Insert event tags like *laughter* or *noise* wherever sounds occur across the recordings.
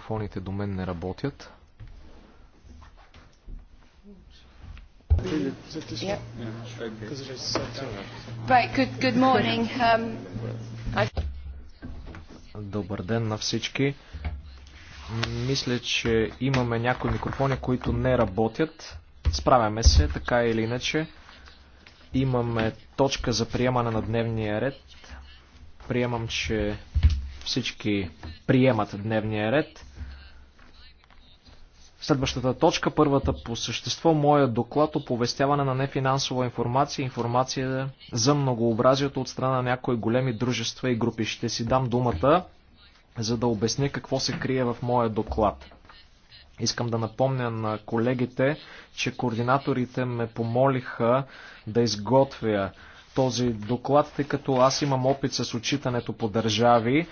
микрофоните до мен не работят. Um, Добър ден на всички. Мисля, че имаме някои микрофони, които не работят. Справяме се, така или иначе. Имаме точка за приемане на дневния ред. Приемам, че всички приемат дневния ред. Следващата точка, първата по същество, моя доклад оповестяване на нефинансова информация, информация за многообразието от страна на някои големи дружества и групи. Ще си дам думата, за да обясня какво се крие в моя доклад. Искам да напомня на колегите, че координаторите ме помолиха да изготвя този доклад, тъй като аз имам опит с отчитането по държави.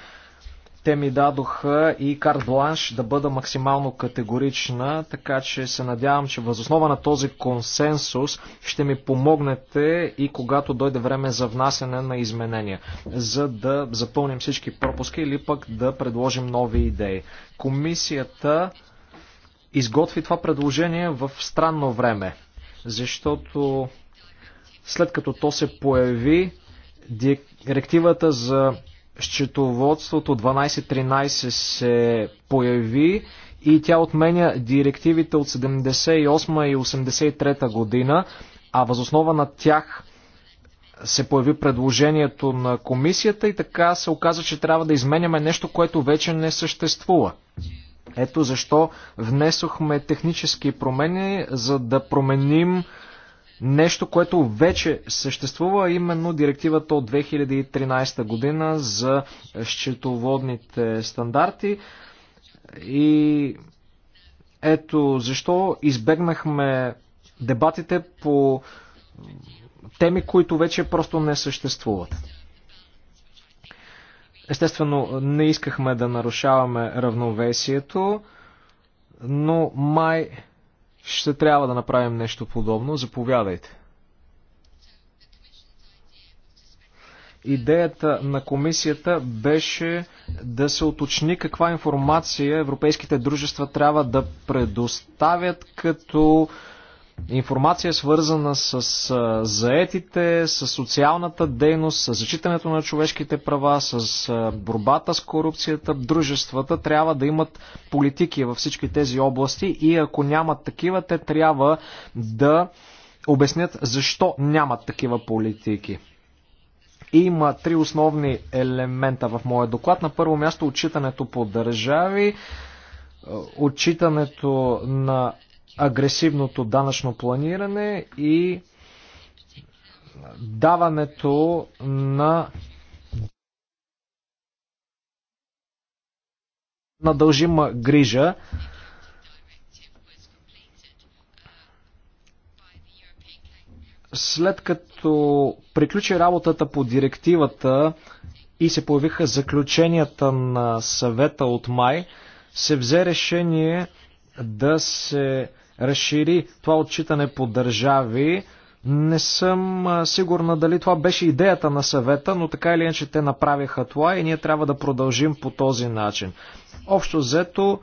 Те ми дадоха и карт бланш да бъда максимално категорична, така че се надявам, че възоснова на този консенсус ще ми помогнете и когато дойде време за внасяне на изменения, за да запълним всички пропуски или пък да предложим нови идеи. Комисията изготви това предложение в странно време, защото след като то се появи, директивата за счетоводството 12-13 се появи и тя отменя директивите от 78 и 83 година, а възоснова на тях се появи предложението на комисията и така се оказа, че трябва да изменяме нещо, което вече не съществува. Ето защо внесохме технически промени, за да променим нещо, което вече съществува, именно директивата от 2013 година за счетоводните стандарти. И ето защо избегнахме дебатите по теми, които вече просто не съществуват. Естествено, не искахме да нарушаваме равновесието, но май ще трябва да направим нещо подобно. Заповядайте. Идеята на комисията беше да се уточни каква информация европейските дружества трябва да предоставят като информация свързана с заетите, с социалната дейност, с зачитането на човешките права, с борбата с корупцията. Дружествата трябва да имат политики във всички тези области и ако нямат такива, те трябва да обяснят защо нямат такива политики. Има три основни елемента в моя доклад. На първо място отчитането по държави, отчитането на агресивното данъчно планиране и даването на на дължима грижа. След като приключи работата по директивата и се появиха заключенията на съвета от май, се взе решение да се разшири това отчитане по държави. Не съм сигурна дали това беше идеята на съвета, но така или иначе те направиха това и ние трябва да продължим по този начин. Общо взето,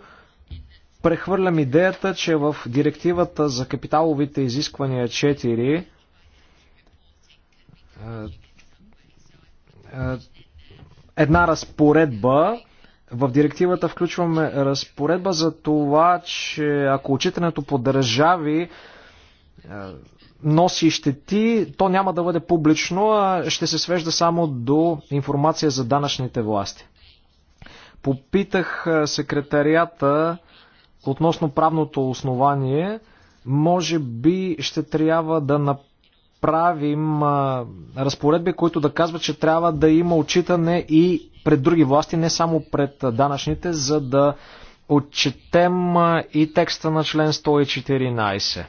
прехвърлям идеята, че в директивата за капиталовите изисквания 4 една разпоредба в директивата включваме разпоредба за това, че ако отчитането по държави е, носи щети, то няма да бъде публично, а ще се свежда само до информация за данъчните власти. Попитах е, секретарията относно правното основание. Може би ще трябва да направим правим а, разпоредби, които да казват, че трябва да има отчитане и пред други власти, не само пред данъчните, за да отчетем и текста на член 114.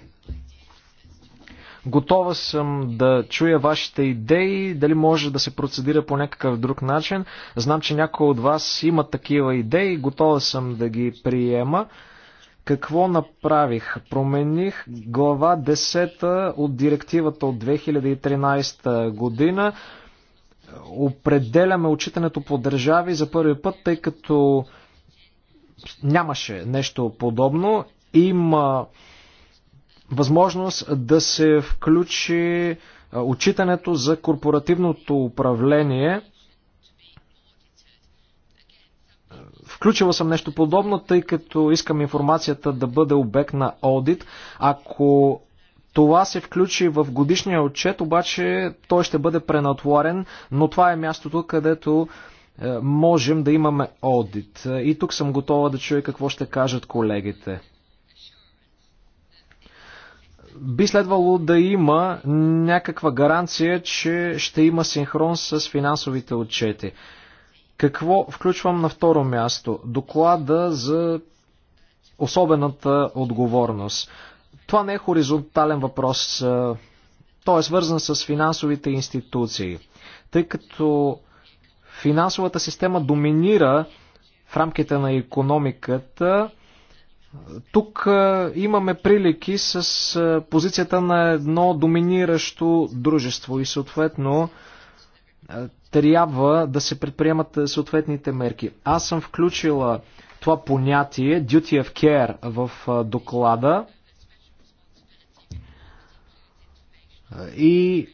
Готова съм да чуя вашите идеи, дали може да се процедира по някакъв друг начин. Знам, че някои от вас имат такива идеи, готова съм да ги приема. Какво направих? Промених глава 10 от директивата от 2013 година. Определяме отчитането по държави за първи път, тъй като нямаше нещо подобно. Има възможност да се включи отчитането за корпоративното управление – Включила съм нещо подобно, тъй като искам информацията да бъде обект на аудит. Ако това се включи в годишния отчет, обаче той ще бъде пренатворен, но това е мястото, където е, можем да имаме аудит. И тук съм готова да чуя какво ще кажат колегите. Би следвало да има някаква гаранция, че ще има синхрон с финансовите отчети. Какво включвам на второ място? Доклада за особената отговорност. Това не е хоризонтален въпрос. Той е свързан с финансовите институции. Тъй като финансовата система доминира в рамките на економиката, тук имаме прилики с позицията на едно доминиращо дружество и съответно трябва да се предприемат е, съответните мерки. Аз съм включила това понятие duty of care в е, доклада и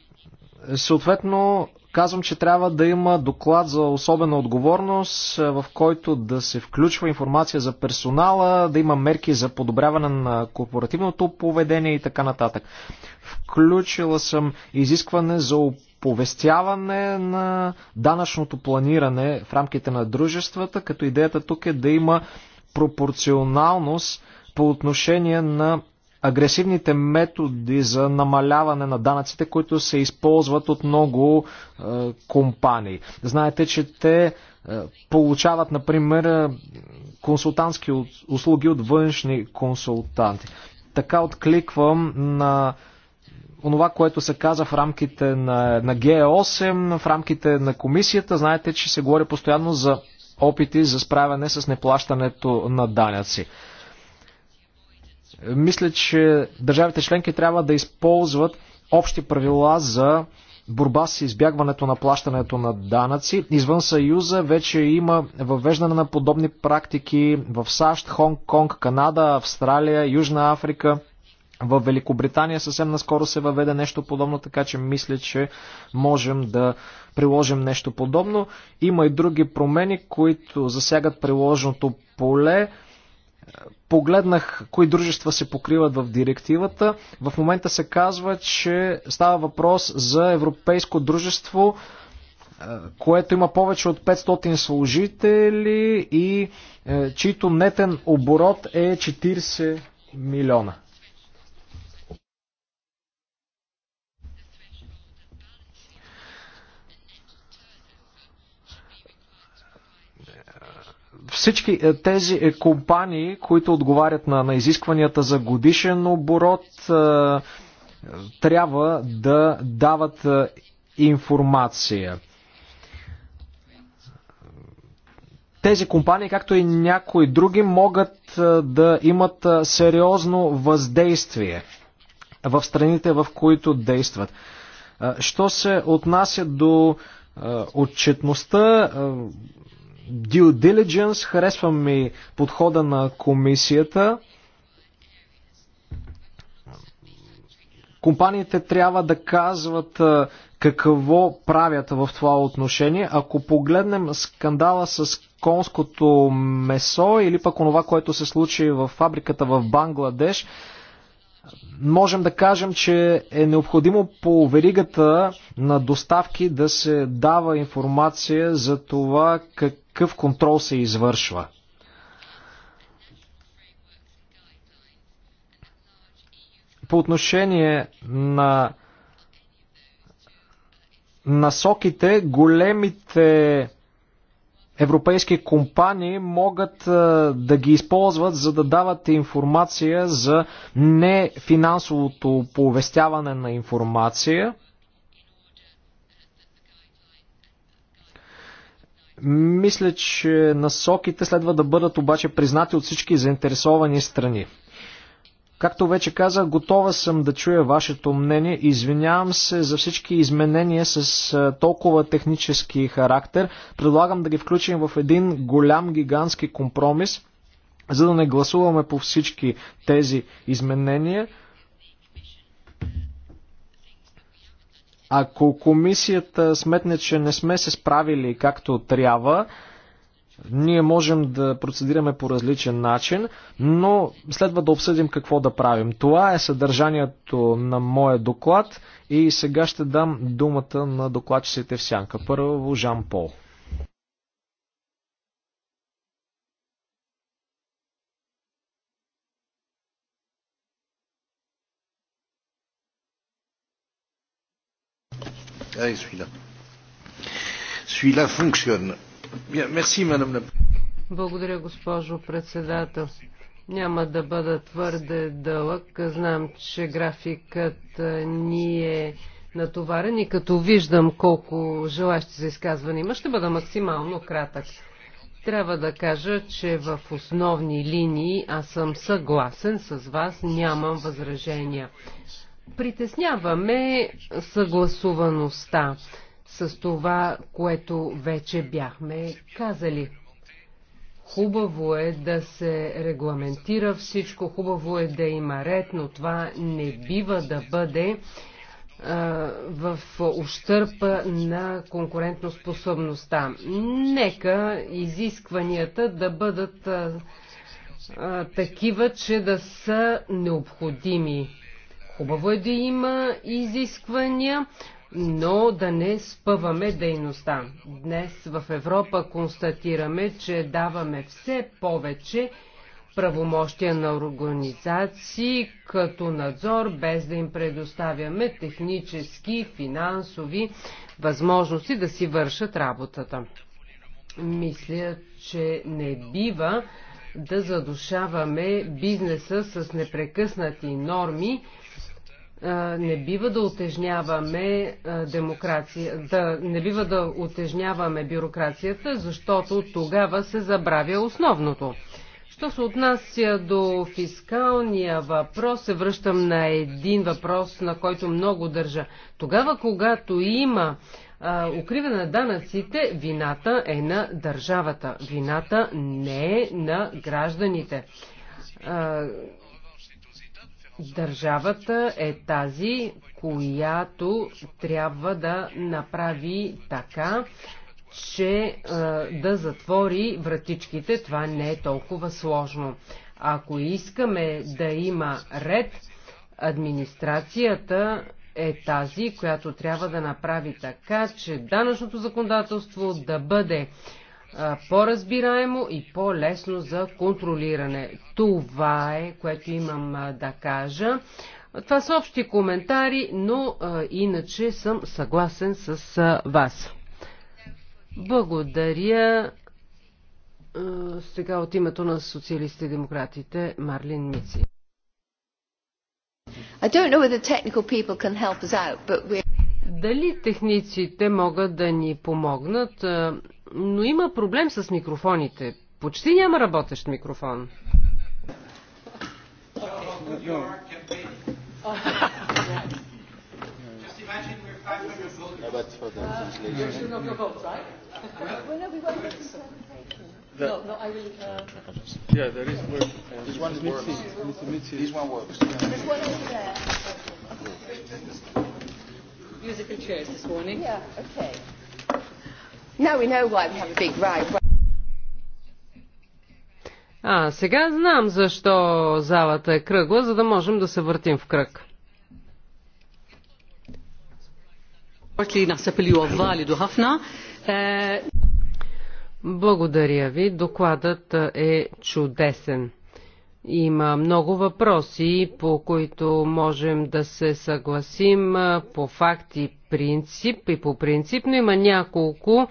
е, съответно казвам, че трябва да има доклад за особена отговорност, в който да се включва информация за персонала, да има мерки за подобряване на корпоративното поведение и така нататък. Включила съм изискване за оповестяване на данъчното планиране в рамките на дружествата, като идеята тук е да има пропорционалност по отношение на агресивните методи за намаляване на данъците, които се използват от много е, компании. Знаете, че те е, получават, например, е, консултантски услуги от външни консултанти. Така откликвам на онова, което се каза в рамките на, на Г8, в рамките на комисията. Знаете, че се говори постоянно за опити за справяне с неплащането на данъци. Мисля, че държавите членки трябва да използват общи правила за борба с избягването на плащането на данъци. Извън Съюза вече има въвеждане на подобни практики в САЩ, Хонг Конг, Канада, Австралия, Южна Африка – в Великобритания съвсем наскоро се въведе нещо подобно, така че мисля, че можем да приложим нещо подобно. Има и други промени, които засягат приложното поле. Погледнах кои дружества се покриват в директивата. В момента се казва, че става въпрос за европейско дружество, което има повече от 500 служители и е, чието нетен оборот е 40 милиона. Всички е, тези е, компании, които отговарят на, на изискванията за годишен оборот, е, трябва да дават информация. Тези компании, както и някои други, могат да имат сериозно въздействие в страните, в които действат. Що се отнася до отчетността, Due diligence, харесва ми подхода на комисията. Компаниите трябва да казват какво правят в това отношение. Ако погледнем скандала с конското месо или пък онова, което се случи в фабриката в Бангладеш, можем да кажем, че е необходимо по веригата на доставки да се дава информация за това как какъв контрол се извършва. По отношение на насоките, големите европейски компании могат да ги използват, за да дават информация за нефинансовото повестяване на информация. Мисля, че насоките следва да бъдат обаче признати от всички заинтересовани страни. Както вече казах, готова съм да чуя вашето мнение. Извинявам се за всички изменения с толкова технически характер. Предлагам да ги включим в един голям гигантски компромис, за да не гласуваме по всички тези изменения. Ако комисията сметне, че не сме се справили както трябва, ние можем да процедираме по различен начин, но следва да обсъдим какво да правим. Това е съдържанието на моя доклад и сега ще дам думата на докладчиците в сянка. Първо Жан Пол. Allez, celui-là. Celui-là fonctionne. Bien, merci, madame la Благодаря, госпожо председател. Няма да бъда твърде дълъг. Знам, че графикът ни е натоварен и като виждам колко желащи за изказване има, ще бъда максимално кратък. Трябва да кажа, че в основни линии аз съм съгласен с вас, нямам възражения притесняваме съгласуваността с това, което вече бяхме казали. Хубаво е да се регламентира всичко, хубаво е да има ред, но това не бива да бъде в ущърпа на конкурентоспособността. Нека изискванията да бъдат а, такива, че да са необходими. Хубаво е да има изисквания, но да не спъваме дейността. Днес в Европа констатираме, че даваме все повече правомощия на организации като надзор, без да им предоставяме технически, финансови възможности да си вършат работата. Мисля, че не бива да задушаваме бизнеса с непрекъснати норми, не бива да отежняваме демокрация, да, не бива да отежняваме бюрокрацията, защото тогава се забравя основното. Що се отнася до фискалния въпрос, се връщам на един въпрос, на който много държа. Тогава, когато има а, укриване на данъците, вината е на държавата. Вината не е на гражданите. А, Държавата е тази, която трябва да направи така, че да затвори вратичките. Това не е толкова сложно. Ако искаме да има ред, администрацията е тази, която трябва да направи така, че данъчното законодателство да бъде по-разбираемо и по-лесно за контролиране. Това е, което имам да кажа. Това са общи коментари, но иначе съм съгласен с вас. Благодаря. сега от името на социалисти и демократите Марлин Мици. Out, Дали техниците могат да ни помогнат? но има проблем с микрофоните. Почти няма работещ микрофон. No, no, I will. Uh, yeah, there is work. Uh, this one works. Mr. Mitzi. This one works. There's one over there. Musical chairs this morning. Yeah. Okay. Now we know why we have a big ride. А, сега знам защо залата е кръгла, за да можем да се въртим в кръг. Е, Благодаря ви. Докладът е чудесен. Има много въпроси, по които можем да се съгласим по факти, принцип и по принцип, но има няколко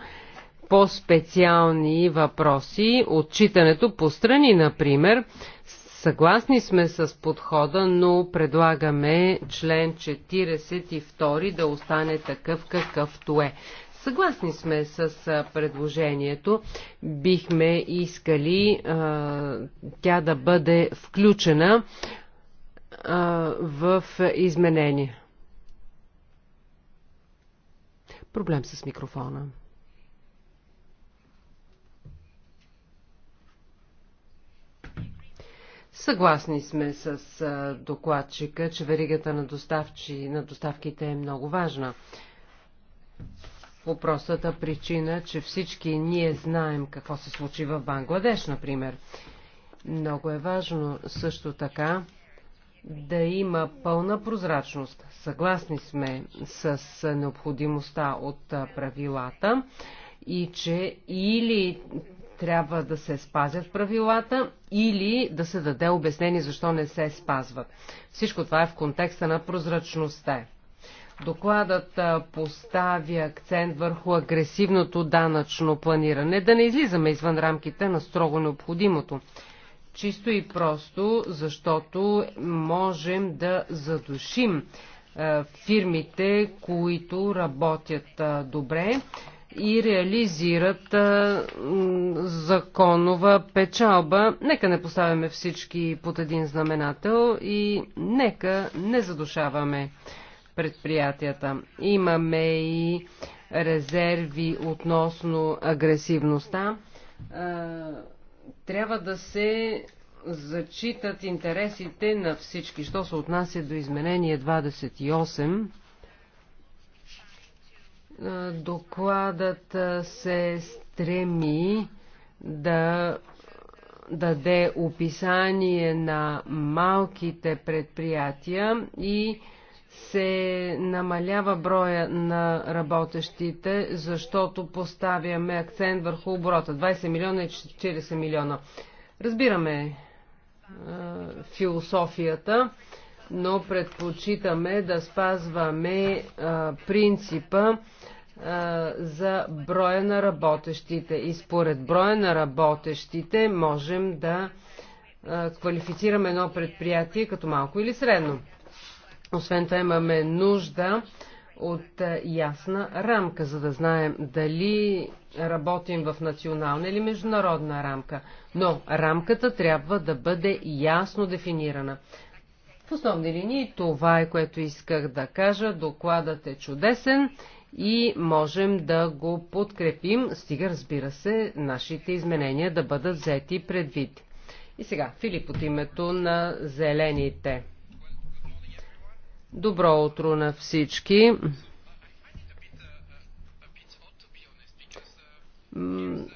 по-специални въпроси. Отчитането по страни, например, Съгласни сме с подхода, но предлагаме член 42 да остане такъв какъвто е. Съгласни сме с предложението. Бихме искали а, тя да бъде включена а, в изменение. Проблем с микрофона. Съгласни сме с докладчика, че веригата на, доставчи, на доставките е много важна. По простата причина, че всички ние знаем какво се случи в Бангладеш, например. Много е важно също така да има пълна прозрачност. Съгласни сме с необходимостта от правилата и че или трябва да се спазят правилата или да се даде обяснение защо не се спазват. Всичко това е в контекста на прозрачността. Докладът поставя акцент върху агресивното данъчно планиране, да не излизаме извън рамките на строго необходимото чисто и просто, защото можем да задушим е, фирмите, които работят е, добре и реализират е, законова печалба. Нека не поставяме всички под един знаменател и нека не задушаваме предприятията. Имаме и резерви относно агресивността трябва да се зачитат интересите на всички. Що се отнася до изменение 28, докладът се стреми да даде описание на малките предприятия и се намалява броя на работещите, защото поставяме акцент върху оборота. 20 милиона и 40 милиона. Разбираме е, философията, но предпочитаме да спазваме е, принципа е, за броя на работещите. И според броя на работещите можем да квалифицираме едно предприятие като малко или средно. Освен това имаме нужда от е, ясна рамка, за да знаем дали работим в национална или международна рамка. Но рамката трябва да бъде ясно дефинирана. В основни линии това е което исках да кажа. Докладът е чудесен и можем да го подкрепим, стига разбира се, нашите изменения да бъдат взети предвид. И сега, Филип от името на Зелените. Добро утро на всички.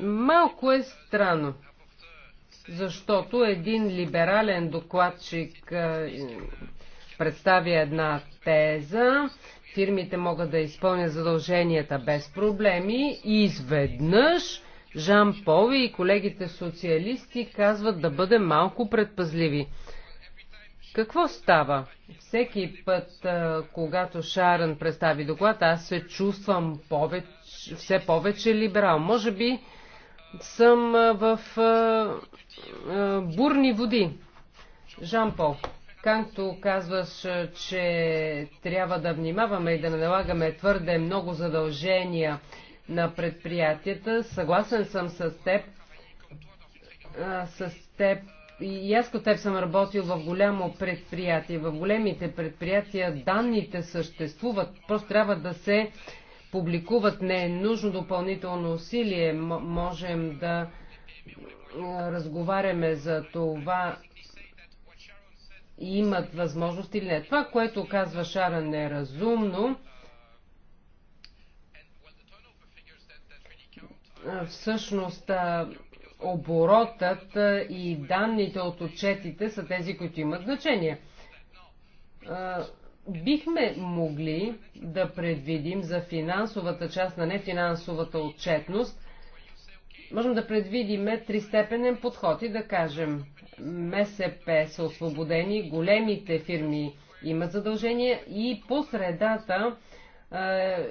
Малко е странно, защото един либерален докладчик представи една теза, фирмите могат да изпълнят задълженията без проблеми и изведнъж Жан Пол и колегите социалисти казват да бъдем малко предпазливи. Какво става? Всеки път, когато Шарън представи доклад, аз се чувствам повече, все повече либерал. Може би съм в бурни води. Жан-Пол, както казваш, че трябва да внимаваме и да не налагаме твърде много задължения на предприятията, съгласен съм с теб. С теб и аз като теб съм работил в голямо предприятие. В големите предприятия данните съществуват, просто трябва да се публикуват. Не е нужно допълнително усилие. М- можем да разговаряме за това И имат възможност или не. Това, което казва Шаран е разумно. Всъщност, оборотът и данните от отчетите са тези, които имат значение. Бихме могли да предвидим за финансовата част на нефинансовата отчетност, можем да предвидиме тристепенен подход и да кажем МСП са освободени, големите фирми имат задължения и по средата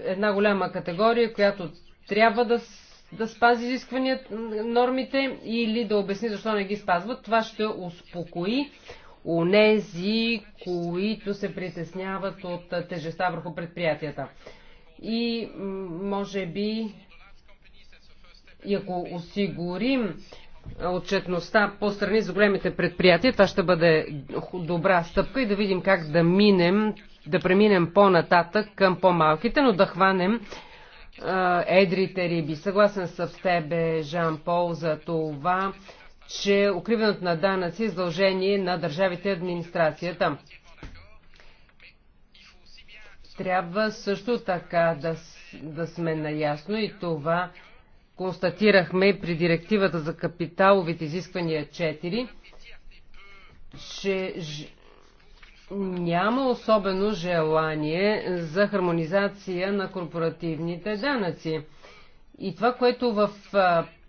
една голяма категория, която трябва да да спази изисквания, нормите или да обясни защо не ги спазват. Това ще успокои онези, които се притесняват от тежеста върху предприятията. И може би, и ако осигурим отчетността по страни за големите предприятия, това ще бъде добра стъпка и да видим как да минем, да преминем по-нататък към по-малките, но да хванем е, едрите риби. Съгласен съм с тебе, Жан Пол, за това, че укриването на данъци е задължение на държавите и администрацията. Трябва също така да, да сме наясно и това констатирахме при директивата за капиталовите изисквания 4, че няма особено желание за хармонизация на корпоративните данъци. И това, което в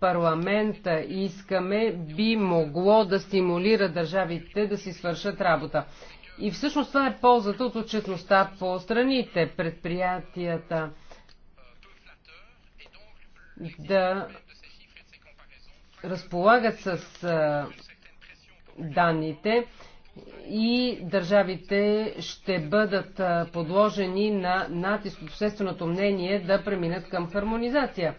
парламента искаме, би могло да стимулира държавите да си свършат работа. И всъщност това е ползата от отчетността по страните, предприятията да разполагат с данните и държавите ще бъдат подложени на натиск от общественото мнение да преминат към хармонизация.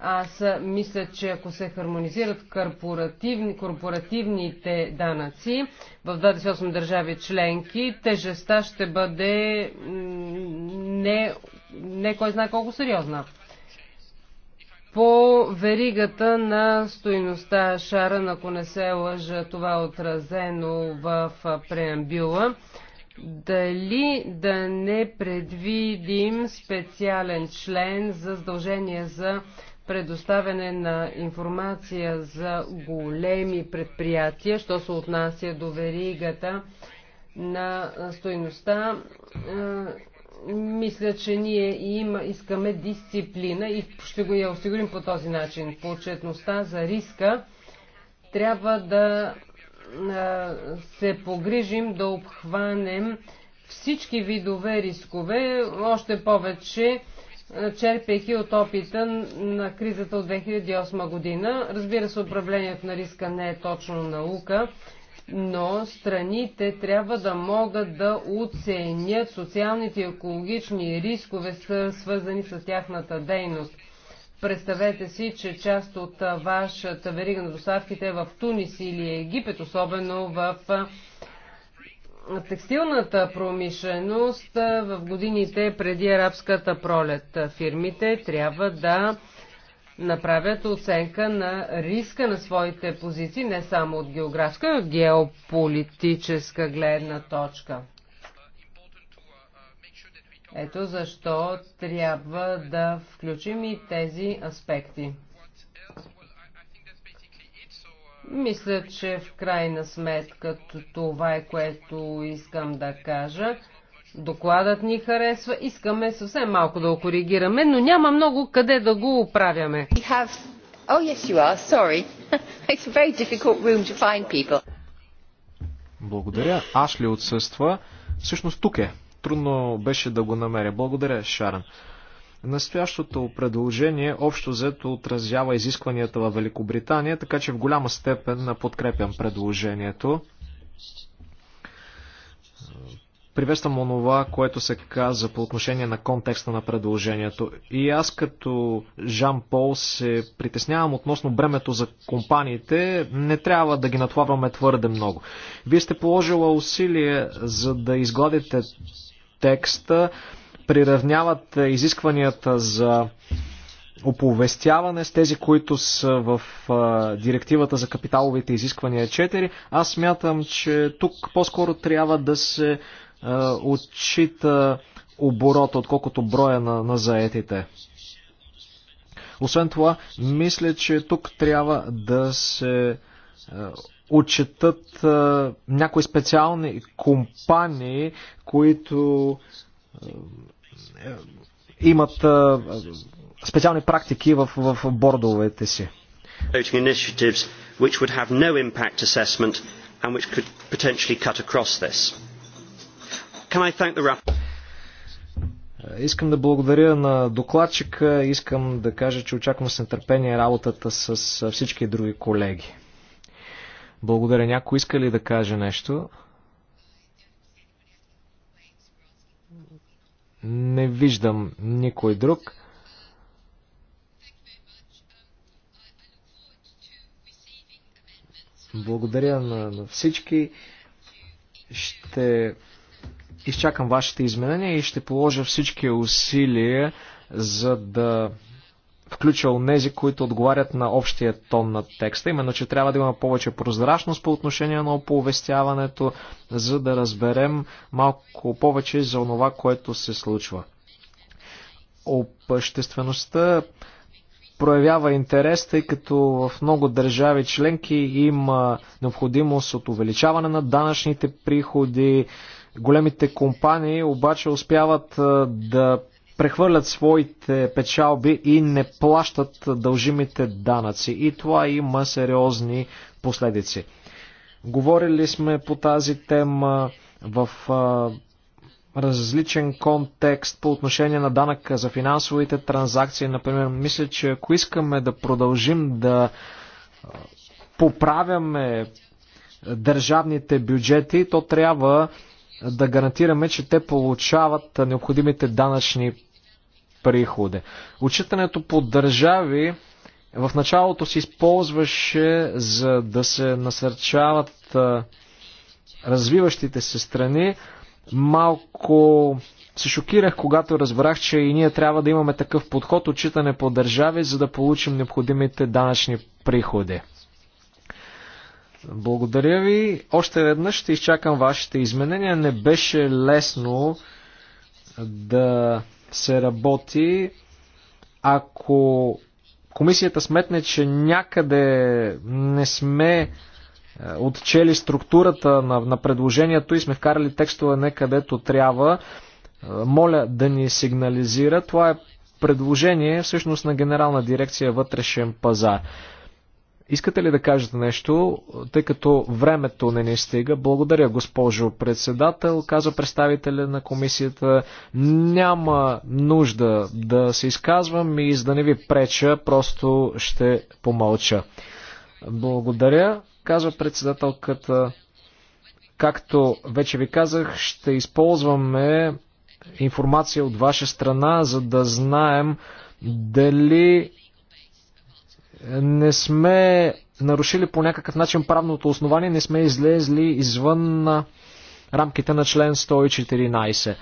Аз мисля, че ако се хармонизират корпоративни, корпоративните данъци в 28 държави членки, тежестта ще бъде не, не кой знае колко сериозна по веригата на стоиността Шара, ако не се лъжа, това е отразено в преамбюла. Дали да не предвидим специален член за задължение за предоставяне на информация за големи предприятия, що се отнася до веригата на стоиността мисля, че ние има, искаме дисциплина и ще го я осигурим по този начин. По отчетността за риска трябва да се погрижим да обхванем всички видове рискове, още повече черпейки от опита на кризата от 2008 година. Разбира се, управлението на риска не е точно наука но страните трябва да могат да оценят социалните и екологични рискове, свързани с тяхната дейност. Представете си, че част от вашата верига на доставките е в Тунис или Египет, особено в текстилната промишленост в годините преди арабската пролет. Фирмите трябва да направят оценка на риска на своите позиции, не само от географска, но от геополитическа гледна точка. Ето защо трябва да включим и тези аспекти. Мисля, че в крайна сметка това е което искам да кажа докладът ни харесва, искаме съвсем малко да го коригираме, но няма много къде да го оправяме. Oh, *laughs* Благодаря. Аш ли отсъства. Всъщност тук е. Трудно беше да го намеря. Благодаря, Шаран. Настоящото предложение общо взето отразява изискванията във Великобритания, така че в голяма степен подкрепям предложението. Приветствам онова, което се каза по отношение на контекста на предложението. И аз като Жан Пол се притеснявам относно бремето за компаниите. Не трябва да ги натлаваме твърде много. Вие сте положила усилие за да изгладите текста, приравняват изискванията за оповестяване с тези, които са в а, директивата за капиталовите изисквания 4. Аз смятам, че тук по-скоро трябва да се е, отчита оборота, отколкото броя на, на заетите. Освен това, мисля, че тук трябва да се е, отчитат е, някои специални компании, които имат специални практики в, в бордовете си. which would have no impact assessment and which could potentially cut across this. Е, искам да благодаря на докладчика. Искам да кажа, че очаквам с нетърпение работата с всички други колеги. Благодаря. Някой иска ли да каже нещо? Не виждам никой друг. Благодаря на, на всички. Ще изчакам вашите изменения и ще положа всички усилия, за да включа онези, които отговарят на общия тон на текста. Именно, че трябва да има повече прозрачност по отношение на оповестяването, за да разберем малко повече за онова, което се случва. Обществеността проявява интерес, тъй като в много държави членки има необходимост от увеличаване на данъчните приходи, Големите компании обаче успяват да прехвърлят своите печалби и не плащат дължимите данъци. И това има сериозни последици. Говорили сме по тази тема в различен контекст по отношение на данъка за финансовите транзакции. Например, мисля, че ако искаме да продължим да поправяме държавните бюджети, то трябва да гарантираме, че те получават необходимите данъчни приходи. Отчитането по държави в началото се използваше за да се насърчават развиващите се страни. Малко се шокирах, когато разбрах, че и ние трябва да имаме такъв подход, отчитане по държави, за да получим необходимите данъчни приходи. Благодаря ви. Още веднъж ще изчакам вашите изменения. Не беше лесно да се работи. Ако комисията сметне, че някъде не сме е, отчели структурата на, на предложението и сме вкарали текстове не където трябва, е, моля да ни сигнализира. Това е предложение всъщност на Генерална дирекция вътрешен пазар. Искате ли да кажете нещо, тъй като времето не ни стига? Благодаря, госпожо председател, каза представителя на комисията. Няма нужда да се изказвам и за да не ви преча, просто ще помълча. Благодаря, казва председателката. Както вече ви казах, ще използваме информация от ваша страна, за да знаем дали не сме нарушили по някакъв начин правното основание, не сме излезли извън на рамките на член 114.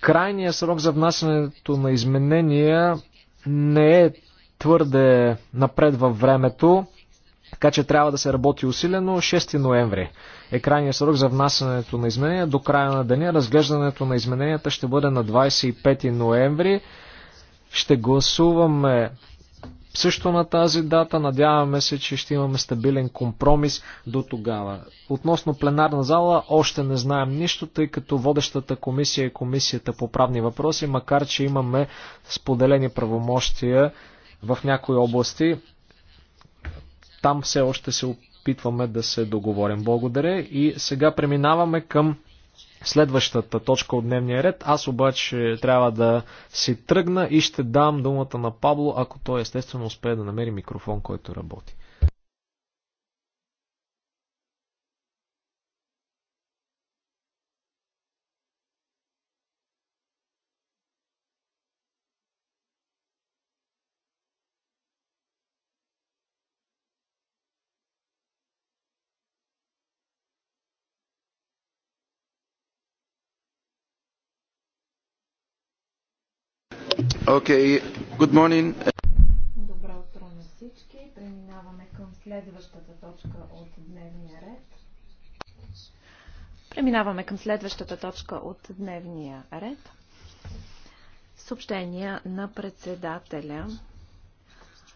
Крайният срок за внасянето на изменения не е твърде напред във времето, така че трябва да се работи усилено. 6 ноември е крайният срок за внасянето на изменения. До края на деня разглеждането на измененията ще бъде на 25 ноември. Ще гласуваме също на тази дата. Надяваме се, че ще имаме стабилен компромис до тогава. Относно пленарна зала още не знаем нищо, тъй като водещата комисия е комисията по правни въпроси, макар че имаме споделени правомощия в някои области. Там все още се опитваме да се договорим. Благодаря и сега преминаваме към следващата точка от дневния ред. Аз обаче трябва да си тръгна и ще дам думата на Пабло, ако той естествено успее да намери микрофон, който работи. Okay. Good morning. Добро утро на всички. Преминаваме към следващата точка от дневния ред. Преминаваме към следващата точка от дневния ред. Съобщения на председателя.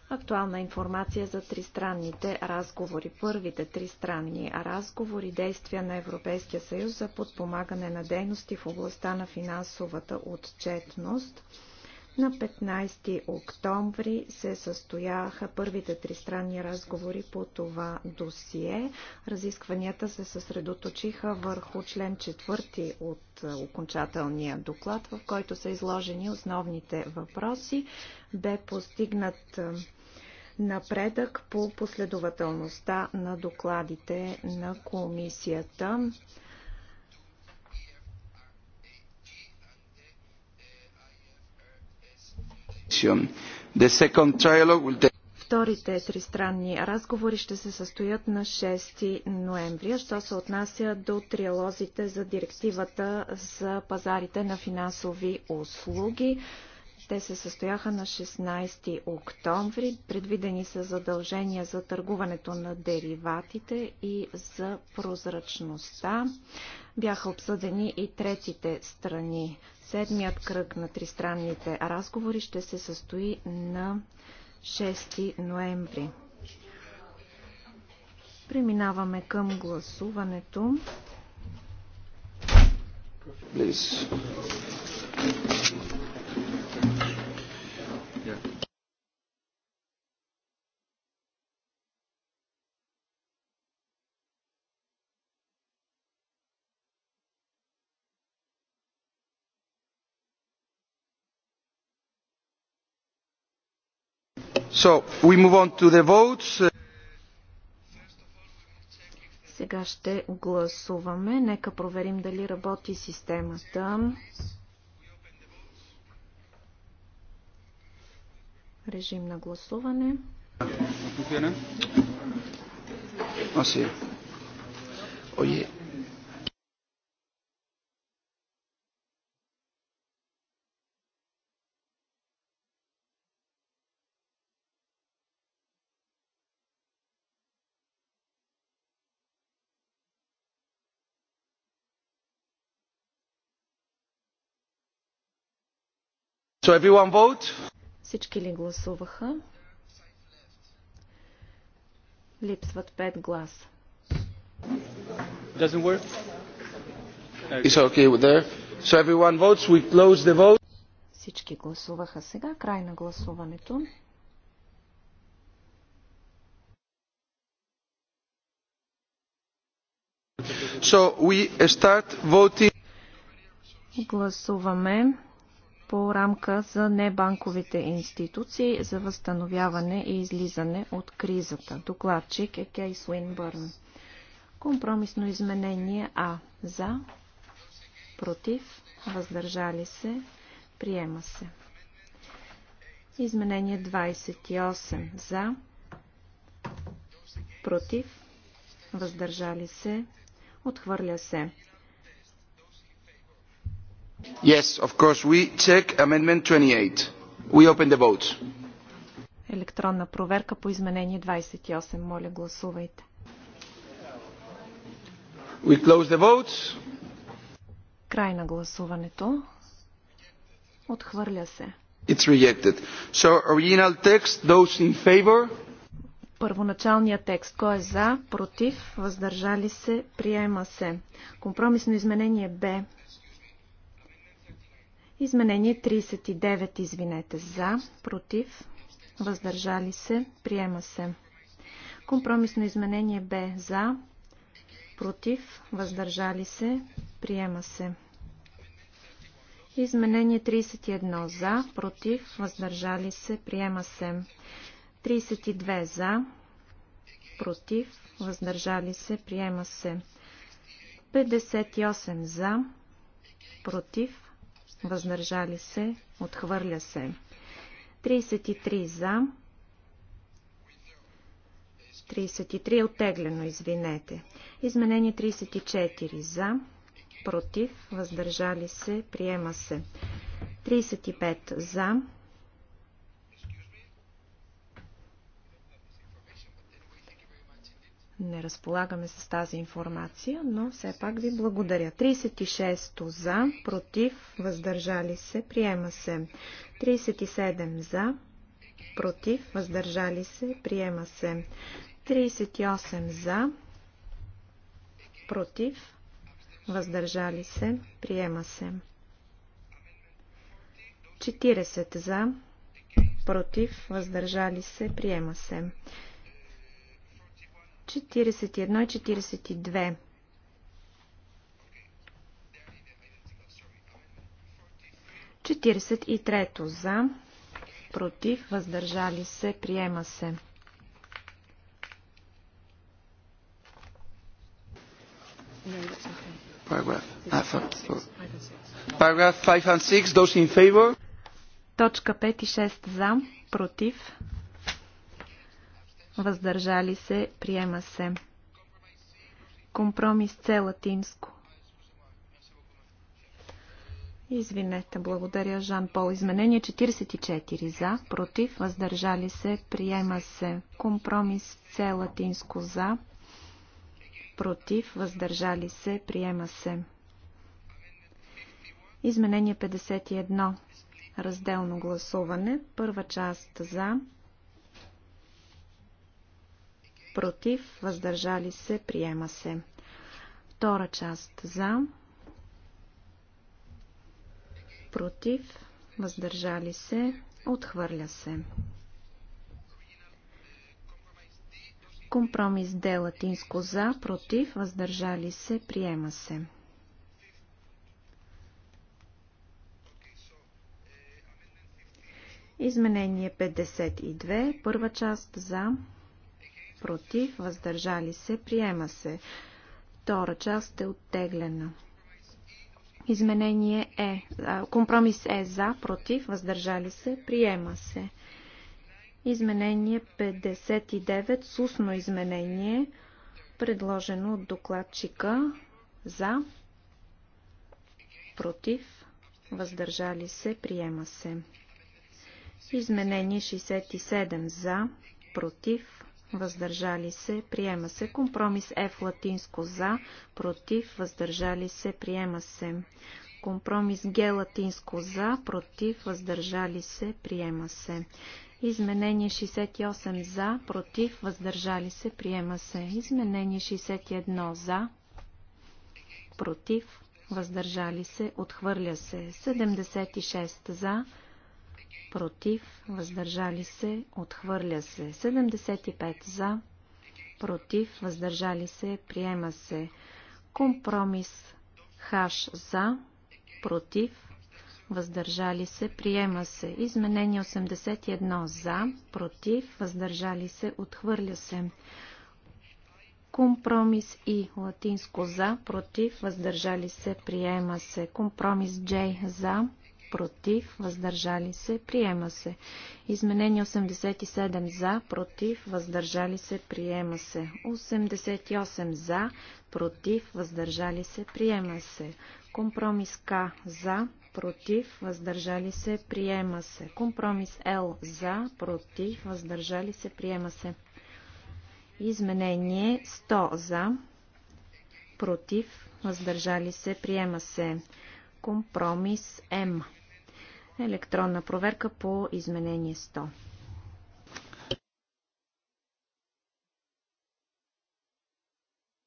Актуална информация за тристранните разговори. Първите тристранни разговори действия на Европейския съюз за подпомагане на дейности в областта на финансовата отчетност – на 15 октомври се състояха първите тристранни разговори по това досие. Разискванията се съсредоточиха върху член 4 от е, окончателния доклад, в който са изложени основните въпроси. Бе постигнат е, напредък по последователността на докладите на комисията. Вторите тристранни разговори ще се състоят на 6 ноември, що се отнася до триалозите за директивата за пазарите на финансови услуги. Те се състояха на 16 октомври. Предвидени са задължения за търгуването на дериватите и за прозрачността. Бяха обсъдени и третите страни Седмият кръг на тристранните разговори ще се състои на 6 ноември. Преминаваме към гласуването. Please. Сега ще гласуваме. Нека проверим дали работи системата. Режим на гласуване. Así. Oye, е, So everyone vote? Всички ли гласуваха? Липсват 5 гласа. Doesn't work? It's okay with there. So everyone votes, we close the vote. Всички гласуваха сега. Край на гласуването. So we start voting. Гласуваме по рамка за небанковите институции за възстановяване и излизане от кризата. Докладчик е Кейс Уинбърн. Компромисно изменение А. За. Против. Въздържали се. Приема се. Изменение 28. За. Против. Въздържали се. Отхвърля се. Yes, of course. We check amendment We open the vote. Електронна проверка по изменение 28. Моля, гласувайте. We close the vote. Край на гласуването. Отхвърля се. It's rejected. So, original text, those in favor? Първоначалният текст. Кой е за? Против? Въздържали се? Приема се. Компромисно изменение Б. Изменение 39, извинете, за, против, въздържали се, приема се. Компромисно изменение Б за, против, въздържали се, приема се. Изменение 31 за, против, въздържали се, приема се. 32 за, против, въздържали се, приема се. 58 за, против, въздържали се, отхвърля се. 33 за, 33 е оттеглено, извинете. Изменение 34 за, против, въздържали се, приема се. 35 за, Не разполагаме с тази информация, но все пак ви благодаря. 36 за, против, въздържали се, приема се. 37 за, против, въздържали се, приема се. 38 за, против, въздържали се, приема се. 40 за, против, въздържали се, приема се. 41 и 42. 43 за, против, въздържали се, приема се. Параграф 5 и 6, Точка 5 и 6 за, против, въздържали се, приема се. Компромис С латинско. Извинете, благодаря Жан Пол. Изменение 44 за, против, въздържали се, приема се. Компромис С латинско за, против, въздържали се, приема се. Изменение 51. Разделно гласуване. Първа част за, против, въздържали се, приема се. Втора част за, против, въздържали се, отхвърля се. Компромис Д латинско за, против, въздържали се, приема се. Изменение 52, първа част за, против, въздържали се, приема се. Втора част е оттеглена. Изменение е. Компромис е за, против, въздържали се, приема се. Изменение 59, сусно изменение, предложено от докладчика за, против, въздържали се, приема се. Изменение 67 за, против, въздържали се, приема се. Компромис F латинско за, против, въздържали се, приема се. Компромис Г латинско за, против, въздържали се, приема се. Изменение 68 за, против, въздържали се, приема се. Изменение 61 за, против, въздържали се, отхвърля се. 76 за, против, против, въздържали се, отхвърля се. 75 за, против, въздържали се, приема се. Компромис хаш за, против, въздържали се, приема се. Изменение 81 за, против, въздържали се, отхвърля се. Компромис и латинско за, против, въздържали се, приема се. Компромис J за, против, въздържали се, приема се. Изменение 87 за, против, въздържали се, приема се. 88 за, против, въздържали се, приема се. Компромис К за, против, въздържали се, приема се. Компромис Л за, против, въздържали се, приема се. Изменение 100 за, против, въздържали се, приема се. Компромис М електронна проверка по изменение 100.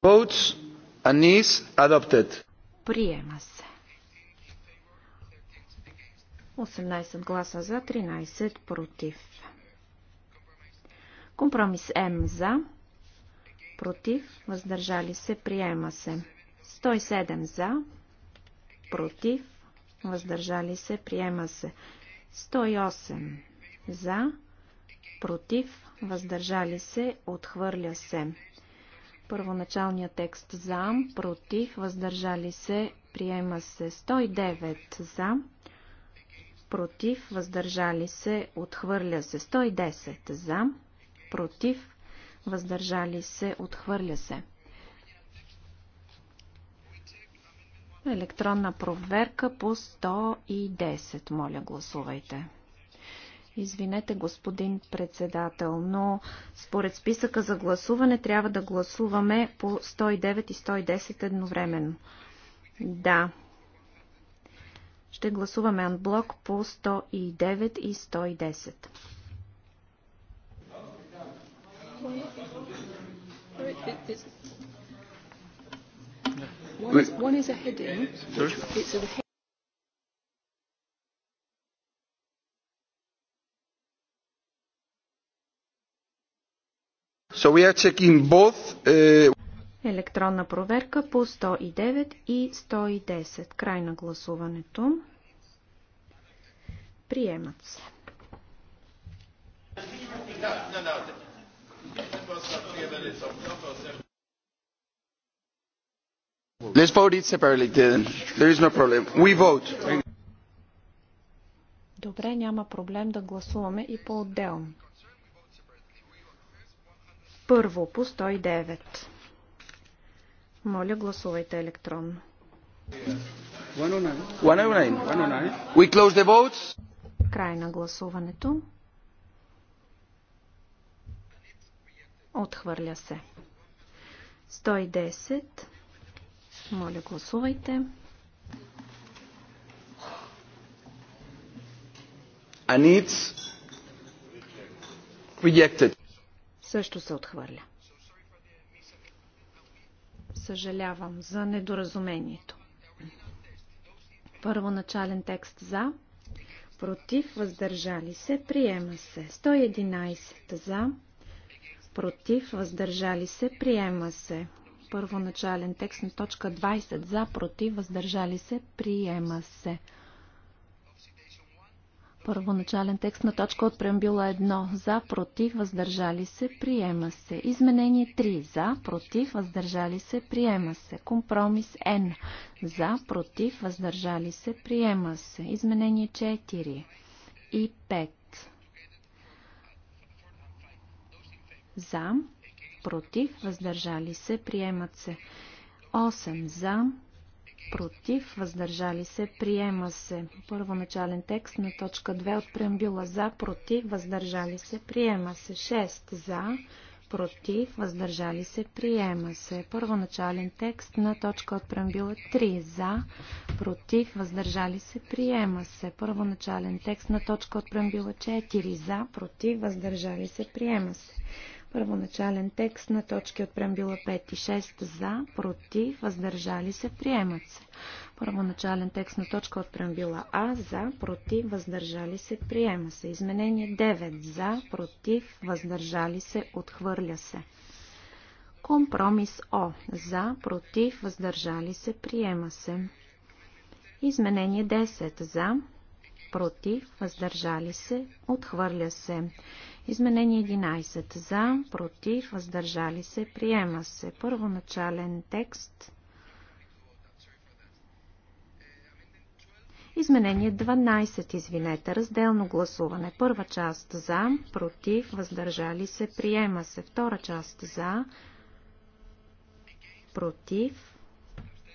Votes adopted. Приема се. 18 гласа за, 13 против. Компромис М за, против, въздържали се, приема се. 107 за, против, въздържали се, приема се. 108 за, против, въздържали се, отхвърля се. Първоначалният текст за, против, въздържали се, приема се. 109 за, против, въздържали се, отхвърля се. 110 за, против, въздържали се, отхвърля се. Електронна проверка по 110. Моля, гласувайте. Извинете, господин председател, но според списъка за гласуване трябва да гласуваме по 109 и 110 едновременно. Да. Ще гласуваме анблок по 109 и 110. This is So we are checking both, uh... Електронна проверка по 109 и 110. Край на гласуването. Приемат се. Let's vote it separately then. There is no problem. We vote. Добре, няма проблем да гласуваме и по-отделно. Първо по 109. Моля, гласувайте електронно. 109. We close the votes. Край на гласуването. Отхвърля се. 110. Моля, гласувайте. Аниц rejected. Също се отхвърля. Съжалявам за недоразумението. Първоначален текст за, против, въздържали се, приема се. 111 за, против, въздържали се, приема се първоначален текст на точка 20 за, против, въздържали се, приема се. Първоначален текст на точка от преамбюла 1 за, против, въздържали се, приема се. Изменение 3 за, против, въздържали се, приема се. Компромис Н за, против, въздържали се, приема се. Изменение 4 и 5 за, против, въздържали се, приемат се. 8 за, против, въздържали се, приема се. Първоначален текст на точка 2 от преамбюла за, против, въздържали се, приема се. 6 за, против, въздържали се, приема се. Първоначален текст на точка от преамбюла 3 за, против, въздържали се, приема се. Първоначален текст на точка от преамбюла 4 за, против, въздържали се, приема се. Първоначален текст на точки от прембила 5 и 6 за, против, въздържали се, приемат се. Първоначален текст на точка от прембила А за, против, въздържали се, приема се. Изменение 9 за, против, въздържали се, отхвърля се. Компромис О за, против, въздържали се, приема се. Изменение 10 за, против, въздържали се, отхвърля се. Изменение 11. За, против, въздържали се, приема се. Първоначален текст. Изменение 12, извинете, разделно гласуване. Първа част за, против, въздържали се, приема се. Втора част за, против,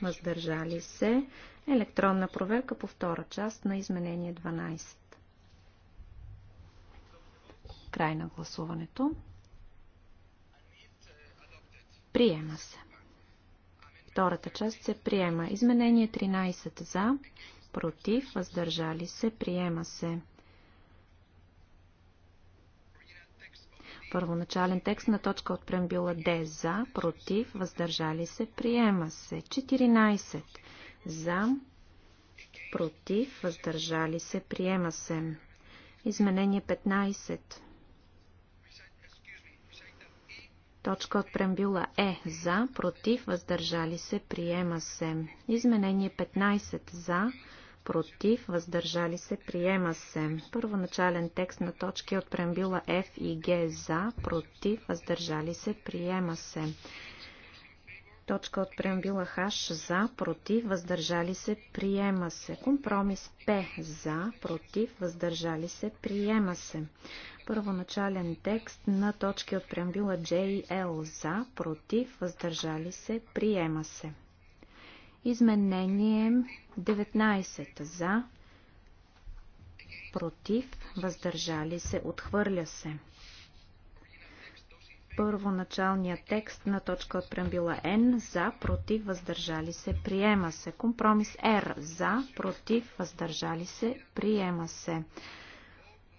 въздържали се, Електронна проверка по втора част на изменение 12. Край на гласуването. Приема се. Втората част се приема. Изменение 13 за, против, въздържали се, приема се. Първоначален текст на точка от прембила Д за, против, въздържали се, приема се. 14 за. Против. Въздържали се. Приема се. Изменение 15. Точка от прембюла Е. За. Против. Въздържали се. Приема се. Изменение 15. За. Против. Въздържали се. Приема се. Първоначален текст на точки от прембюла Ф и Г. За. Против. Въздържали се. Приема се. Точка от преамбила Х за, против, въздържали се, приема се. Компромис П за, против, въздържали се, приема се. Първоначален текст на точки от преамбила J и L за, против, въздържали се, приема се. Изменение 19 за, против, въздържали се, отхвърля се първоначалния текст на точка от преамбюла N за, против, въздържали се, приема се. Компромис R за, против, въздържали се, приема се.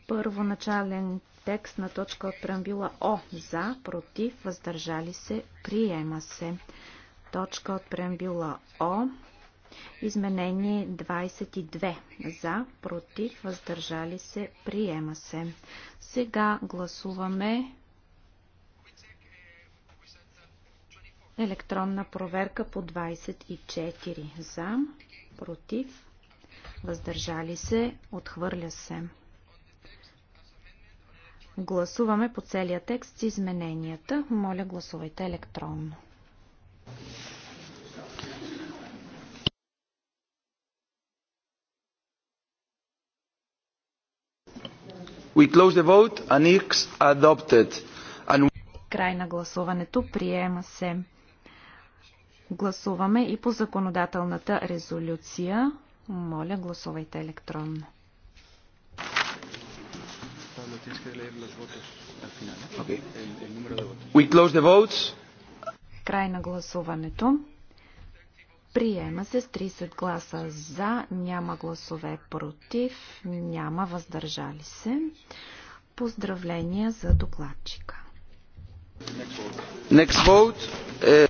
Първоначален текст на точка от преамбюла О за, против, въздържали се, приема се. Точка от преамбюла О Изменение 22. За, против, въздържали се, приема се. Сега гласуваме Електронна проверка по 24 за, против, въздържали се, отхвърля се. Гласуваме по целия текст с измененията. Моля, гласувайте електронно. We close the vote adopted. And... Край на гласуването приема се. Гласуваме и по законодателната резолюция. Моля, гласувайте електронно. Okay. Край на гласуването. Приема се с 30 гласа за, няма гласове против, няма въздържали се. Поздравления за докладчика. Next vote. Next vote. Е,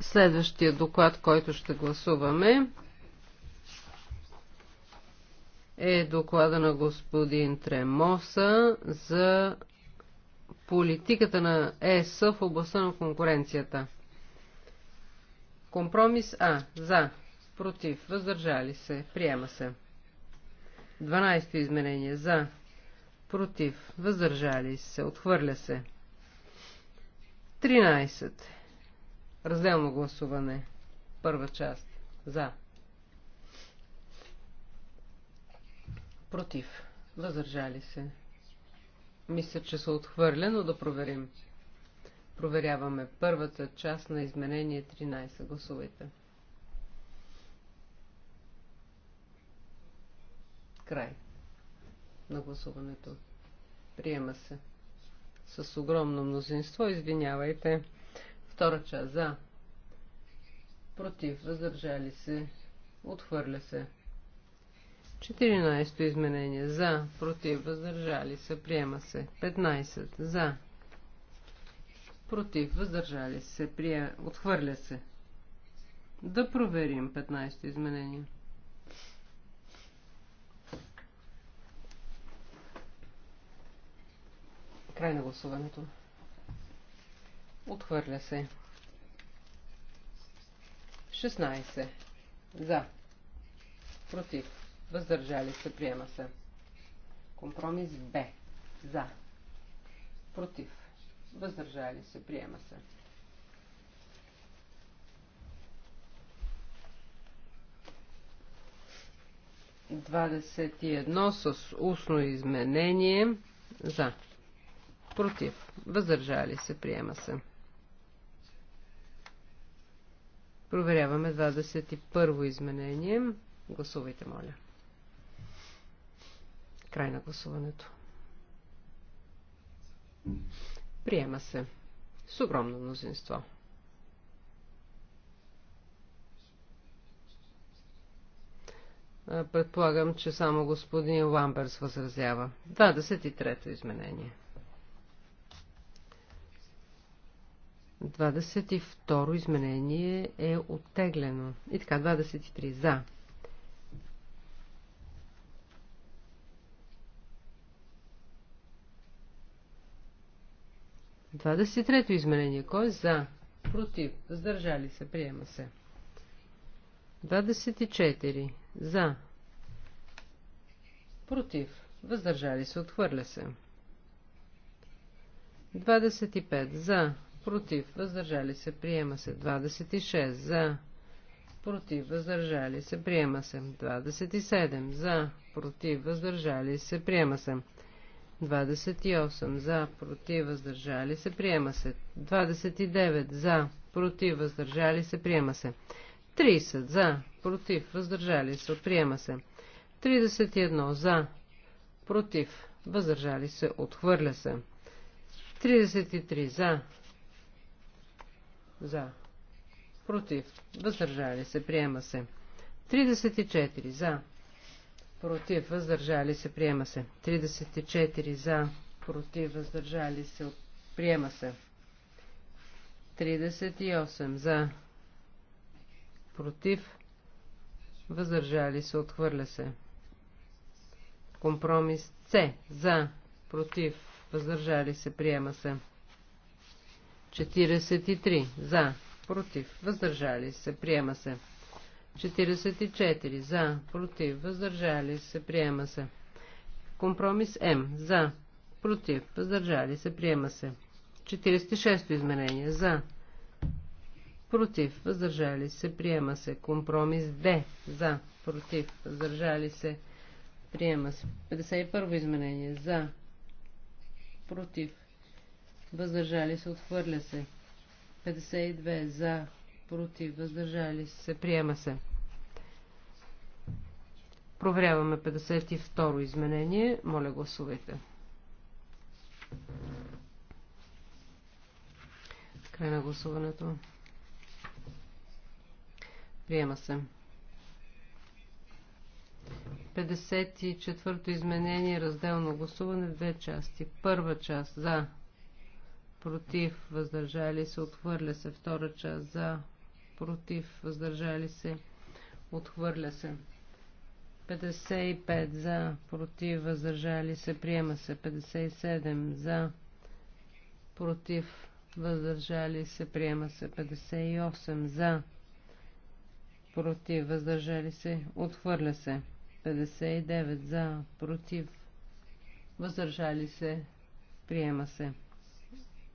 Следващия доклад, който ще гласуваме, е доклада на господин Тремоса за политиката на ЕС в областта на конкуренцията. Компромис А. За. Против. Въздържали се. Приема се. 12 изменение. За. Против. Въздържали се. Отхвърля се. 13. Разделно гласуване. Първа част. За. Против. Въздържали се. Мисля, че се отхвърля, но да проверим. Проверяваме първата част на изменение 13. Гласувайте. Край на гласуването. Приема се. С огромно мнозинство, извинявайте. Втора част за. Против. Въздържали се. Отхвърля се. 14 изменение. За. Против. Въздържали се. Приема се. 15. За. Против. Въздържали се. Прие... Отхвърля се. Да проверим 15 изменение. Край на гласуването. Отхвърля се. 16. За. Против. Въздържали се. Приема се. Компромис Б. За. Против. Въздържали се. Приема се. Двадесет и едно с устно изменение. За. Против. Въздържали се. Приема се. Проверяваме 21-во изменение. Гласувайте, моля. Край на гласуването. Приема се. С огромно мнозинство. Предполагам, че само господин Ламберс възразява. 23-то изменение. 22 изменение е оттеглено. И така, 23 за. Двадесет трето изменение. Кой е за? Против. Въздържали се. Приема се. 24. За. Против. Въздържали се. Отхвърля се. 25. За против, въздържали се, приема се. 26 за, против, въздържали се, приема се. 27 за, против, въздържали се, приема се. 28 за, против, въздържали се, приема се. 29 за, против, въздържали се, приема се. 30 за, против, въздържали се, приема се. 31 за, против, въздържали се, отхвърля се. 33 за, за. Против. Въздържали се. Приема се. 34 за. Против. Въздържали се. Приема се. 34 за. Против. Въздържали се. Приема се. 38 за. Против. Въздържали се. Отхвърля се. Компромис С. За. Против. Въздържали се. Приема се. 43. За. Против. Въздържали се. Приема се. 44. За. Против. Въздържали се. Приема се. Компромис М. За. Против. Въздържали се. Приема се. 46 изменение. За. Против. Въздържали се. Приема се. Компромис Д. За. Против. Въздържали се. Приема се. 51 изменение. За. Против въздържали се, отхвърля се. 52 за, против, въздържали се, приема се. Проверяваме 52 изменение. Моля, гласувайте. Край на гласуването. Приема се. 54-то изменение, разделно гласуване, две части. Първа част за против, въздържали се, отхвърля се. Втора част за, против, въздържали се, отхвърля се. 55 за, против, въздържали се, приема се. 57 за, против, въздържали се, приема се. 58 за, против, въздържали се, отхвърля се. 59 за, против, въздържали се, приема се.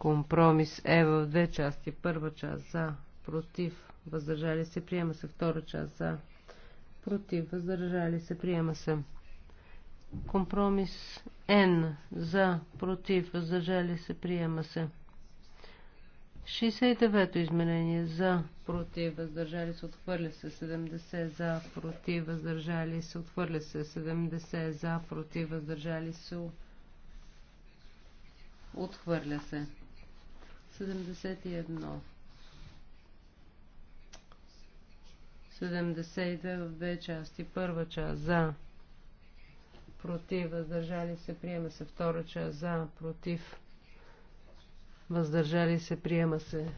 Компромис е в две части. Първа част за, против, въздържали се, приема се. Втора част за, против, въздържали се, приема се. Компромис Н за, против, въздържали се, приема се. 69-то изменение за, против, въздържали се, отхвърля се, 70 за, против, въздържали се, отхвърля се, 70 за, против, въздържали се, отхвърля се. 71. 72 в две части. Първа част за, против, въздържали се, приема се. Втора част за, против, въздържали се, приема се.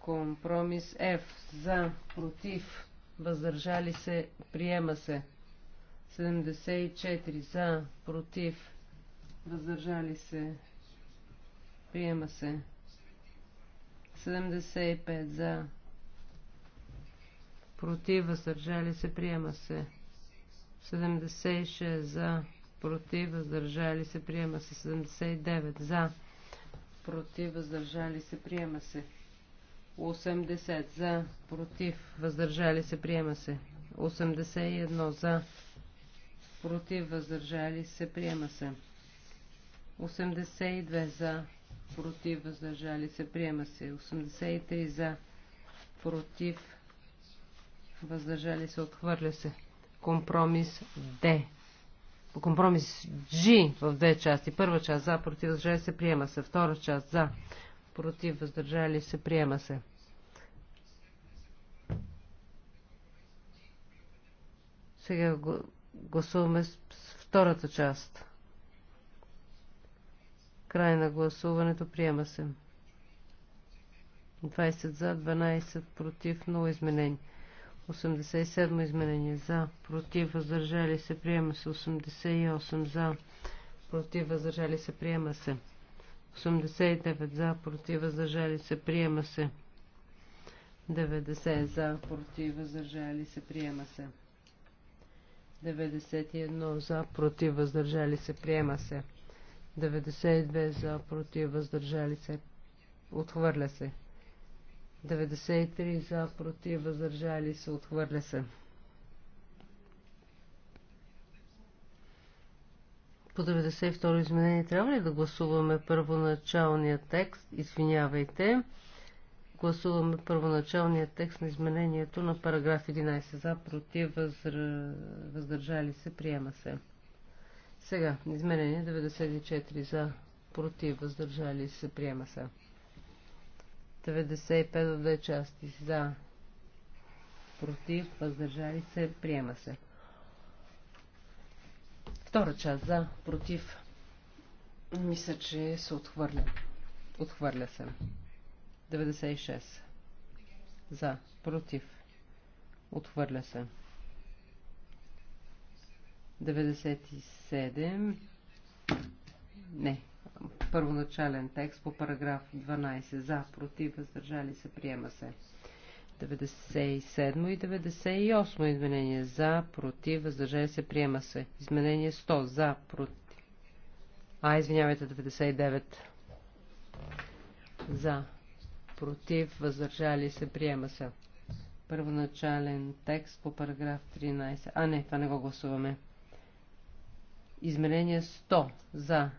Компромис F за, против, въздържали се, приема се. 74 за, против, въздържали се, Приема се. 75 за. Против, въздържали се. Приема се. 76 за. Против, въздържали се. Приема се. 79 за. Против, въздържали се. Приема се. 80 за. Против, въздържали се. Приема се. 81 за. Против, въздържали се. Приема се. 82 за против, въздържали се, приема се. 83 за, против, въздържали се, отхвърля се. Компромис Д. компромис G в две части. Първа част за, против, въздържали се, приема се. Втора част за, против, въздържали се, приема се. Сега гласуваме с втората част. Край на гласуването. Приема се. 20 за, 12 против, 0 изменени. 87 изменение за, против, въздържали се, приема се. 88 за, против, въздържали се, приема се. 89 за, против, въздържали се, приема се. 90 за, против, въздържали се, приема се. 91 за, против, въздържали се, приема се. 92 за, против, въздържали се. Отхвърля се. 93 за, против, въздържали се. Отхвърля се. По 92 изменение трябва ли да гласуваме първоначалния текст? Извинявайте. Гласуваме първоначалния текст на изменението на параграф 11. За, против, въздържали се, приема се. Сега, изменение 94 за, против, въздържали се, приема се. 95 в две части за, против, въздържали се, приема се. Втора част за, против, мисля, че се отхвърля. Отхвърля се. 96. За, против, отхвърля се. 97. Не. Първоначален текст по параграф 12. За, против, въздържали се, приема се. 97 и 98 изменение. За, против, въздържали се, приема се. Изменение 100. За, против. А, извинявайте, 99. За, против, въздържали се, приема се. Първоначален текст по параграф 13. А, не, това не го гласуваме. Изменение 100 за.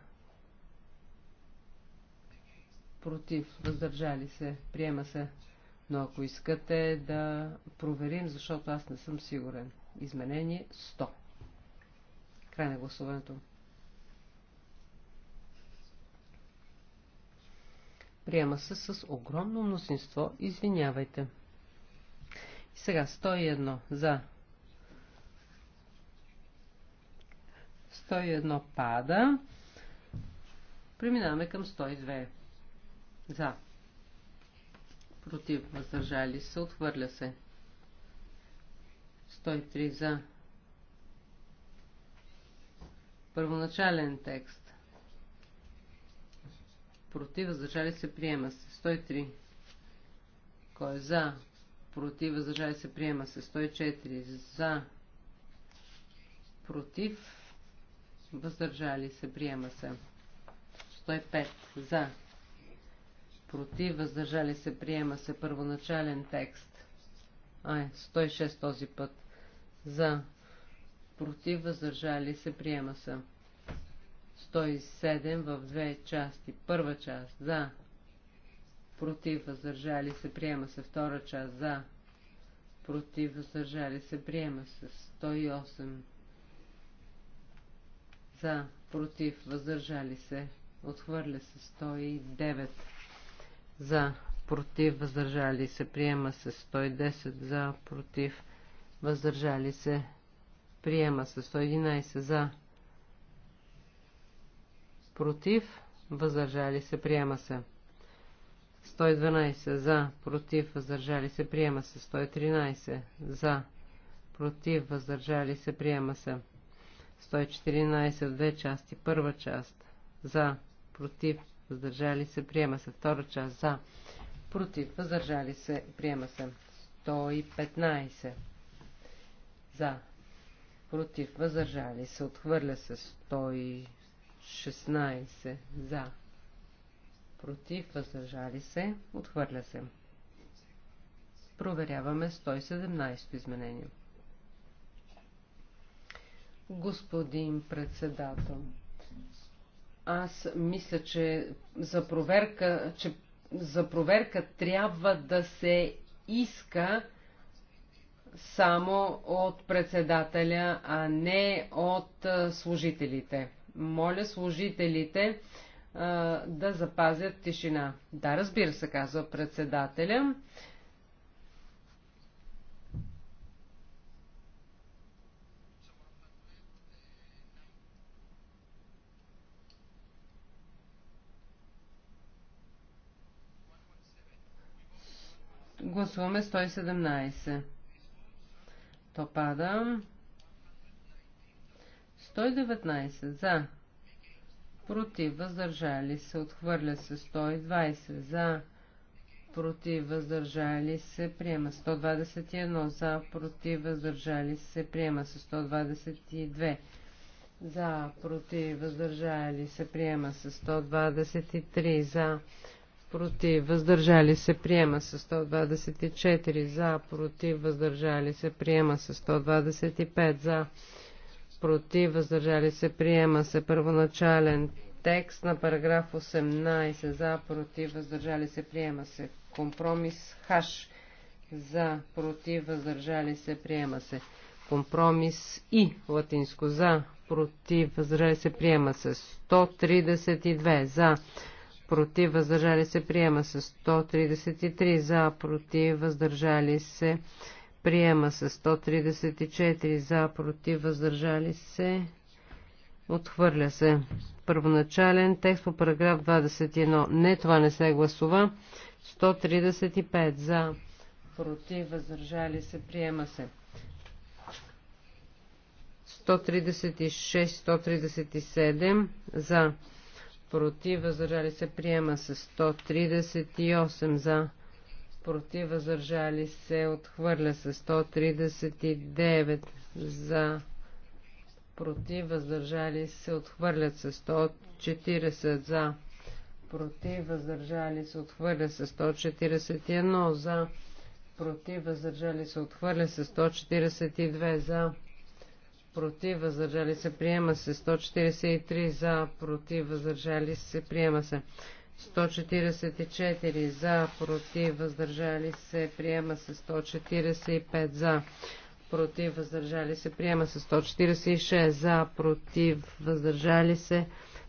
Против. Въздържали се. Приема се. Но ако искате да проверим, защото аз не съм сигурен. Изменение 100. Край на гласуването. Приема се с огромно мнозинство. Извинявайте. И сега 101 за 101 пада. Преминаваме към 102. За. Против. Въздържали се. Отхвърля се. 103 за. Първоначален текст. Против. Въздържали се. Приема се. 103. Кой е за? Против. Въздържали се. Приема се. 104. За. Против въздържали се, приема се. 105 за, против, въздържали се, приема се. Първоначален текст. Ай, 106 е, този път. За, против, въздържали се, приема се. 107 в две части. Първа част за, против, въздържали се, приема се. Втора част за, против, въздържали се, приема се. 108 за, против, въздържали се, отхвърля се 109 за, против, въздържали се, приема се 110 за, против, въздържали се, приема се 111 за, против, въздържали се, приема се 112 за, против, въздържали се, приема се 113 за, против, въздържали се, приема се 114 в две части. Първа част за, против, въздържали се, приема се. Втора част за, против, въздържали се, приема се. 115 за, против, въздържали се, отхвърля се. 116 за, против, въздържали се, отхвърля се. Проверяваме 117 изменение. Господин председател, аз мисля, че за проверка, че за проверка трябва да се иска само от председателя, а не от служителите. Моля служителите а, да запазят тишина. Да, разбира се, казва председателя. Гласуваме 117. То пада. 119 за. Против, въздържали се, отхвърля се 120 за. Против, въздържали се, приема 121 за. Против, въздържали се, приема се 122 за. Против, въздържали се, приема се 123 за против, въздържали се, приема се 124 за, против, въздържали се, приема се 125 за, против, въздържали се, приема се първоначален текст на параграф 18 за, против, въздържали се, приема се компромис хаш за, против, въздържали се, приема се компромис и латинско за, против, въздържали се, приема се 132 за, против, въздържали се, приема се 133 за, против, въздържали се, приема се 134 за, против, въздържали се, отхвърля се. Първоначален текст по параграф 21. Не, това не се гласува. 135 за, против, въздържали се, приема се. 136, 137 за, против, въздържали се, приема се 138 за, против, въздържали се, отхвърля се 139 за, против, въздържали се, отхвърлят се 140 за, против, въздържали се, отхвърля се 141 за, против, въздържали се, отхвърля се 142 за, против, въздържали се, приема се. 143 за, против, въздържали се, приема се. 144 за, против, въздържали се, приема се. 145 за, против, въздържали се, приема се. 146 за, против, въздържали се,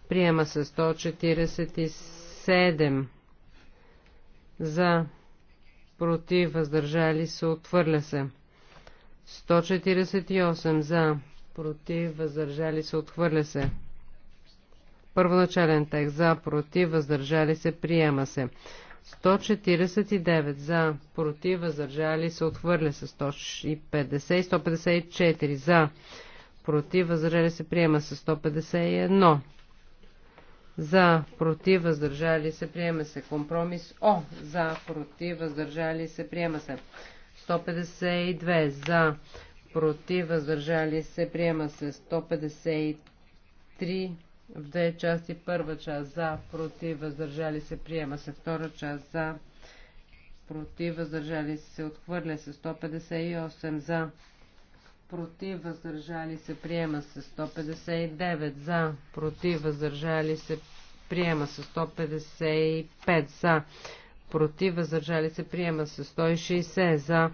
приема се. 147 за, против, въздържали се, отвърля се. 148 за, против, въздържали се, отхвърля се. Първоначален текст за, против, въздържали се, приема се. 149 за, против, въздържали се, отхвърля се. 150 154 за, против, въздържали се, приема се. 151 за, против, въздържали се, приема се. Компромис О, за, против, въздържали се, приема се. 152 за, против, въздържали се, приема се 153 в две части, първа част за, против, въздържали се, приема се втора част за, против, въздържали се, отхвърля се 158 за, против, въздържали се, приема се 159 за, против, въздържали се, приема се 155 за, против, въздържали се, приема се 160 за,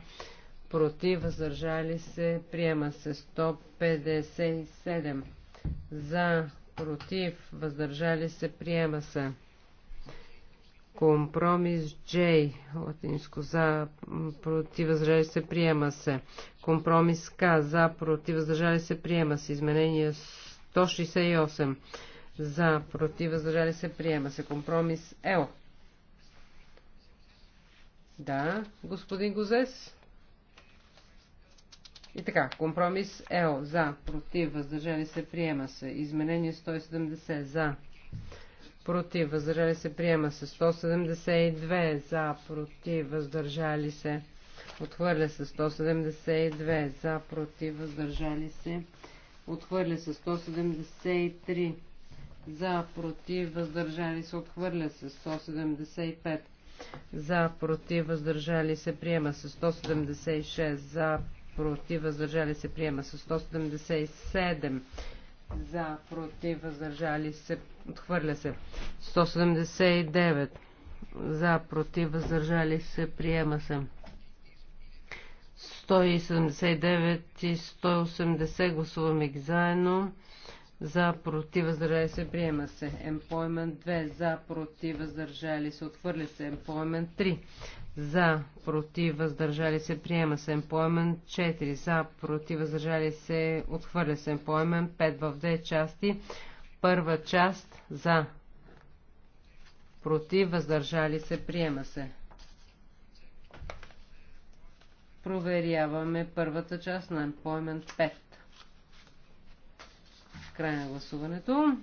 против, въздържали се, приема се 157, за, против, въздържали се, приема се. Компромис J, латинско за, против, въздържали се, приема се. Компромис К, за, против, въздържали се, приема се. Изменение 168, за, против, въздържали се, приема се. Компромис Л. Да, господин Гозес. И така, компромис ЕО, За. Против. Въздържали се. Приема се. Изменение 170. За. Против. Въздържали се. Приема се. 172. За. Против. Въздържали се. Отхвърля се. 172. За. Против. Въздържали се. Отхвърля се. 173. За. Против. Въздържали се. Отхвърля се. 175. За, против, въздържали се, приема се 176. За, против, въздържали се, приема се. 177 за, против, въздържали се, отхвърля се. 179 за, против, въздържали се, приема се. 179 и 180 гласуваме ги заедно за против въздържали се приема се. Employment 2 за против въздържали се отхвърля се. Employment 3 за против въздържали се приема се. Employment 4 за против въздържали се отхвърля се. Employment 5 в две части. Първа част за против въздържали се приема се. Проверяваме първата част на Employment 5. Край на гласуването.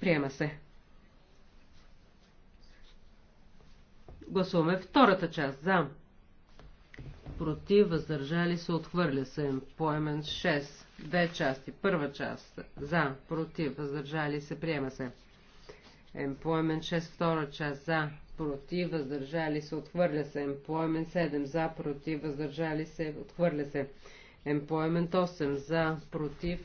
Приема се. Гласуваме втората част. За. Против, въздържали се, отхвърля се. Поемен 6. Две части. Първа част. За. Против, въздържали се, приема се. Емплоймент 6, втора част за, против, въздържали се, отхвърля се. Емплоймент 7, за, против, въздържали се, отхвърля се. Employment 8 за, против,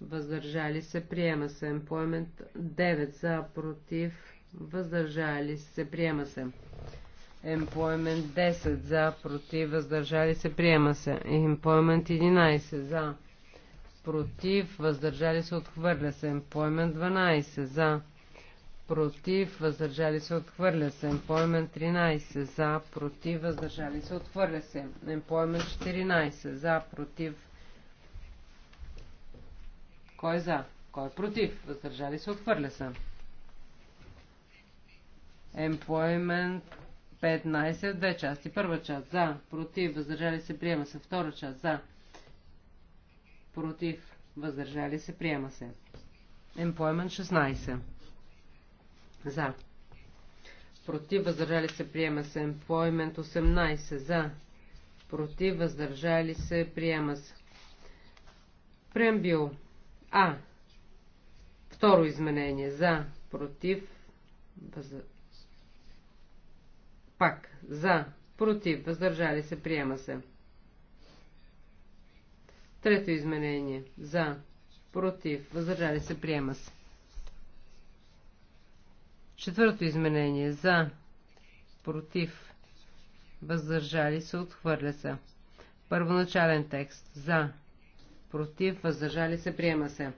въздържали се, приема се. Employment 9 за, против, въздържали се, приема се. Employment 10 за, против, въздържали се, приема се. Employment 11 за, против, въздържали се, отхвърля се. Employment 12 за, против, въздържали се, отхвърля се. Employment 13, за, против, въздържали се, отхвърля се. Employment 14, за, против. Кой е за? Кой е против? Въздържали се, отхвърля се. Employment 15, две части. Първа част, за, против, въздържали се, приема се. Втора част, за, против, въздържали се, приема се. Employment 16 за. Против въздържали се приема се. Employment 18 за. Против въздържали се приема се. Прембил А. Второ изменение за. Против. Въз... Пак за. Против въздържали се приема се. Трето изменение за. Против въздържали се приема се. Четвърто изменение за, против, въздържали се, отхвърля се. Първоначален текст за, против, въздържали се, приема се.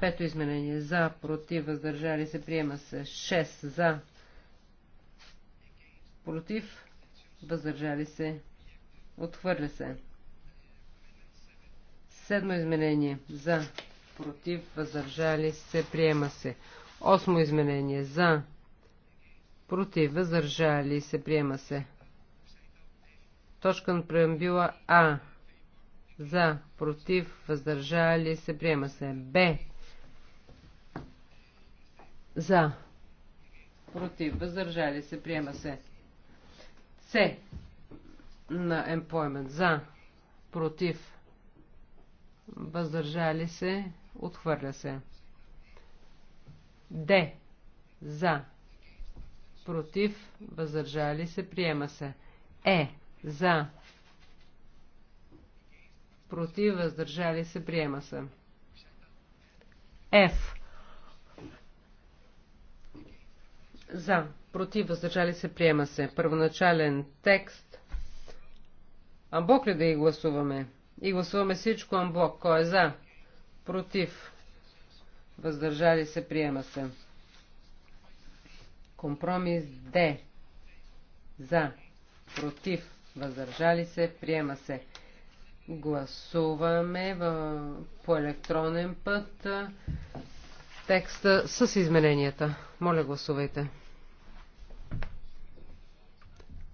Пето изменение за, против, въздържали се, приема се. Шест за, против, въздържали се, отхвърля се. Седмо изменение за, против, въздържали се, приема се. Осмо изменение за, Против. Въздържали се. Приема се. Точка на преамбила А. За. Против. Въздържали се. Приема се. Б. За. Против. Въздържали се. Приема се. С. На employment. За. Против. Въздържали се. Отхвърля се. Д. За против, въздържали се, приема се. Е, за, против, въздържали се, приема се. Ф. За, против, въздържали се, приема се. Първоначален текст. Амбок ли да и гласуваме? И гласуваме всичко амбок. Кой е за? Против. Въздържали се, приема се. Компромис Д. За. Против. Въздържали се. Приема се. Гласуваме в... по електронен път текста с измененията. Моля, гласувайте.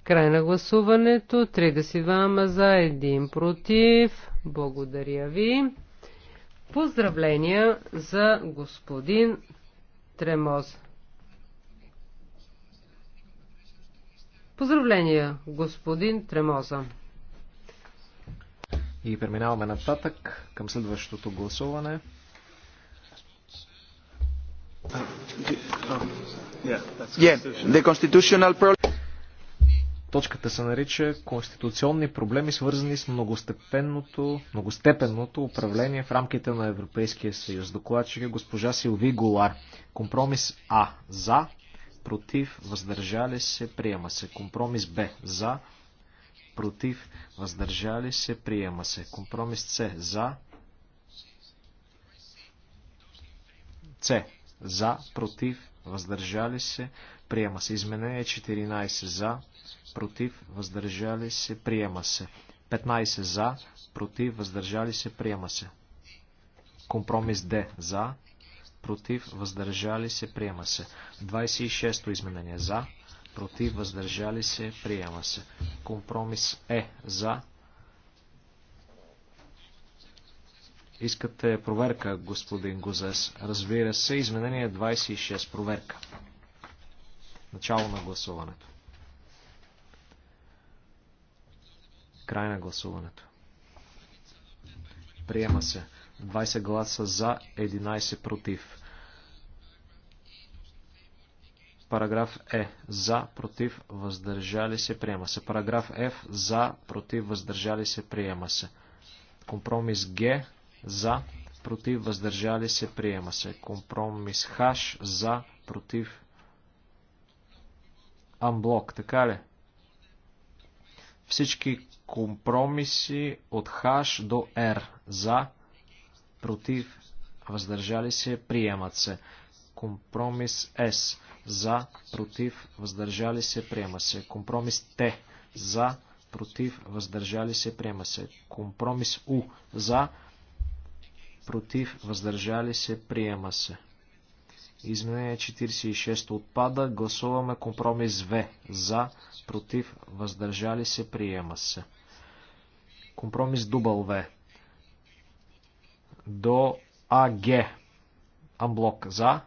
Край на гласуването. 32 за, 1 против. Благодаря ви. Поздравления за господин Тремоз. Поздравления, господин Тремоза. И преминаваме нататък към следващото гласуване. Точката се нарича Конституционни проблеми, свързани с многостепенното, многостепенното управление в рамките на Европейския съюз. Докладчик е госпожа Силви Голар. Компромис А. За против, въздържали се, приема се. Компромис Б за, против, въздържали се, приема се. Компромис С за, С за, против, въздържали се, приема се. Изменение 14 за, против, въздържали се, приема се. 15 за, против, въздържали се, приема се. Компромис Д за, против, въздържали се, приема се. 26-то изменение за, против, въздържали се, приема се. Компромис е за. Искате проверка, господин Гозес. Разбира се, изменение 26, проверка. Начало на гласуването. Край на гласуването. Приема се. 20 гласа за, 11 против. Параграф Е. За, против, въздържали се, приема се. Параграф Ф. За, против, въздържали се, приема се. Компромис Г. За, против, въздържали се, приема се. Компромис Х. За, против, амблок, така ли? Всички компромиси от Х до Р. За, против, въздържали се, приемат се. Компромис С. За, против, въздържали се, приема се. Компромис Т. За, против, въздържали се, приема се. Компромис У. За, против, въздържали се, приема се. Изменение 46 отпада. Гласуваме компромис В. За, против, въздържали се, приема се. Компромис дубъл В до АГ. Амблок за.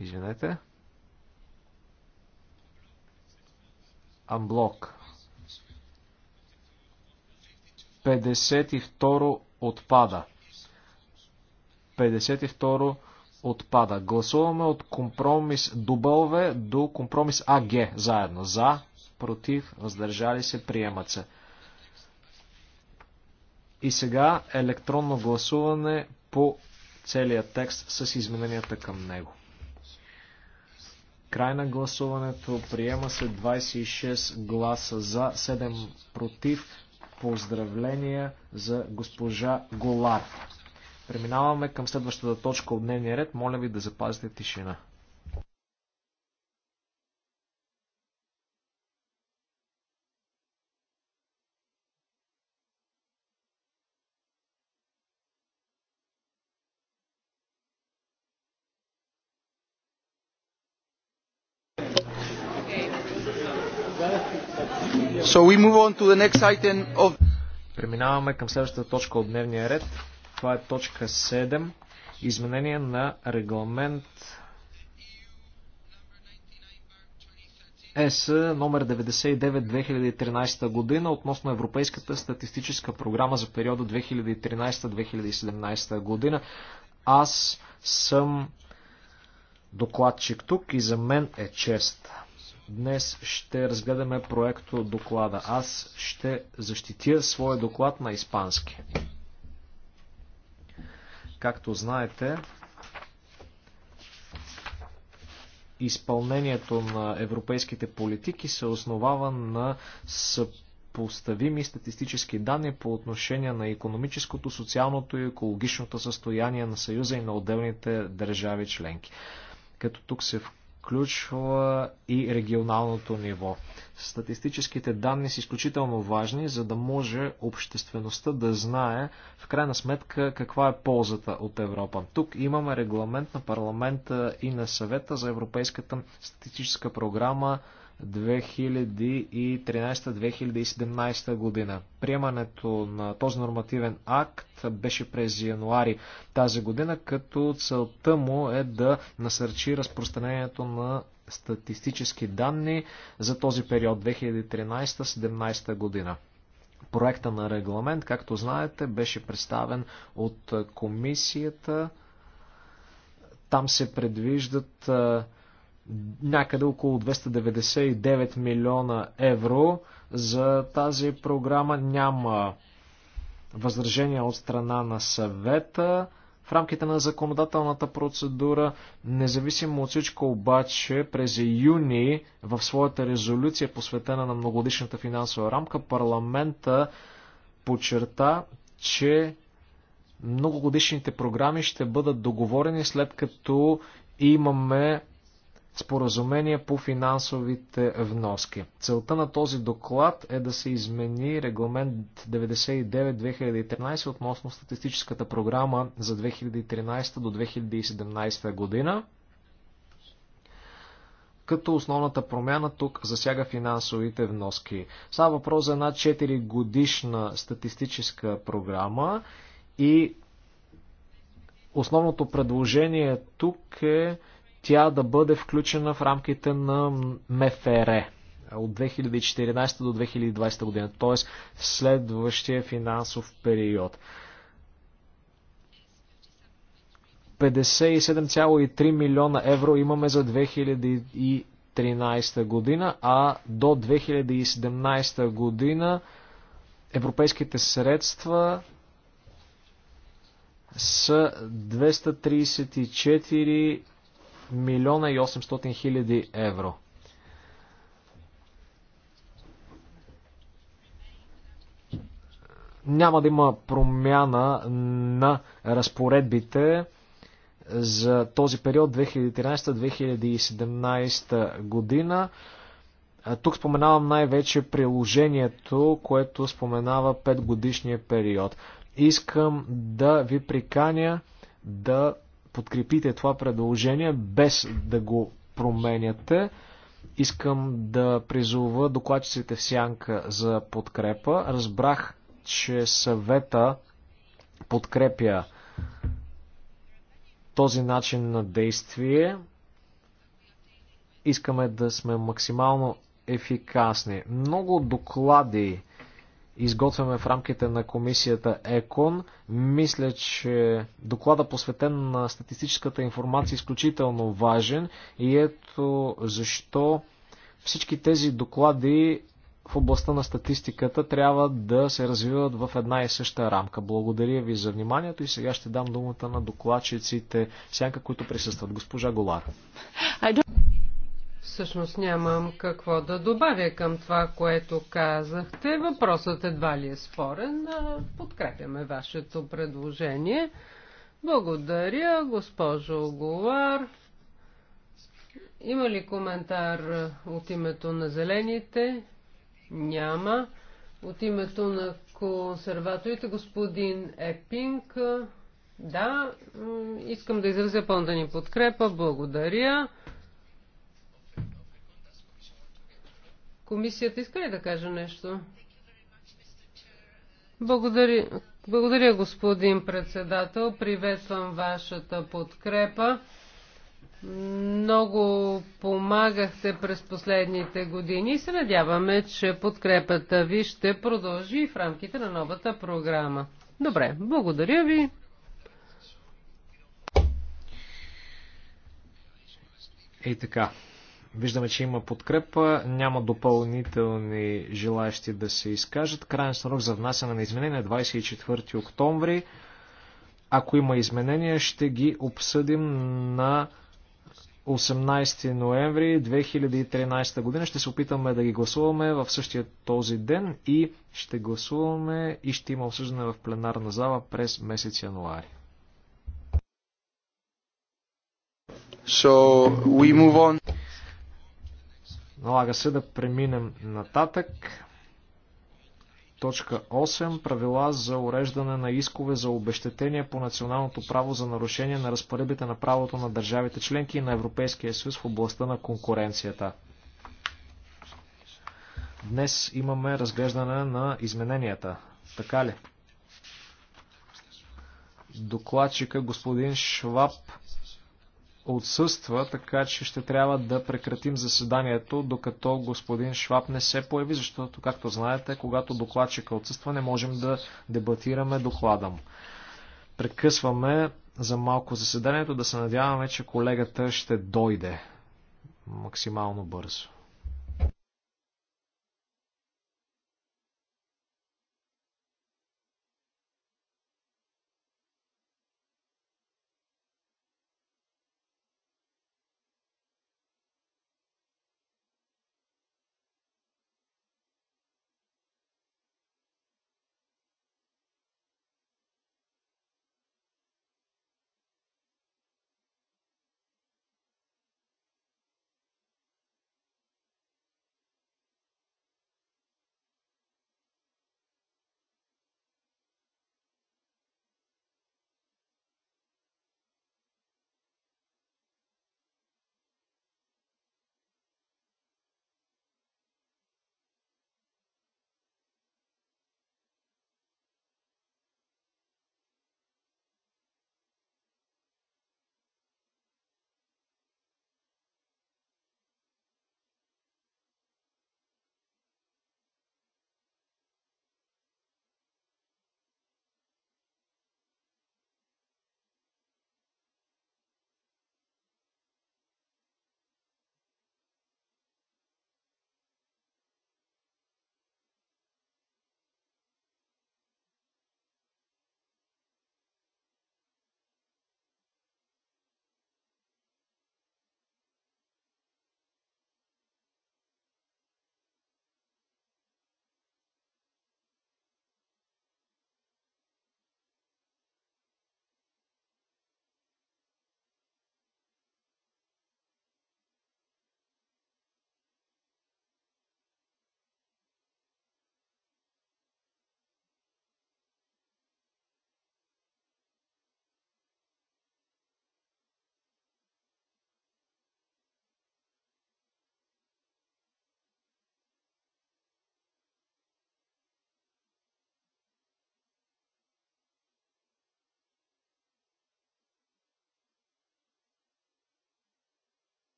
Извинете. Амблок. 52 отпада. 52 отпада. Гласуваме от компромис W до компромис АГ заедно. За, против, въздържали се, приемат се. И сега електронно гласуване по целият текст с измененията към него. Край на гласуването приема се 26 гласа за, 7 против. Поздравления за госпожа Голар. Преминаваме към следващата точка от дневния ред. Моля ви да запазите тишина. So of... Преминаваме към следващата точка от дневния ред. Това е точка 7. Изменение на регламент ЕС номер 99-2013 година относно Европейската статистическа програма за периода 2013-2017 година. Аз съм докладчик тук и за мен е чест. Днес ще разгледаме проекто доклада. Аз ще защитя своя доклад на испански. Както знаете, изпълнението на европейските политики се основава на съпоставими статистически данни по отношение на економическото, социалното и екологичното състояние на Съюза и на отделните държави членки. Като тук се включва и регионалното ниво. Статистическите данни са изключително важни, за да може обществеността да знае в крайна сметка каква е ползата от Европа. Тук имаме регламент на парламента и на съвета за Европейската статистическа програма 2013-2017 година. Приемането на този нормативен акт беше през януари тази година, като целта му е да насърчи разпространението на статистически данни за този период 2013-2017 година. Проекта на регламент, както знаете, беше представен от комисията. Там се предвиждат някъде около 299 милиона евро. За тази програма няма възражения от страна на съвета. В рамките на законодателната процедура, независимо от всичко обаче, през юни в своята резолюция, посветена на многодишната финансова рамка, парламента подчерта, че многогодишните програми ще бъдат договорени след като имаме споразумение по финансовите вноски. Целта на този доклад е да се измени регламент 99-2013 относно статистическата програма за 2013 до 2017 година. Като основната промяна тук засяга финансовите вноски. Става въпрос за една 4 годишна статистическа програма и основното предложение тук е тя да бъде включена в рамките на МФР от 2014 до 2020 година, т.е. следващия финансов период. 57,3 милиона евро имаме за 2013 година, а до 2017 година европейските средства са 234 милиона и 800 хиляди евро. Няма да има промяна на разпоредбите за този период 2013-2017 година. Тук споменавам най-вече приложението, което споменава 5 годишния период. Искам да ви приканя да подкрепите това предложение без да го променяте. Искам да призова докладчиците в сянка за подкрепа. Разбрах, че съвета подкрепя този начин на действие. Искаме да сме максимално ефикасни. Много доклади изготвяме в рамките на комисията ЕКОН. Мисля, че доклада посветен на статистическата информация е изключително важен и ето защо всички тези доклади в областта на статистиката трябва да се развиват в една и съща рамка. Благодаря ви за вниманието и сега ще дам думата на докладчиците, сянка, които присъстват. Госпожа Голар. Всъщност нямам какво да добавя към това, което казахте. Въпросът едва ли е спорен. Подкрепяме вашето предложение. Благодаря, госпожо Голар. Има ли коментар от името на зелените? Няма. От името на консерваторите, господин Епинг. Да, искам да изразя пълната ни подкрепа. Благодаря. Комисията иска ли да каже нещо? Благодаря, благодаря господин председател. Приветствам вашата подкрепа. Много помагахте през последните години и се надяваме, че подкрепата ви ще продължи в рамките на новата програма. Добре, благодаря ви. Ей така. Виждаме, че има подкрепа, няма допълнителни желаящи да се изкажат. Крайен срок за внасяне на изменения 24 е октомври. Ако има изменения, ще ги обсъдим на 18 ноември 2013 година. Ще се опитаме да ги гласуваме в същия този ден и ще гласуваме и ще има обсъждане в пленарна зала през месец януари. So we move on. Налага се да преминем нататък. Точка 8. Правила за уреждане на искове за обещетение по националното право за нарушение на разпоредбите на правото на държавите членки и на Европейския съюз в областта на конкуренцията. Днес имаме разглеждане на измененията. Така ли? Докладчика господин Шваб отсъства, така че ще трябва да прекратим заседанието, докато господин Шваб не се появи, защото, както знаете, когато докладчика отсъства, не можем да дебатираме доклада му. Прекъсваме за малко заседанието, да се надяваме, че колегата ще дойде максимално бързо.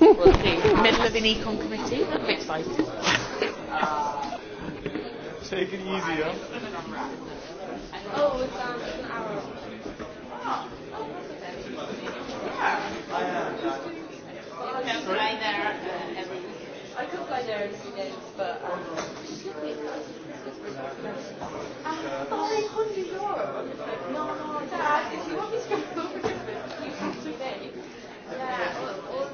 we'll Middle of an econ committee. I'm excited. Take it easy, huh? Oh, it's um, an hour. can there I could fly there days, but um, I'm sorry, hundred No, no, Dad, if you want me to go over to Yeah, all,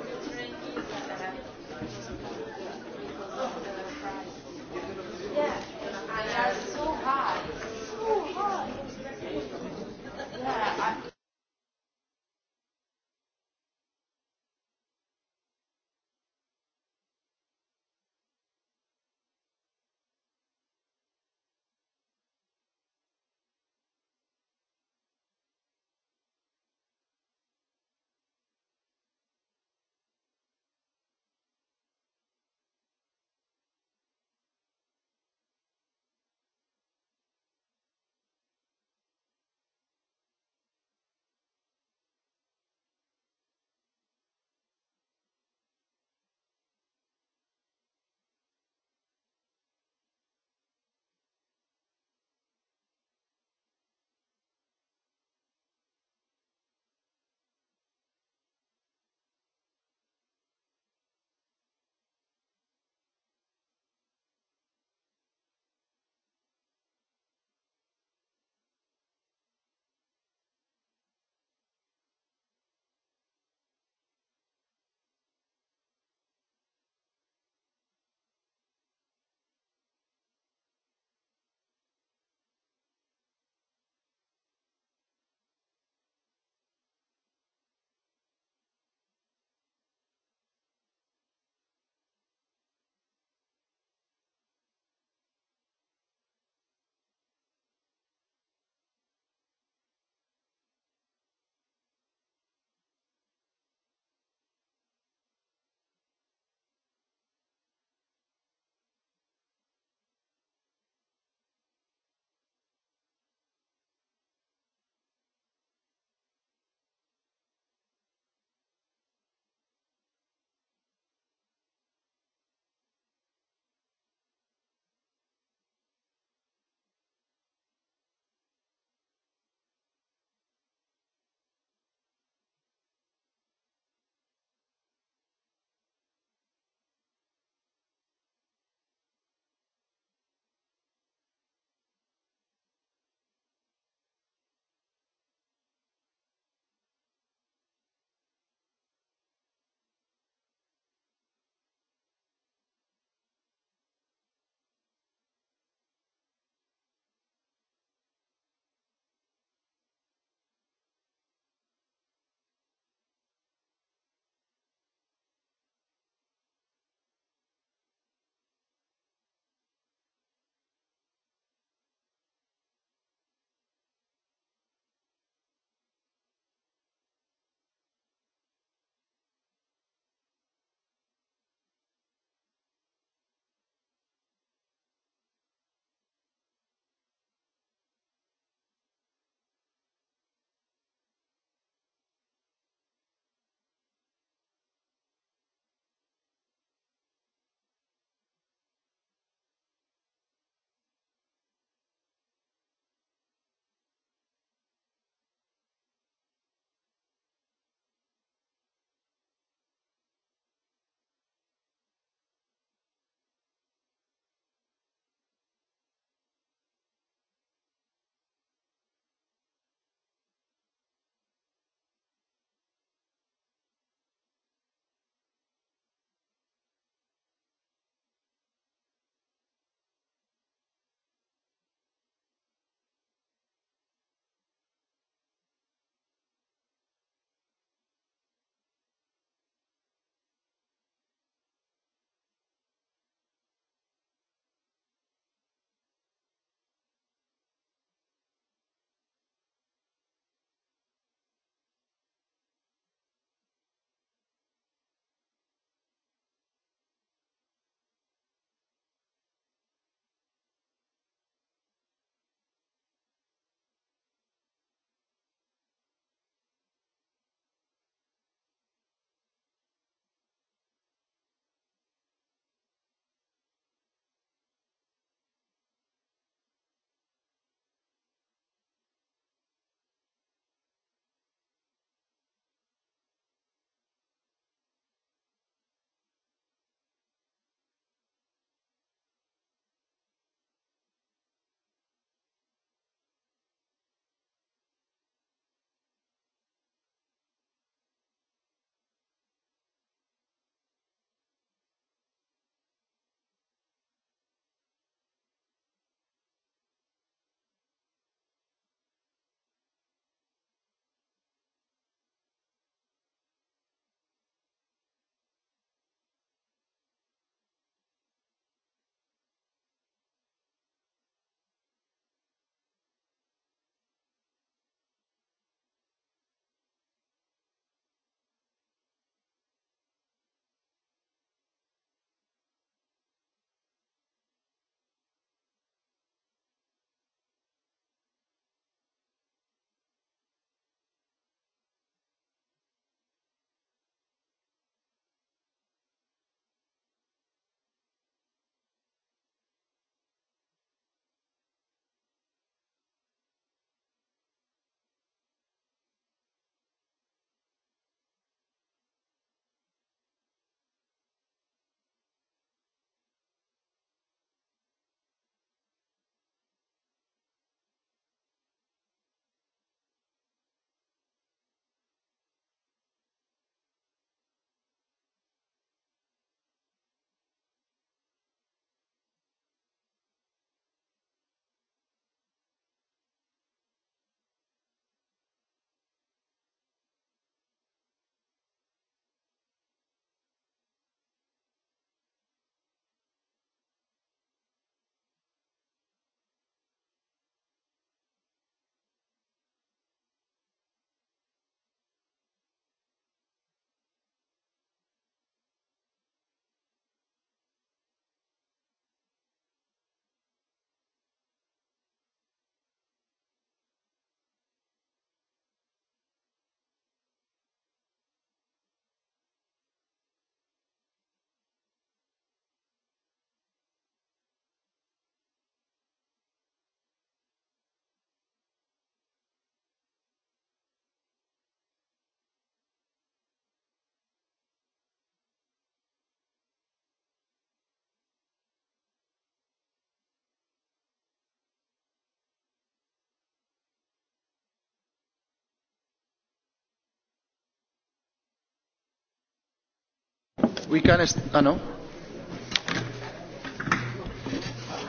we can I know.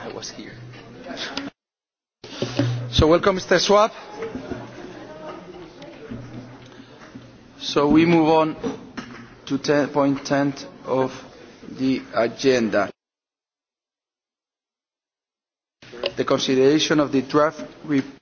I was here so welcome Mr. Schwab so we move on to 10, point 10 of the agenda the consideration of the draft report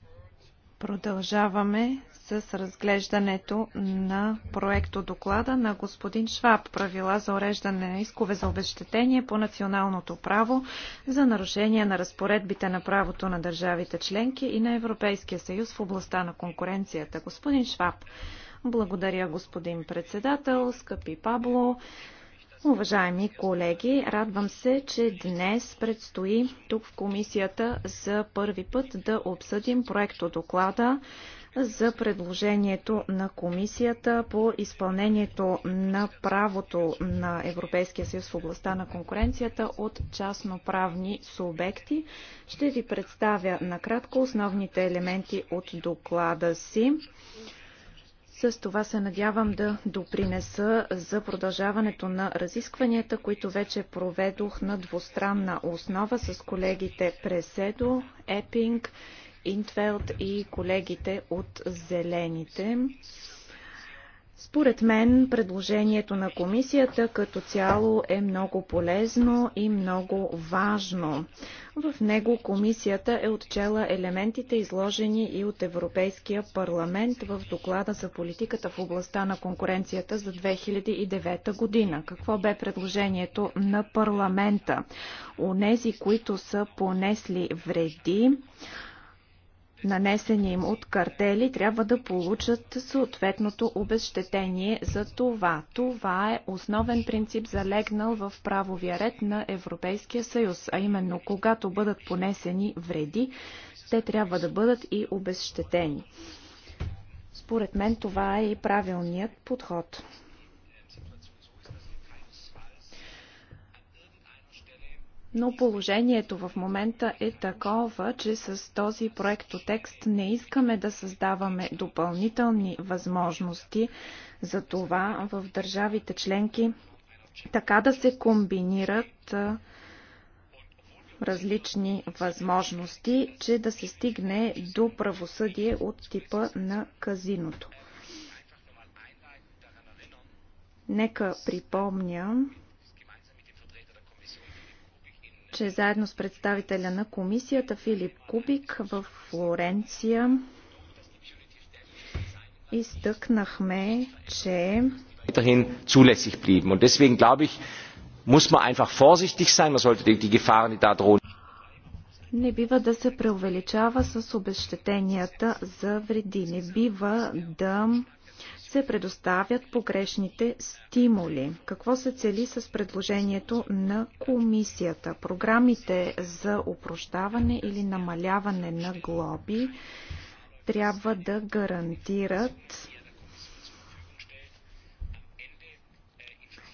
Продължаваме с разглеждането на проекто доклада на господин Шваб правила за уреждане на искове за обещетение по националното право за нарушение на разпоредбите на правото на държавите членки и на Европейския съюз в областта на конкуренцията. Господин Шваб, благодаря господин председател, скъпи Пабло. Уважаеми колеги, радвам се, че днес предстои тук в комисията за първи път да обсъдим проекто доклада за предложението на комисията по изпълнението на правото на Европейския съюз в областта на конкуренцията от частноправни субекти. Ще ви представя накратко основните елементи от доклада си. С това се надявам да допринеса за продължаването на разискванията, които вече проведох на двустранна основа с колегите Преседо, Епинг, Интвелд и колегите от Зелените. Според мен предложението на комисията като цяло е много полезно и много важно. В него комисията е отчела елементите изложени и от Европейския парламент в доклада за политиката в областта на конкуренцията за 2009 година. Какво бе предложението на парламента? Онези, които са понесли вреди, нанесени им от картели, трябва да получат съответното обезщетение за това. Това е основен принцип залегнал в правовия ред на Европейския съюз, а именно когато бъдат понесени вреди, те трябва да бъдат и обезщетени. Според мен това е и правилният подход. но положението в момента е такова, че с този проектотекст не искаме да създаваме допълнителни възможности за това в държавите членки така да се комбинират различни възможности, че да се стигне до правосъдие от типа на казиното. Нека припомням че заедно с представителя на комисията Филип Кубик в Флоренция изтъкнахме, че zulässig blieben. Und deswegen glaube ich, muss man einfach vorsichtig sein, man sollte die Gefahren, die da drohen. Не бива да се преувеличава с обещетенията за вреди. Не бива да се предоставят погрешните стимули. Какво се цели с предложението на комисията? Програмите за упрощаване или намаляване на глоби трябва да гарантират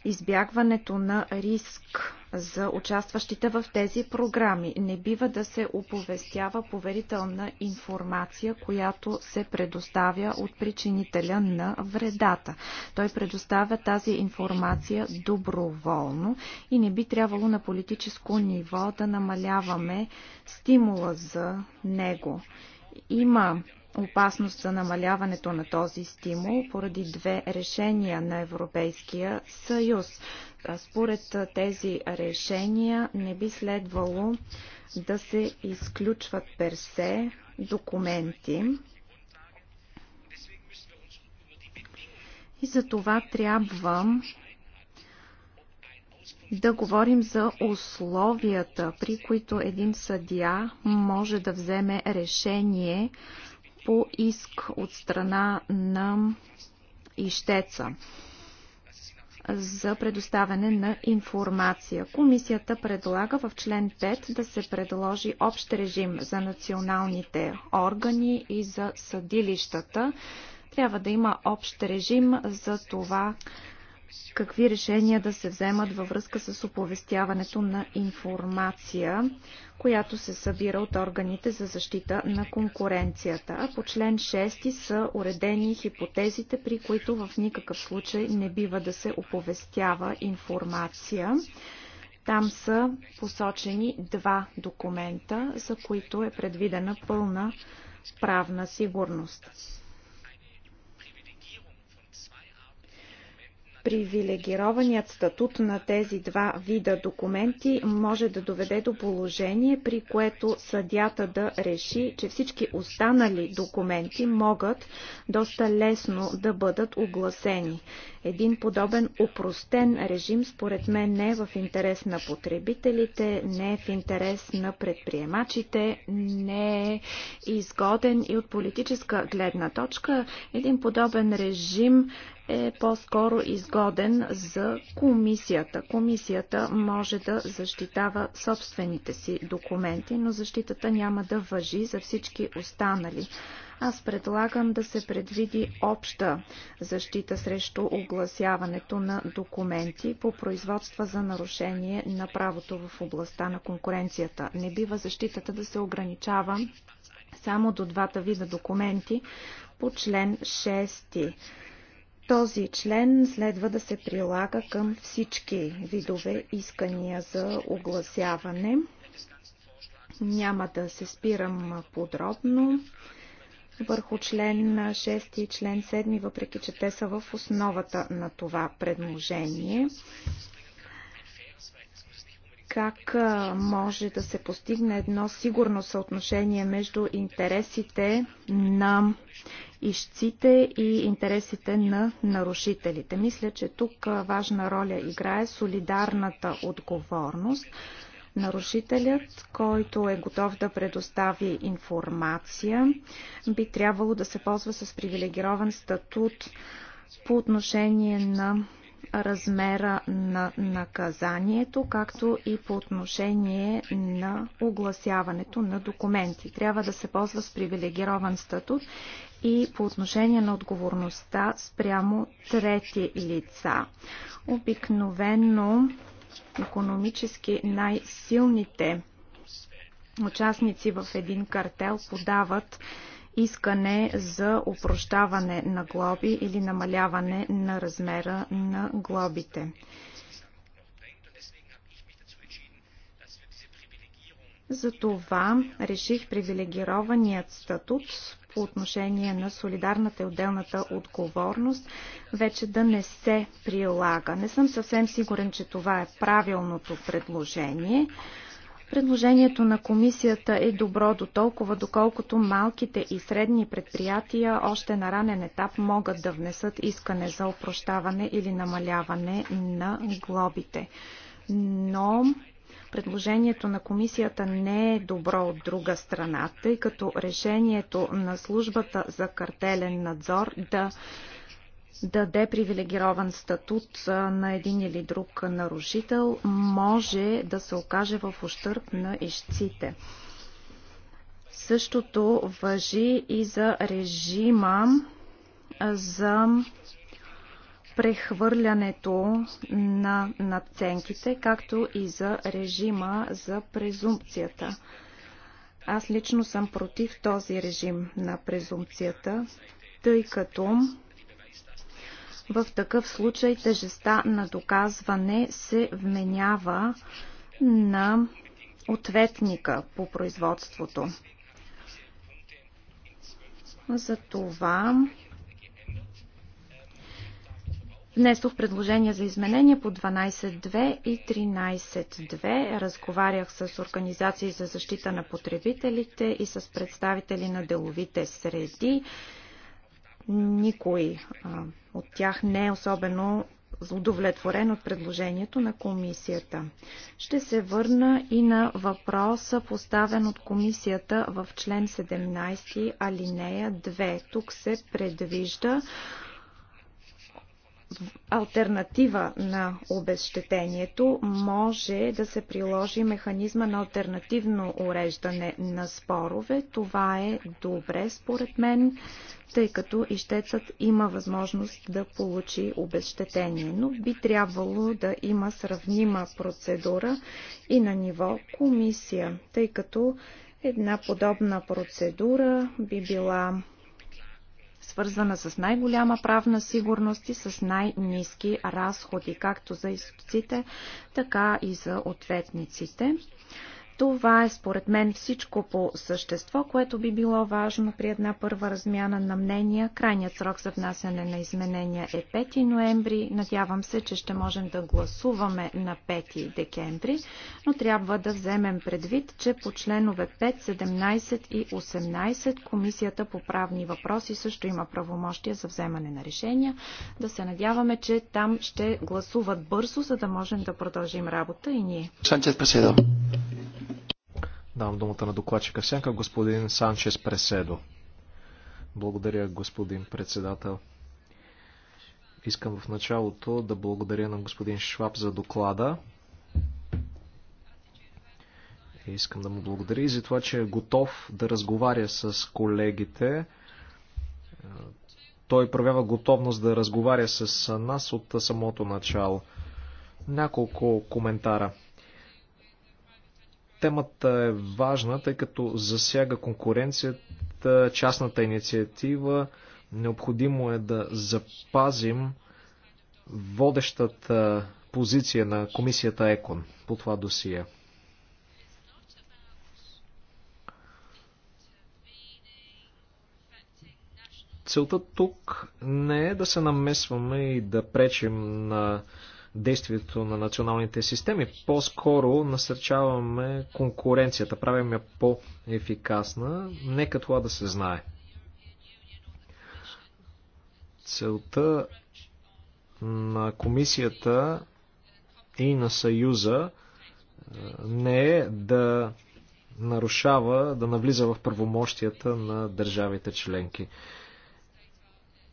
избягването на риск за участващите в тези програми. Не бива да се оповестява поверителна информация, която се предоставя от причинителя на вредата. Той предоставя тази информация доброволно и не би трябвало на политическо ниво да намаляваме стимула за него. Има опасност за намаляването на този стимул поради две решения на Европейския съюз. Според тези решения не би следвало да се изключват персе документи. И за това трябва да говорим за условията, при които един съдия може да вземе решение по иск от страна на ищеца за предоставяне на информация. Комисията предлага в член 5 да се предложи общ режим за националните органи и за съдилищата. Трябва да има общ режим за това какви решения да се вземат във връзка с оповестяването на информация, която се събира от органите за защита на конкуренцията. А по член 6 са уредени хипотезите, при които в никакъв случай не бива да се оповестява информация. Там са посочени два документа, за които е предвидена пълна правна сигурност. привилегированият статут на тези два вида документи може да доведе до положение, при което съдята да реши, че всички останали документи могат доста лесно да бъдат огласени. Един подобен упростен режим според мен не е в интерес на потребителите, не е в интерес на предприемачите, не е изгоден и от политическа гледна точка. Един подобен режим е по-скоро изгоден за комисията. Комисията може да защитава собствените си документи, но защитата няма да въжи за всички останали аз предлагам да се предвиди обща защита срещу огласяването на документи по производства за нарушение на правото в областта на конкуренцията. Не бива защитата да се ограничава само до двата вида документи по член 6. Този член следва да се прилага към всички видове искания за огласяване. Няма да се спирам подробно върху член 6 и член 7, въпреки че те са в основата на това предложение как може да се постигне едно сигурно съотношение между интересите на ищците и интересите на нарушителите. Мисля, че тук важна роля играе солидарната отговорност. Нарушителят, който е готов да предостави информация, би трябвало да се ползва с привилегирован статут по отношение на размера на наказанието, както и по отношение на огласяването на документи. Трябва да се ползва с привилегирован статут и по отношение на отговорността спрямо трети лица. Обикновено економически най-силните участници в един картел подават искане за упрощаване на глоби или намаляване на размера на глобите. Затова реших привилегированият статут по отношение на солидарната и отделната отговорност вече да не се прилага. Не съм съвсем сигурен, че това е правилното предложение. Предложението на комисията е добро до толкова, доколкото малките и средни предприятия още на ранен етап могат да внесат искане за опрощаване или намаляване на глобите. Но Предложението на комисията не е добро от друга страна, тъй като решението на службата за картелен надзор да даде привилегирован статут на един или друг нарушител, може да се окаже в ущърп на ищците. Същото въжи и за режима за прехвърлянето на надценките, както и за режима за презумпцията. Аз лично съм против този режим на презумпцията, тъй като в такъв случай тежеста на доказване се вменява на ответника по производството. Затова Внесох предложения за изменения по 12.2 и 13.2. Разговарях с организации за защита на потребителите и с представители на деловите среди. Никой а, от тях не е особено удовлетворен от предложението на комисията. Ще се върна и на въпроса, поставен от комисията в член 17, алинея 2. Тук се предвижда альтернатива на обезщетението може да се приложи механизма на альтернативно уреждане на спорове. Това е добре според мен, тъй като ищецът има възможност да получи обезщетение, но би трябвало да има сравнима процедура и на ниво комисия, тъй като една подобна процедура би била свързана с най-голяма правна сигурност и с най-низки разходи, както за истците, така и за ответниците. Това е според мен всичко по същество, което би било важно при една първа размяна на мнения. Крайният срок за внасяне на изменения е 5 ноември. Надявам се, че ще можем да гласуваме на 5 декември, но трябва да вземем предвид, че по членове 5, 17 и 18 Комисията по правни въпроси също има правомощия за вземане на решения. Да се надяваме, че там ще гласуват бързо, за да можем да продължим работа и ние. Санчес Преседо. Давам думата на докладчика Сянка, господин Санчес Преседо. Благодаря, господин председател. Искам в началото да благодаря на господин Шваб за доклада. Искам да му благодаря и за това, че е готов да разговаря с колегите. Той проявява готовност да разговаря с нас от самото начало. Няколко коментара. Темата е важна, тъй като засяга конкуренцията, частната инициатива. Необходимо е да запазим водещата позиция на комисията ЕКОН по това досие. Целта тук не е да се намесваме и да пречим на действието на националните системи. По-скоро насърчаваме конкуренцията, правим я по-ефикасна. Нека това да се знае. Целта на комисията и на Съюза е, не е да нарушава, да навлиза в правомощията на държавите членки.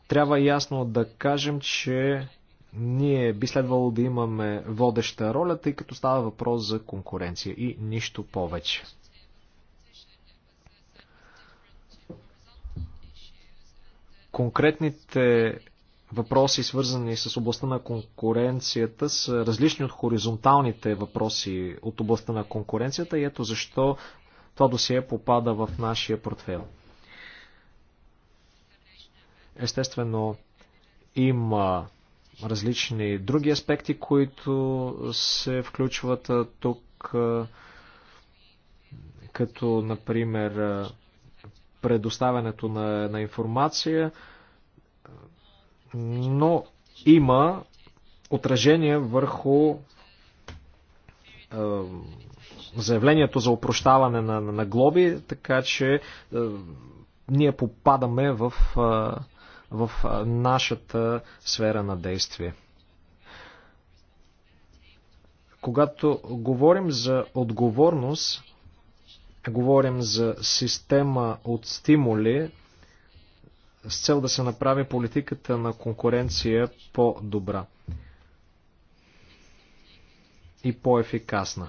Трябва ясно да кажем, че ние би следвало да имаме водеща роля, тъй като става въпрос за конкуренция и нищо повече. Конкретните въпроси, свързани с областта на конкуренцията, са различни от хоризонталните въпроси от областта на конкуренцията и ето защо това досие попада в нашия портфел. Естествено, има различни други аспекти, които се включват тук, като например предоставянето на, на информация, но има отражение върху е, заявлението за опрощаване на, на, на глоби, така че е, ние попадаме в е, в нашата сфера на действие. Когато говорим за отговорност, говорим за система от стимули с цел да се направи политиката на конкуренция по-добра и по-ефикасна.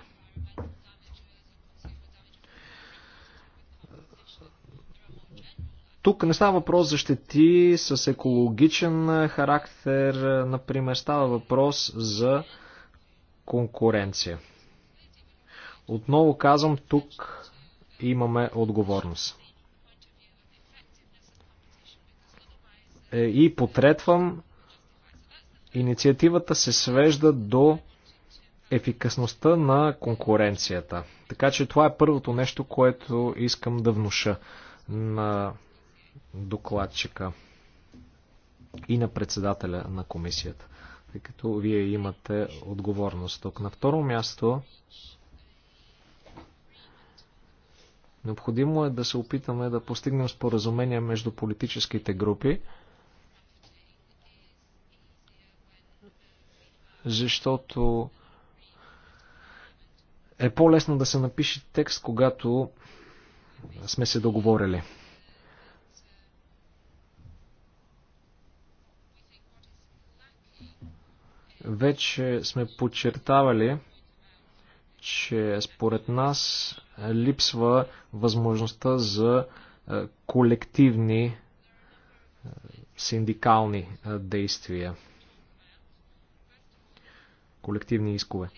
Тук не става въпрос за щети с екологичен характер, например, става въпрос за конкуренция. Отново казвам, тук имаме отговорност. Е, и потретвам, инициативата се свежда до ефикасността на конкуренцията. Така че това е първото нещо, което искам да внуша на докладчика и на председателя на комисията, тъй като вие имате отговорност тук. На второ място, необходимо е да се опитаме да постигнем споразумения между политическите групи, защото е по-лесно да се напише текст, когато сме се договорили. Вече сме подчертавали, че според нас липсва възможността за е, колективни е, синдикални е, действия, колективни искове.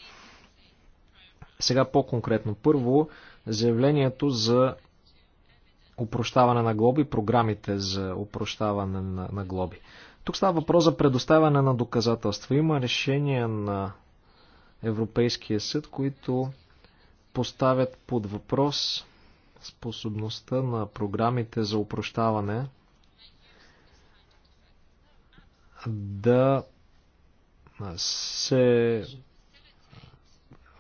Сега по-конкретно. Първо, заявлението за упрощаване на глоби, програмите за упрощаване на, на глоби. Тук става въпрос за предоставяне на доказателства. Има решения на Европейския съд, които поставят под въпрос способността на програмите за упрощаване да се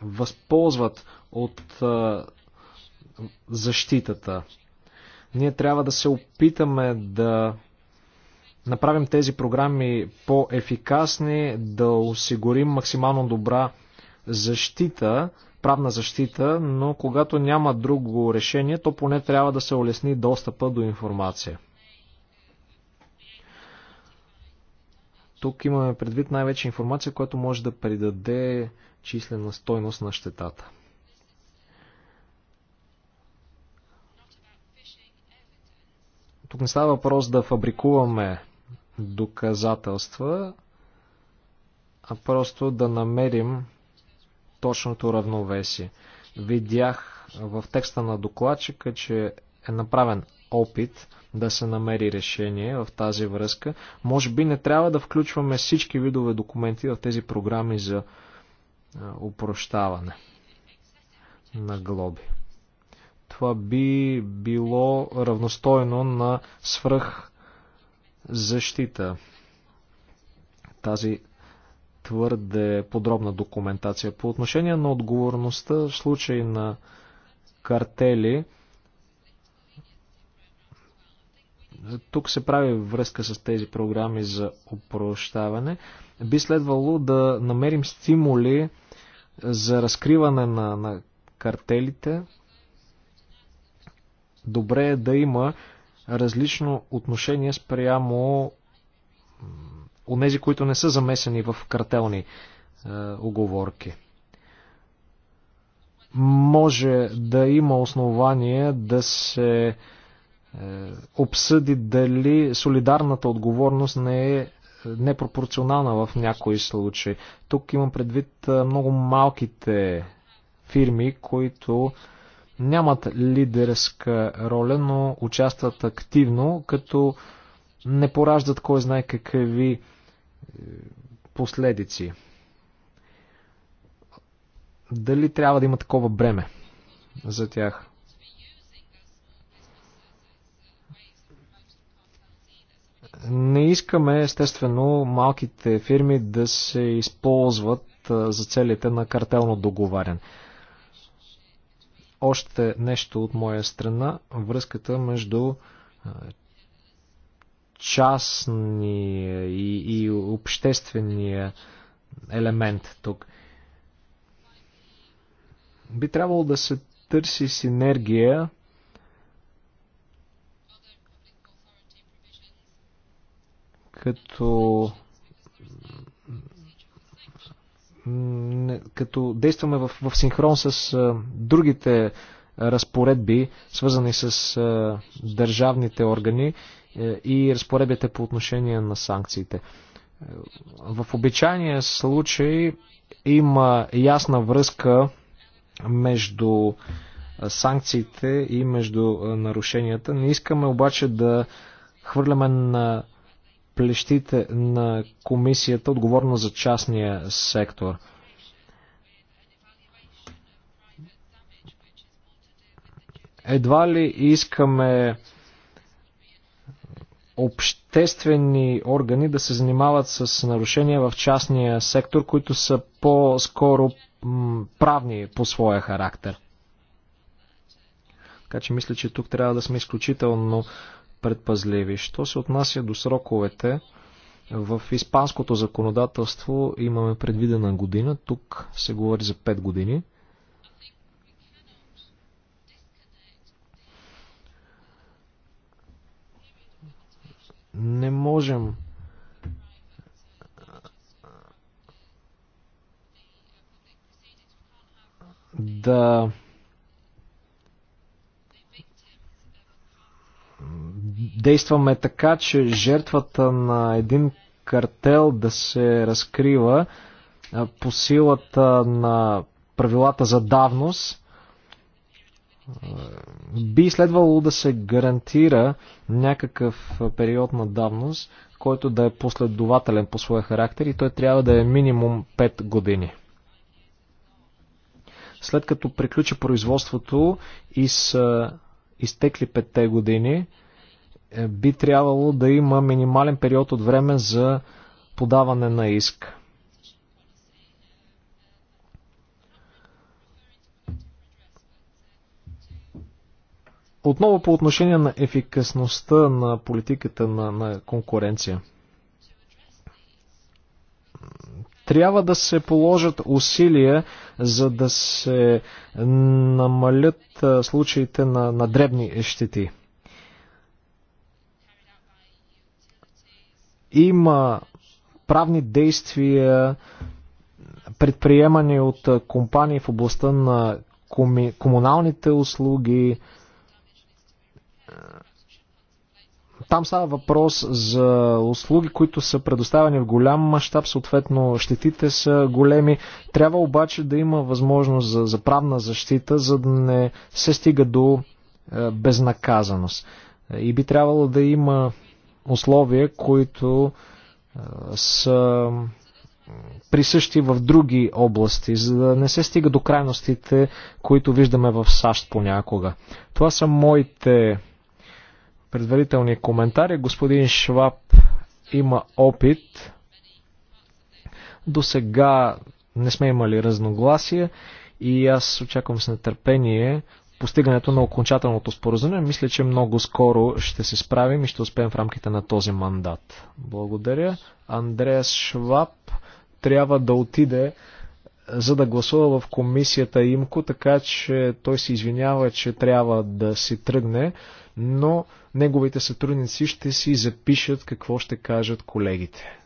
възползват от защитата. Ние трябва да се опитаме да направим тези програми по-ефикасни, да осигурим максимално добра защита, правна защита, но когато няма друго решение, то поне трябва да се улесни достъпа до информация. Тук имаме предвид най-вече информация, която може да придаде числена стойност на щетата. Тук не става въпрос да фабрикуваме доказателства, а просто да намерим точното равновесие. Видях в текста на докладчика, че е направен опит да се намери решение в тази връзка. Може би не трябва да включваме всички видове документи в тези програми за упрощаване на глоби. Това би било равностойно на свръх защита. Тази твърде подробна документация. По отношение на отговорността в случай на картели, тук се прави връзка с тези програми за опрощаване. Би следвало да намерим стимули за разкриване на, на картелите. Добре е да има различно отношение спрямо онези, които не са замесени в картелни е, оговорки. Може да има основание да се е, обсъди дали солидарната отговорност не е, е непропорционална в някои случаи. Тук имам предвид е, много малките фирми, които е, нямат лидерска роля, но участват активно, като не пораждат кой знае какви е, последици. Дали трябва да има такова бреме за тях? Не искаме, естествено, малките фирми да се използват е, за целите на картелно договаряне. Още нещо от моя страна, връзката между частния и, и обществения елемент тук. Би трябвало да се търси синергия като като действаме в, в синхрон с а, другите разпоредби, свързани с а, държавните органи е, и разпоредбите по отношение на санкциите. В обичайния случай има ясна връзка между санкциите и между нарушенията. Не искаме обаче да хвърляме на плещите на комисията, отговорна за частния сектор. Едва ли искаме обществени органи да се занимават с нарушения в частния сектор, които са по-скоро правни по своя характер. Така че мисля, че тук трябва да сме изключително предпазливи. Що се отнася до сроковете, в испанското законодателство имаме предвидена година, тук се говори за 5 години. Не можем да действаме така, че жертвата на един картел да се разкрива по силата на правилата за давност, би следвало да се гарантира някакъв период на давност, който да е последователен по своя характер и той трябва да е минимум 5 години. След като приключи производството и са изтекли 5 години, е, би трябвало да има минимален период от време за подаване на иск. Отново по отношение на ефикасността на политиката на, на конкуренция. Трябва да се положат усилия, за да се намалят случаите на, на дребни щети. Има правни действия, предприемани от компании в областта на коми... комуналните услуги. Там става въпрос за услуги, които са предоставени в голям мащаб, съответно щетите са големи. Трябва обаче да има възможност за, за правна защита, за да не се стига до безнаказаност. И би трябвало да има условия, които са присъщи в други области, за да не се стига до крайностите, които виждаме в САЩ понякога. Това са моите предварителни коментари. Господин Шваб има опит. До сега не сме имали разногласия и аз очаквам с нетърпение постигането на окончателното споразумение. Мисля, че много скоро ще се справим и ще успеем в рамките на този мандат. Благодаря. Андреас Шваб трябва да отиде за да гласува в комисията Имко, така че той се извинява, че трябва да си тръгне, но неговите сътрудници ще си запишат какво ще кажат колегите.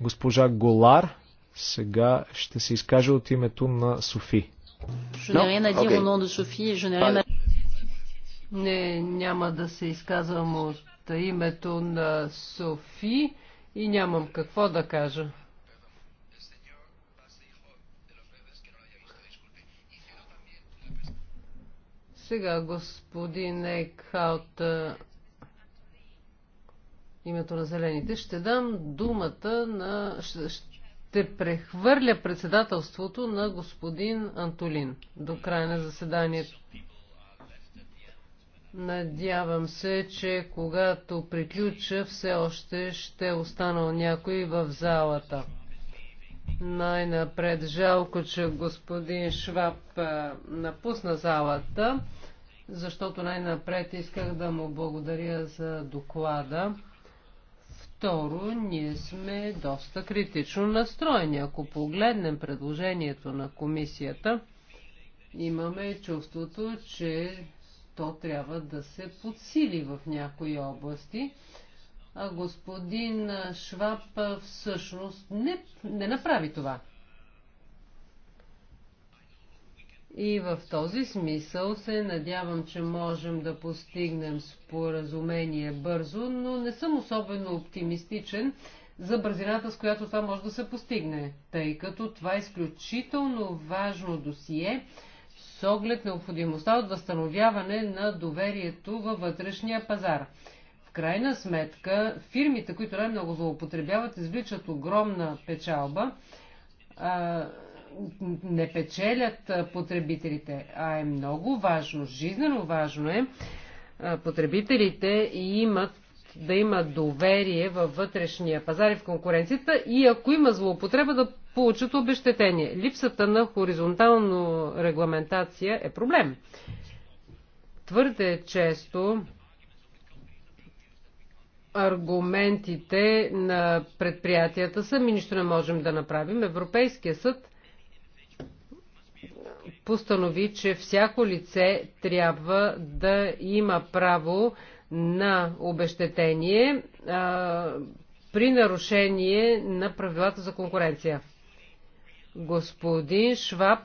Госпожа Голар сега ще се изкаже от името на Софи. Je n'ai rien à dire okay. au nom de Sophie et je n'ai rien à... Не, няма да се изказвам от името на Софи и нямам какво да кажа. Сега господин Екхаут, името на зелените, ще дам думата на... Ще, ще прехвърля председателството на господин Антолин до края на заседанието. Надявам се, че когато приключа, все още ще останал някой в залата. Най-напред жалко, че господин Шваб напусна залата, защото най-напред исках да му благодаря за доклада. Второ, ние сме доста критично настроени. Ако погледнем предложението на комисията, имаме чувството, че то трябва да се подсили в някои области. А господин Шваб всъщност не, не направи това. И в този смисъл се надявам, че можем да постигнем споразумение бързо, но не съм особено оптимистичен за бързината, с която това може да се постигне, тъй като това е изключително важно досие с оглед необходимостта от възстановяване на доверието във вътрешния пазар. В крайна сметка, фирмите, които най-много злоупотребяват, извличат огромна печалба, не печелят потребителите, а е много важно, жизнено важно е потребителите имат да имат доверие във вътрешния пазар и в конкуренцията и ако има злоупотреба да получат обещетение. Липсата на хоризонтална регламентация е проблем. Твърде често аргументите на предприятията са, ми нищо не можем да направим. Европейския съд постанови, че всяко лице трябва да има право на обещетение а, при нарушение на правилата за конкуренция. Господин Шваб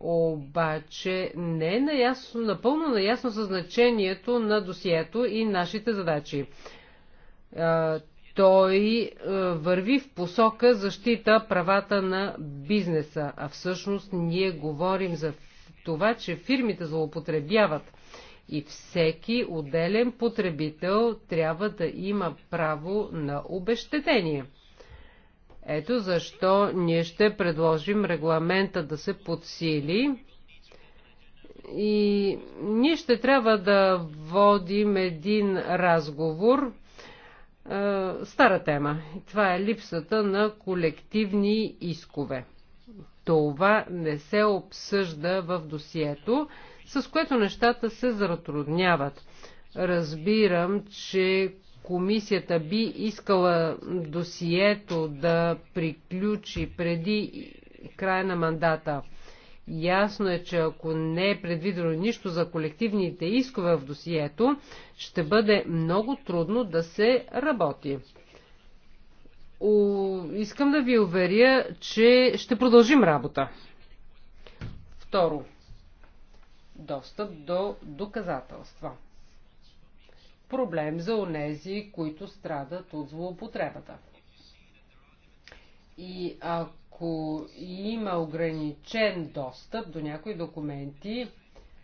обаче не е наясно, напълно наясно със значението на досието и нашите задачи той е, върви в посока защита правата на бизнеса, а всъщност ние говорим за това, че фирмите злоупотребяват и всеки отделен потребител трябва да има право на обещетение. Ето защо ние ще предложим регламента да се подсили и ние ще трябва да водим един разговор е, стара тема. Това е липсата на колективни искове. Това не се обсъжда в досието, с което нещата се затрудняват. Разбирам, че комисията би искала досието да приключи преди края на мандата Ясно е, че ако не е предвидено нищо за колективните искове в досието, ще бъде много трудно да се работи. О, искам да ви уверя, че ще продължим работа. Второ. Достъп до доказателства. Проблем за онези, които страдат от злоупотребата. И ако ако има ограничен достъп до някои документи,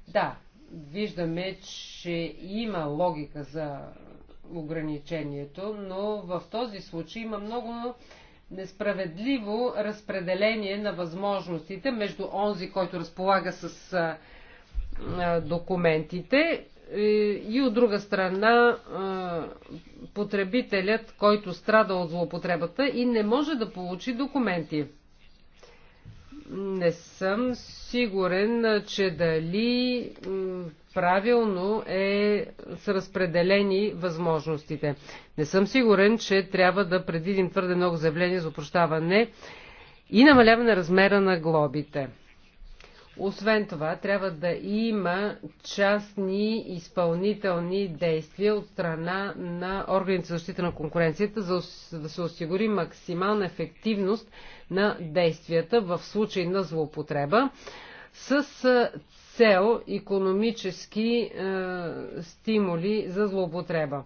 да, виждаме, че има логика за ограничението, но в този случай има много несправедливо разпределение на възможностите между онзи, който разполага с документите и от друга страна потребителят, който страда от злоупотребата и не може да получи документи не съм сигурен, че дали правилно е, са разпределени възможностите. Не съм сигурен, че трябва да предвидим твърде много заявления за упрощаване и намаляване размера на глобите. Освен това, трябва да има частни изпълнителни действия от страна на органите за защита на конкуренцията, за да се осигури максимална ефективност на действията в случай на злоупотреба с цел економически е, стимули за злоупотреба.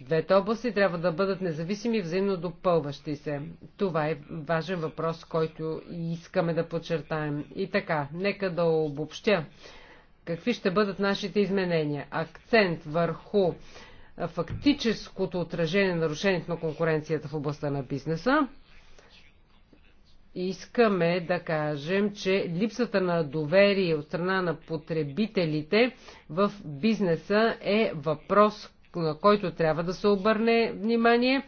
Двете области трябва да бъдат независими и взаимно допълващи се. Това е важен въпрос, който искаме да подчертаем. И така, нека да обобщя. Какви ще бъдат нашите изменения? Акцент върху фактическото отражение на нарушението на конкуренцията в областта на бизнеса. Искаме да кажем, че липсата на доверие от страна на потребителите в бизнеса е въпрос, на който трябва да се обърне внимание.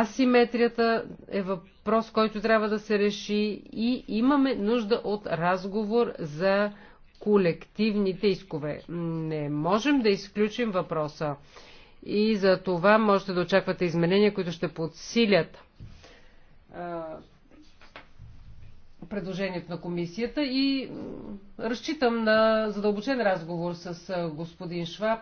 Асиметрията е въпрос, който трябва да се реши и имаме нужда от разговор за колективните искове. Не можем да изключим въпроса. И за това можете да очаквате изменения, които ще подсилят предложението на комисията и разчитам на задълбочен разговор с господин Шваб,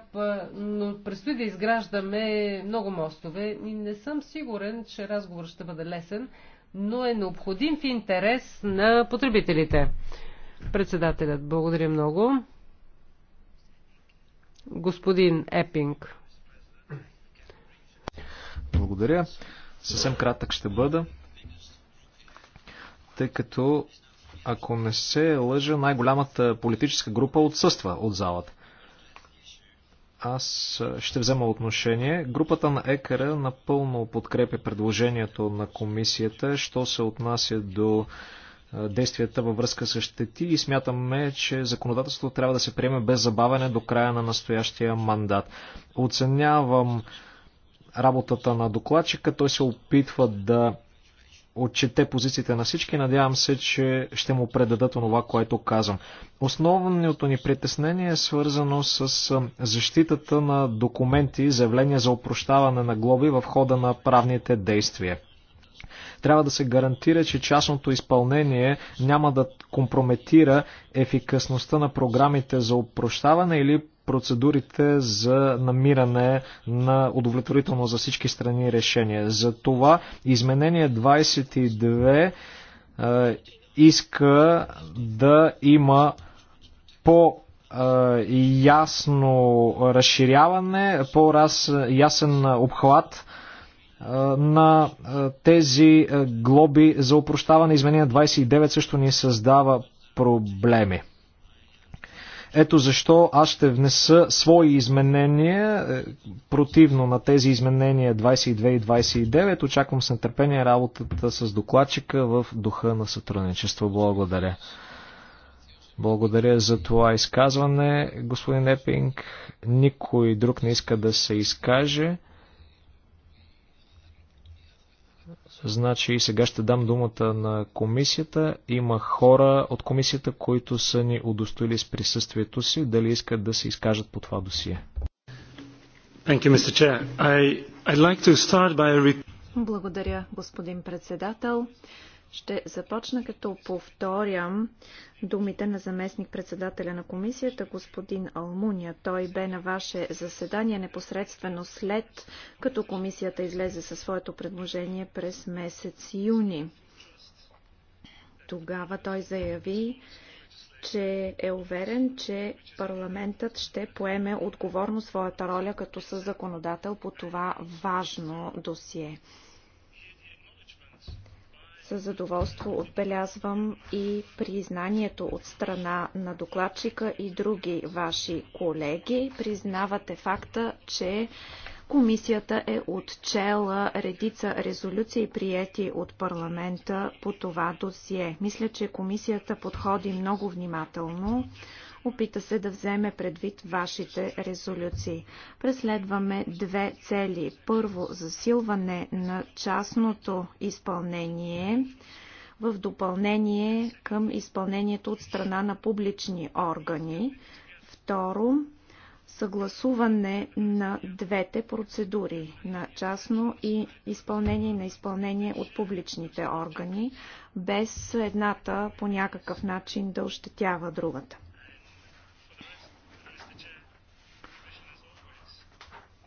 но предстои да изграждаме много мостове и не съм сигурен, че разговор ще бъде лесен, но е необходим в интерес на потребителите. Председателят, благодаря много. Господин Епинг. Благодаря. Съвсем кратък ще бъда тъй като, ако не се лъжа, най-голямата политическа група отсъства от залата. Аз ще взема отношение. Групата на ЕКР напълно подкрепя предложението на комисията, що се отнася до действията във връзка с щети и смятаме, че законодателството трябва да се приеме без забавяне до края на настоящия мандат. Оценявам работата на докладчика. Той се опитва да отчете позициите на всички. Надявам се, че ще му предадат онова, което казвам. Основното ни притеснение е свързано с защитата на документи и заявления за опрощаване на глоби в хода на правните действия. Трябва да се гарантира, че частното изпълнение няма да компрометира ефикасността на програмите за опрощаване или процедурите за намиране на удовлетворително за всички страни решение. За това изменение 22 е, иска да има по е, ясно разширяване, по-ясен обхват е, на е, тези глоби за упрощаване. Изменение 29 също ни създава проблеми. Ето защо аз ще внеса свои изменения, е, противно на тези изменения 22 и 29. Очаквам с нетърпение работата с докладчика в духа на сътрудничество. Благодаря. Благодаря за това изказване, господин Епинг. Никой друг не иска да се изкаже. Значи сега ще дам думата на комисията. Има хора от комисията, които са ни удостоили с присъствието си, дали искат да се изкажат по това досие. Благодаря, господин председател. Ще започна като повторям думите на заместник-председателя на комисията, господин Алмуния. Той бе на ваше заседание непосредствено след като комисията излезе със своето предложение през месец юни. Тогава той заяви, че е уверен, че парламентът ще поеме отговорно своята роля като със законодател по това важно досие. С задоволство отбелязвам и признанието от страна на докладчика и други ваши колеги. Признавате факта, че Комисията е отчела редица резолюции, приети от парламента по това досие. Мисля, че комисията подходи много внимателно Опита се да вземе предвид вашите резолюции. Преследваме две цели. Първо, засилване на частното изпълнение в допълнение към изпълнението от страна на публични органи. Второ, съгласуване на двете процедури на частно и изпълнение на изпълнение от публичните органи, без едната по някакъв начин да ощетява другата.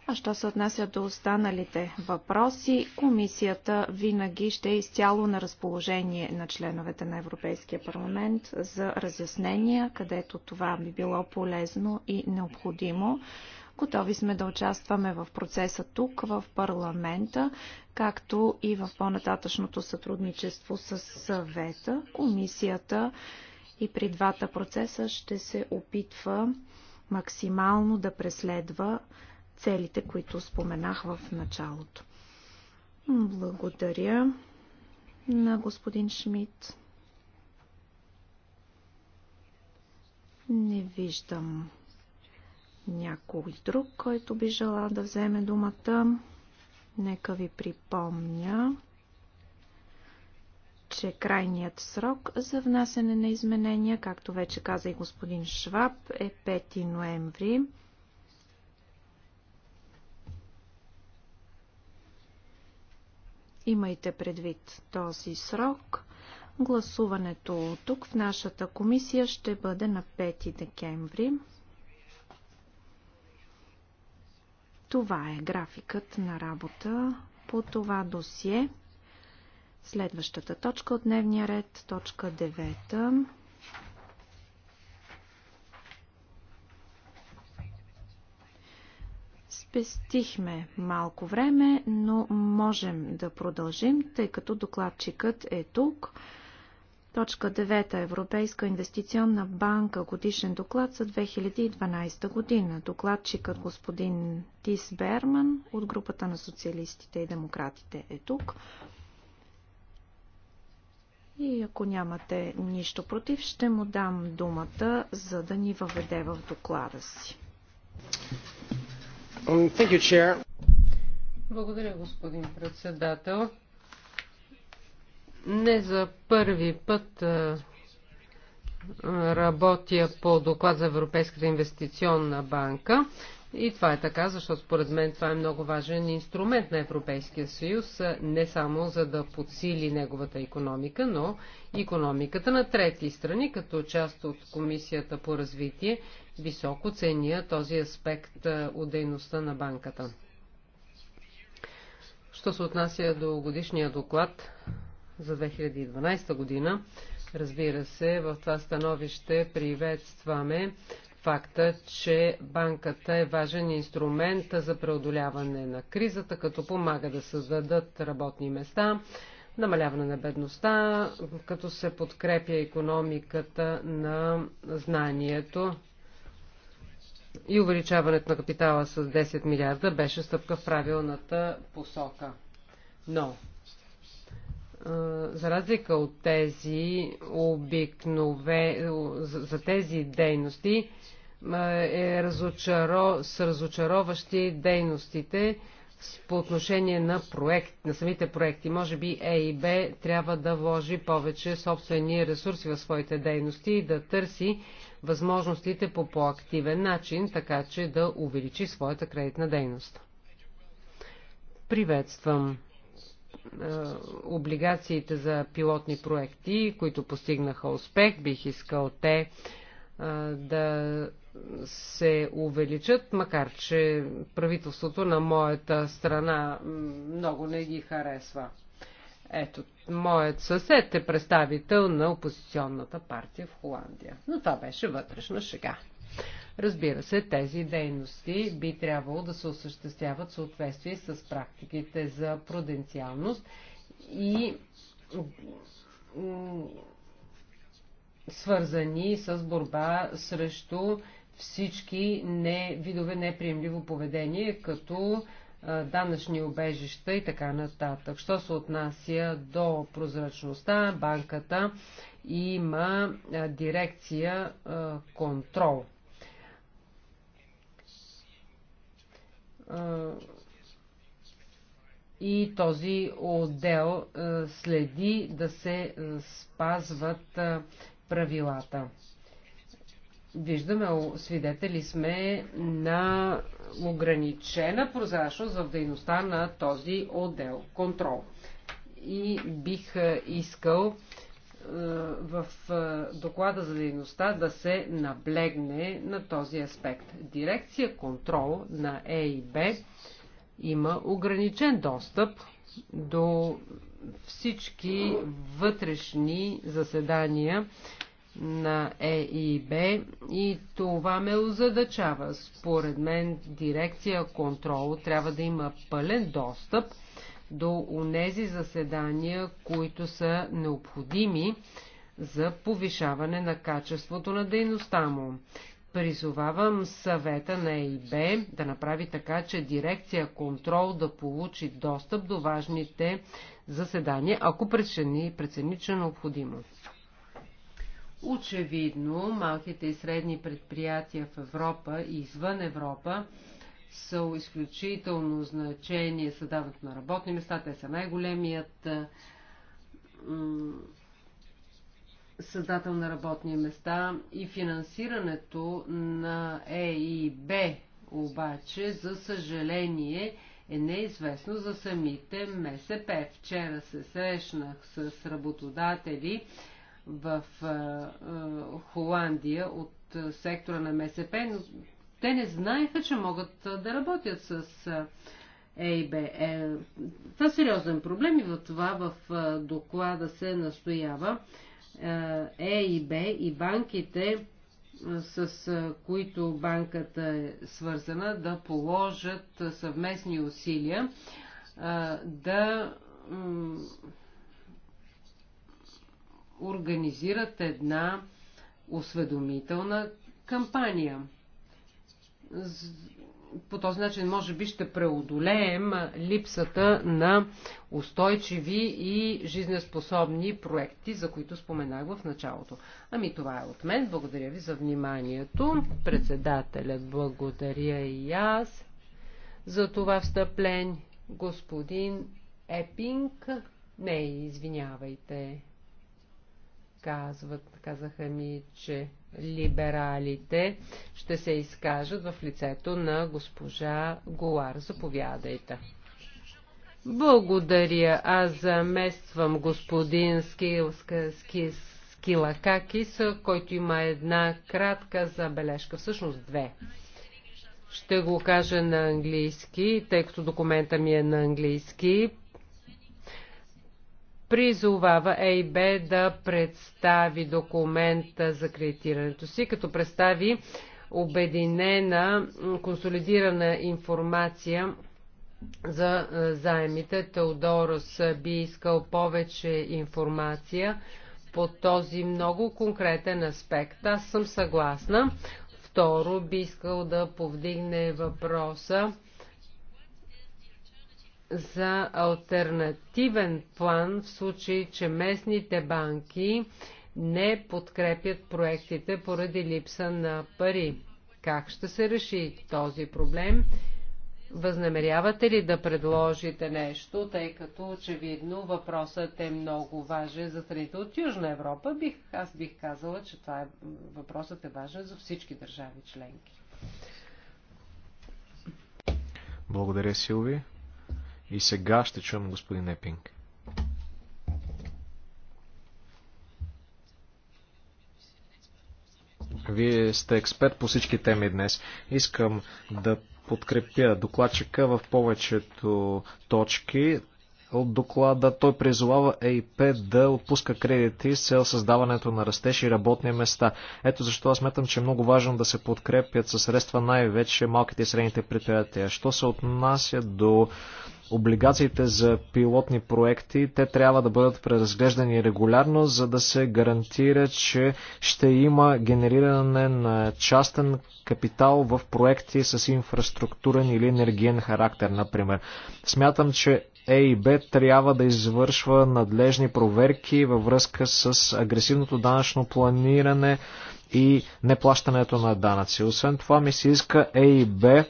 А що се отнася до останалите въпроси, комисията винаги ще е изцяло на разположение на членовете на Европейския парламент за разяснения, където това би било полезно и необходимо. Готови сме да участваме в процеса тук, в парламента, както и в по-нататъчното сътрудничество с съвета. Комисията и при двата процеса ще се опитва максимално да преследва целите, които споменах в началото. Благодаря на господин Шмидт. Не виждам някой друг, който би желал да вземе думата. Нека ви припомня, че крайният срок за внасене на изменения, както вече каза и господин Шваб, е 5 ноември Имайте предвид този срок. Гласуването тук в нашата комисия ще бъде на 5 декември. Това е графикът на работа по това досие. Следващата точка от дневния ред, точка 9. Спестихме малко време, но можем да продължим, тъй като докладчикът е тук. Точка 9. Европейска инвестиционна банка. Годишен доклад за 2012 година. Докладчикът господин Тис Берман от групата на социалистите и демократите е тук. И ако нямате нищо против, ще му дам думата, за да ни въведе в доклада си. You, Благодаря, господин председател. Не за първи път работя по доклад за Европейската инвестиционна банка. И това е така, защото според мен това е много важен инструмент на Европейския съюз, не само за да подсили неговата економика, но и економиката на трети страни, като част от Комисията по развитие, високо ценя този аспект от дейността на банката. Що се отнася до годишния доклад за 2012 година, разбира се, в това становище приветстваме факта, че банката е важен инструмент за преодоляване на кризата, като помага да създадат работни места, намаляване на бедността, като се подкрепя економиката на знанието и увеличаването на капитала с 10 милиарда беше стъпка в правилната посока. Но, за разлика от тези обикнове, за тези дейности, е разочаро, с разочароващи дейностите по отношение на, проект, на самите проекти. Може би Е и Б трябва да вложи повече собствени ресурси в своите дейности и да търси възможностите по по-активен начин, така че да увеличи своята кредитна дейност. Приветствам е, облигациите за пилотни проекти, които постигнаха успех. Бих искал те да се увеличат, макар че правителството на моята страна много не ги харесва. Ето, моят съсед е представител на опозиционната партия в Холандия. Но това беше вътрешна шега. Разбира се, тези дейности би трябвало да се осъществяват в съответствие с практиките за пруденциалност и свързани с борба срещу всички не, видове неприемливо поведение, като данъчни обежища и така нататък. Що се отнася до прозрачността, банката има дирекция контрол. И този отдел следи да се спазват правилата. Виждаме, свидетели сме на ограничена прозрачност в дейността на този отдел контрол. И бих е, искал е, в е, доклада за дейността да се наблегне на този аспект. Дирекция контрол на ЕИБ има ограничен достъп до всички вътрешни заседания на ЕИБ и това ме озадачава. Според мен дирекция контрол трябва да има пълен достъп до унези заседания, които са необходими за повишаване на качеството на дейността му. Призовавам съвета на ЕИБ да направи така, че дирекция контрол да получи достъп до важните заседания, ако прецени, прецени че е необходимо. Очевидно, малките и средни предприятия в Европа и извън Европа са изключително значение създаването на работни места. Те са най-големият създател на работни места и финансирането на е Б обаче, за съжаление, е неизвестно за самите МСП. Вчера се срещнах с работодатели в е, е, Холандия от сектора на МСП, но те не знаеха, че могат да работят с ЕИБ. Е, това е сериозен проблем и в това в доклада се настоява е, е и Б и банките, е, с е, които банката е свързана, да положат съвместни усилия да организират една осведомителна кампания по този начин може би ще преодолеем липсата на устойчиви и жизнеспособни проекти, за които споменах в началото. Ами това е от мен. Благодаря ви за вниманието. Председателят благодаря и аз за това встъплен. Господин Епинг, не, извинявайте, казват, казаха ми, че либералите ще се изкажат в лицето на госпожа Голар. Заповядайте. Благодаря. Аз замествам господин Скилскис Килакакис, който има една кратка забележка, всъщност две. Ще го кажа на английски, тъй като документа ми е на английски призовава ЕИБ да представи документа за кредитирането си, като представи обединена, консолидирана информация за заемите. Теодорос би искал повече информация по този много конкретен аспект. Аз съм съгласна. Второ, би искал да повдигне въпроса за альтернативен план в случай, че местните банки не подкрепят проектите поради липса на пари. Как ще се реши този проблем? Възнамерявате ли да предложите нещо, тъй като очевидно въпросът е много важен за страните от Южна Европа? Бих, аз бих казала, че това е, въпросът е важен за всички държави членки. Благодаря, Силви. И сега ще чуем господин Епинг. Вие сте експерт по всички теми днес. Искам да подкрепя докладчика в повечето точки от доклада. Той призовава ЕИП да отпуска кредити с цел създаването на растеж и работни места. Ето защо аз сметам, че е много важно да се подкрепят със средства най-вече малките и средните предприятия. Що се отнася до облигациите за пилотни проекти, те трябва да бъдат преразглеждани регулярно, за да се гарантира, че ще има генериране на частен капитал в проекти с инфраструктурен или енергиен характер, например. Смятам, че ЕИБ трябва да извършва надлежни проверки във връзка с агресивното данъчно планиране и неплащането на данъци. Освен това ми се иска ЕИБ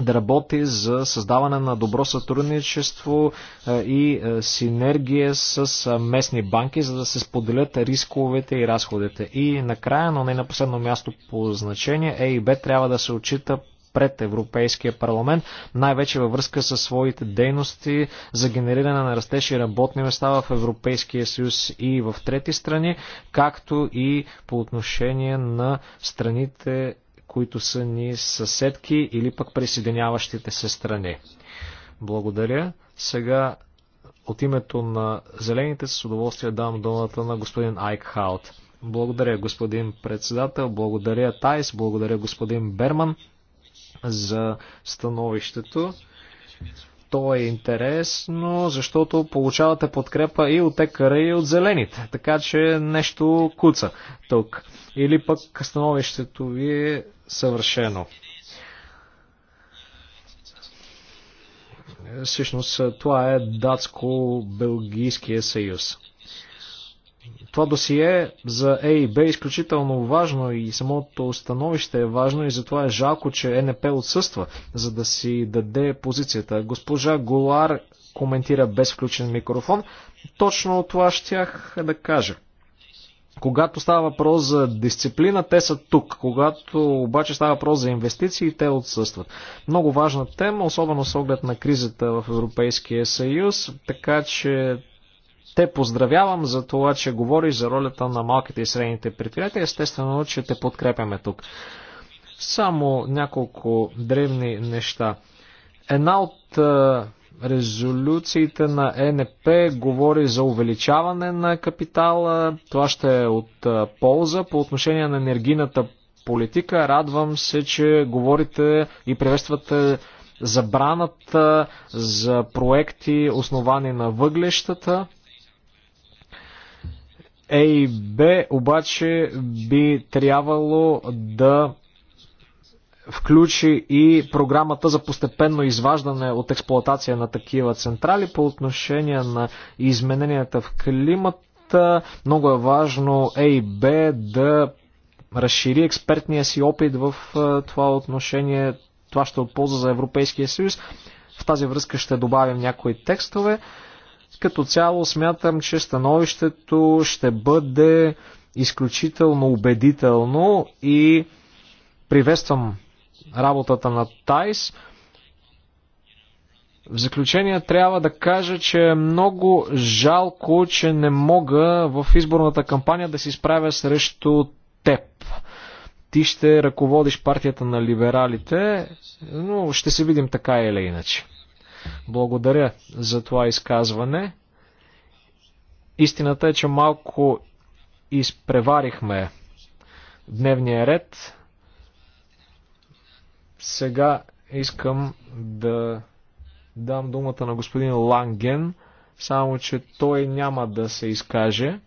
да работи за създаване на добро сътрудничество е, и е, синергия с е, местни банки, за да се споделят рисковете и разходите. И накрая, но не на последно място по значение, ЕИБ трябва да се отчита пред Европейския парламент, най-вече във връзка с своите дейности за генериране на растеж и работни места в Европейския съюз и в трети страни, както и по отношение на страните които са ни съседки или пък присъединяващите се страни. Благодаря. Сега от името на Зелените с удоволствие дам думата на господин Айк Хаут. Благодаря, господин председател, благодаря Тайс, благодаря господин Берман за становището. То е интересно, защото получавате подкрепа и от екара и от зелените, така че нещо куца тук. Или пък становището ви е съвършено. Всъщност това е датско-белгийския съюз. Това досие за ЕИБ е изключително важно и самото становище е важно и затова е жалко, че НП отсъства, за да си даде позицията. Госпожа Голар коментира без включен микрофон. Точно това щях да кажа. Когато става въпрос за дисциплина, те са тук. Когато обаче става въпрос за инвестиции, те отсъстват. Много важна тема, особено с оглед на кризата в Европейския съюз, така че те поздравявам за това, че говориш за ролята на малките и средните предприятия. Естествено, че те подкрепяме тук. Само няколко древни неща. Една от резолюциите на ЕНП говори за увеличаване на капитала. Това ще е от полза по отношение на енергийната политика. Радвам се, че говорите и приветствате забраната за проекти, основани на въглещата. Е и Б обаче би трябвало да включи и програмата за постепенно изваждане от експлоатация на такива централи по отношение на измененията в климата. Много е важно A и B да разшири експертния си опит в е, това отношение. Това ще е от полза за Европейския съюз. В тази връзка ще добавим някои текстове. Като цяло смятам, че становището ще бъде изключително убедително и приветствам работата на Тайс. В заключение трябва да кажа, че е много жалко, че не мога в изборната кампания да се изправя срещу теб. Ти ще ръководиш партията на либералите, но ще се видим така или иначе. Благодаря за това изказване. Истината е, че малко изпреварихме дневния ред. Сега искам да дам думата на господин Ланген, само че той няма да се изкаже.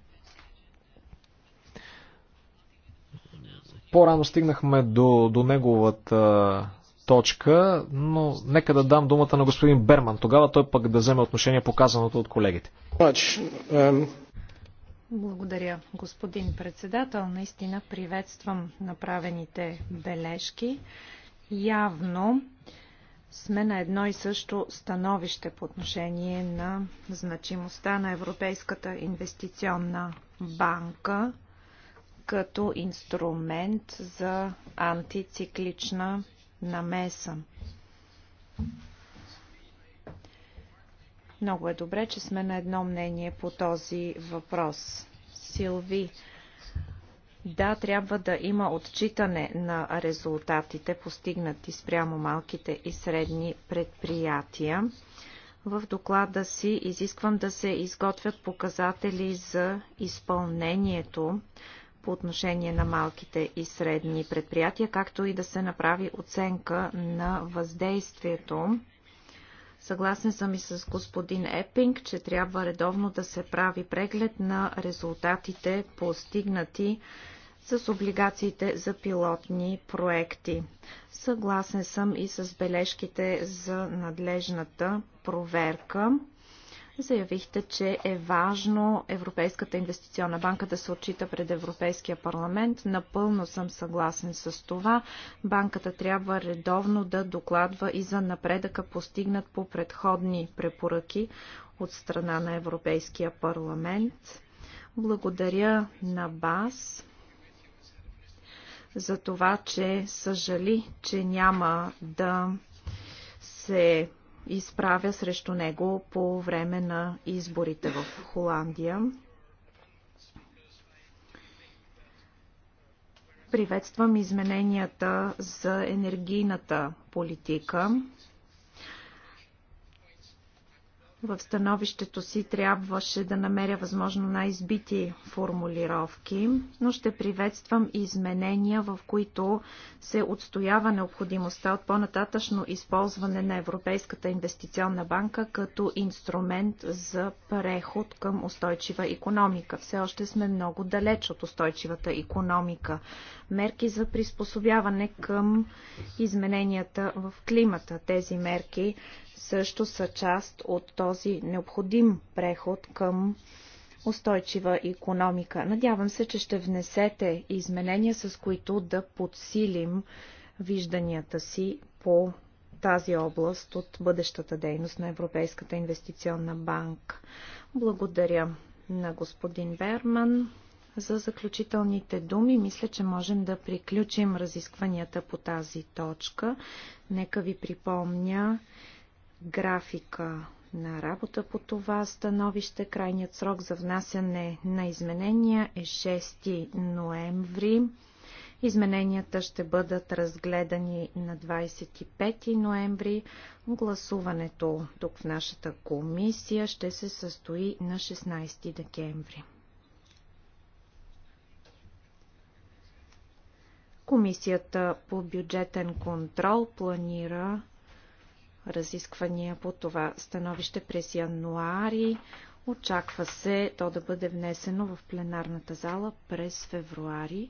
По-рано стигнахме до, до неговата точка, но нека да дам думата на господин Берман. Тогава той пък да вземе отношение по казаното от колегите. Благодаря, господин председател. Наистина приветствам направените бележки. Явно сме на едно и също становище по отношение на значимостта на Европейската инвестиционна банка като инструмент за антициклична намеса. Много е добре, че сме на едно мнение по този въпрос. Силви, да, трябва да има отчитане на резултатите, постигнати спрямо малките и средни предприятия. В доклада си изисквам да се изготвят показатели за изпълнението по отношение на малките и средни предприятия, както и да се направи оценка на въздействието Съгласен съм и с господин Епинг, че трябва редовно да се прави преглед на резултатите постигнати с облигациите за пилотни проекти. Съгласен съм и с бележките за надлежната проверка заявихте, че е важно Европейската инвестиционна банка да се отчита пред Европейския парламент. Напълно съм съгласен с това. Банката трябва редовно да докладва и за напредъка постигнат по предходни препоръки от страна на Европейския парламент. Благодаря на БАС за това, че съжали, че няма да се изправя срещу него по време на изборите в Холандия. Приветствам измененията за енергийната политика. В становището си трябваше да намеря възможно най-избити формулировки, но ще приветствам изменения, в които се отстоява необходимостта от по-нататъчно използване на Европейската инвестиционна банка като инструмент за преход към устойчива економика. Все още сме много далеч от устойчивата економика. Мерки за приспособяване към измененията в климата. Тези мерки също са част от този необходим преход към устойчива економика. Надявам се, че ще внесете изменения, с които да подсилим вижданията си по тази област от бъдещата дейност на Европейската инвестиционна банка. Благодаря на господин Берман за заключителните думи. Мисля, че можем да приключим разискванията по тази точка. Нека ви припомня, графика на работа по това становище. Крайният срок за внасяне на изменения е 6 ноември. Измененията ще бъдат разгледани на 25 ноември. Гласуването тук в нашата комисия ще се състои на 16 декември. Комисията по бюджетен контрол планира разисквания по това становище през януари. Очаква се то да бъде внесено в пленарната зала през февруари.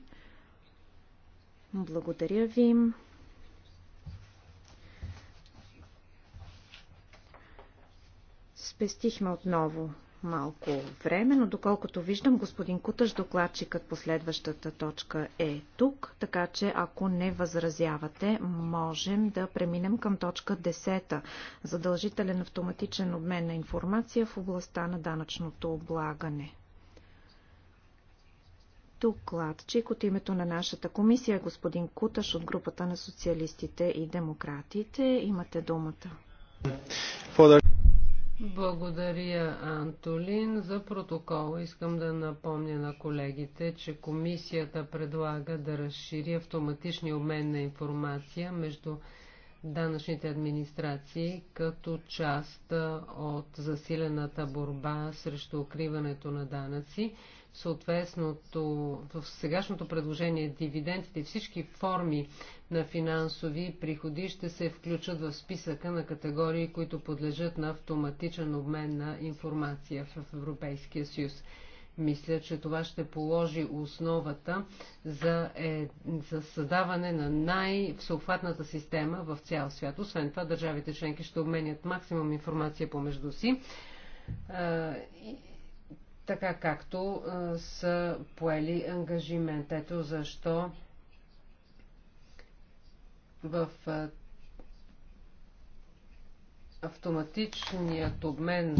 Благодаря ви. Спестихме отново малко време, но доколкото виждам, господин Куташ, докладчикът по следващата точка е тук, така че ако не възразявате, можем да преминем към точка 10. Задължителен автоматичен обмен на информация в областта на данъчното облагане. Докладчик от името на нашата комисия, господин Куташ от групата на социалистите и демократите. Имате думата. Благодаря, Антолин. За протокол искам да напомня на колегите, че комисията предлага да разшири автоматичния обмен на информация между данъчните администрации като част от засилената борба срещу укриването на данъци съответното, в сегашното предложение дивидендите и всички форми на финансови приходи ще се включат в списъка на категории, които подлежат на автоматичен обмен на информация в Европейския съюз. Мисля, че това ще положи основата за, е, за създаване на най-всеобхватната система в цял свят. Освен това, държавите членки ще обменят максимум информация помежду си е, така както а, са поели ангажимент. Ето защо в а, автоматичният обмен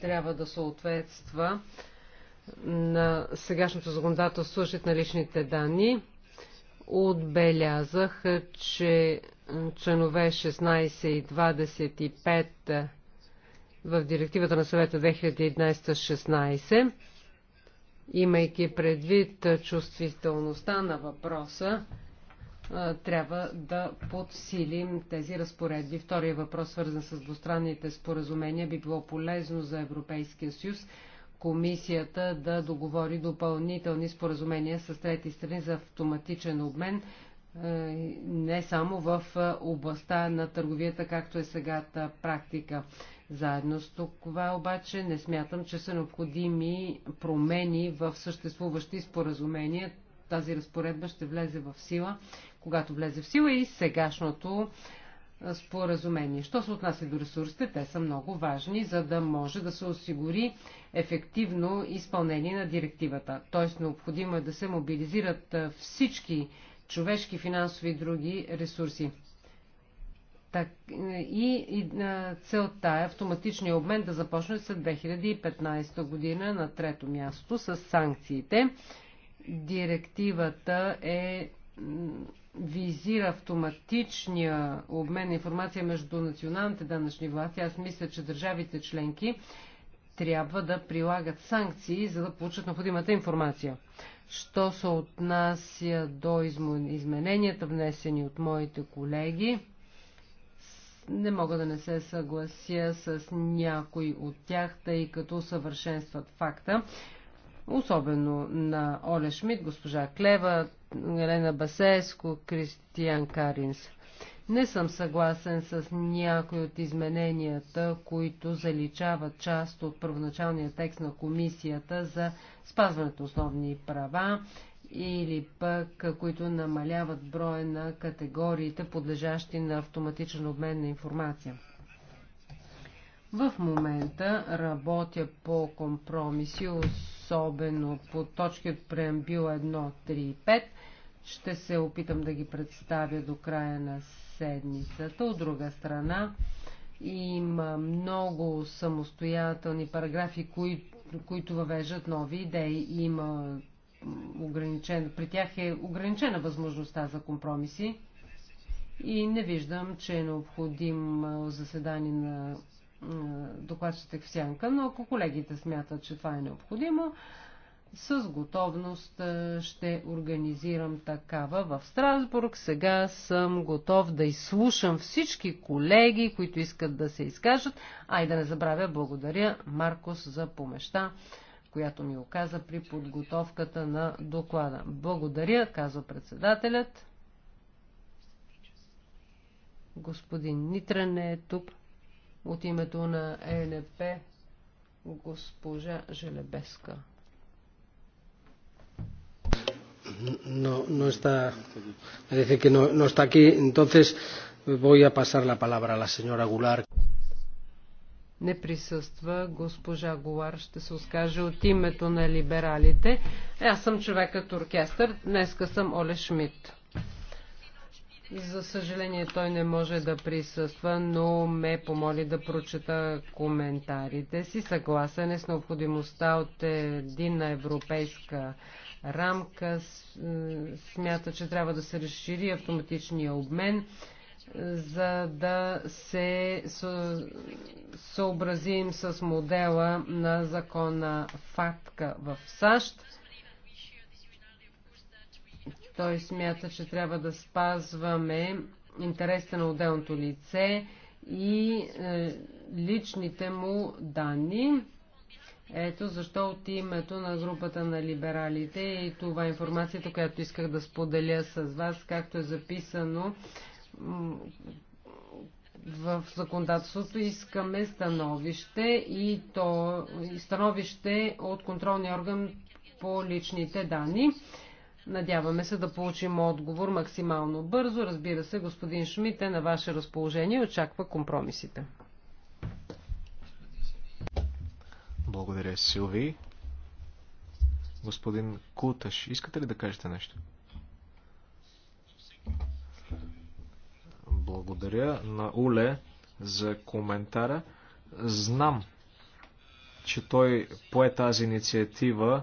трябва да съответства на сегашното законодателство на личните данни. Отбелязах, че членове 16 и 25 в директивата на съвета 2011-16, имайки предвид чувствителността на въпроса, трябва да подсилим тези разпоредби. Втория въпрос, свързан с двустранните споразумения, би било полезно за Европейския съюз комисията да договори допълнителни споразумения с трети страни за автоматичен обмен не само в областта на търговията, както е сегата практика. Заедно с това обаче не смятам, че са необходими промени в съществуващи споразумения. Тази разпоредба ще влезе в сила, когато влезе в сила и сегашното споразумение. Що се отнася до ресурсите, те са много важни, за да може да се осигури ефективно изпълнение на директивата. Тоест необходимо е да се мобилизират всички човешки, финансови и други ресурси. Так, и, и целта е автоматичния обмен да започне след 2015 година на трето място с санкциите. Директивата е визира автоматичния обмен на информация между националните данъчни власти. Аз мисля, че държавите членки трябва да прилагат санкции, за да получат необходимата информация. Що се отнася до измененията, внесени от моите колеги, не мога да не се съглася с някой от тях, тъй като съвършенстват факта. Особено на Оля Шмидт, госпожа Клева, Елена Басеско, Кристиан Каринс. Не съм съгласен с някои от измененията, които заличават част от първоначалния текст на комисията за спазването основни права или пък които намаляват броя на категориите, подлежащи на автоматичен обмен на информация. В момента работя по компромиси, особено по точки от преамбила 1, 3 5. Ще се опитам да ги представя до края на седмицата. От друга страна, има много самостоятелни параграфи, които които въвеждат нови идеи. Има ограничен, при тях е ограничена възможността за компромиси и не виждам, че е необходим заседание на докладчите в сянка, но ако колегите смятат, че това е необходимо, с готовност ще организирам такава в Страсбург. Сега съм готов да изслушам всички колеги, които искат да се изкажат. Ай да не забравя, благодаря Маркос за помеща която ми оказа при подготовката на доклада. Благодаря, казва председателят. Господин Нитрен е тук. От името на ЕНП госпожа Желебеска. No, no está, Dice que no, no está aquí, entonces voy a pasar la palabra a la señora Goulart, не присъства. Госпожа Голар ще се оскаже от името на либералите. Е, аз съм човекът оркестър. Днеска съм Оле Шмидт. За съжаление той не може да присъства, но ме помоли да прочета коментарите си. Съгласен е с необходимостта от единна европейска рамка. Е, смята, че трябва да се разшири автоматичния обмен за да се съобразим с модела на закона ФАТКА в САЩ. Той смята, че трябва да спазваме интересите на отделното лице и е, личните му данни. Ето защо от името на групата на либералите и това е информацията, която исках да споделя с вас, както е записано в законодателството искаме становище и то становище от контролния орган по личните данни. Надяваме се да получим отговор максимално бързо. Разбира се, господин Шмидт е на ваше разположение и очаква компромисите. Благодаря, Силви. Господин Куташ, искате ли да кажете нещо? Благодаря на Уле за коментара. Знам, че той пое тази инициатива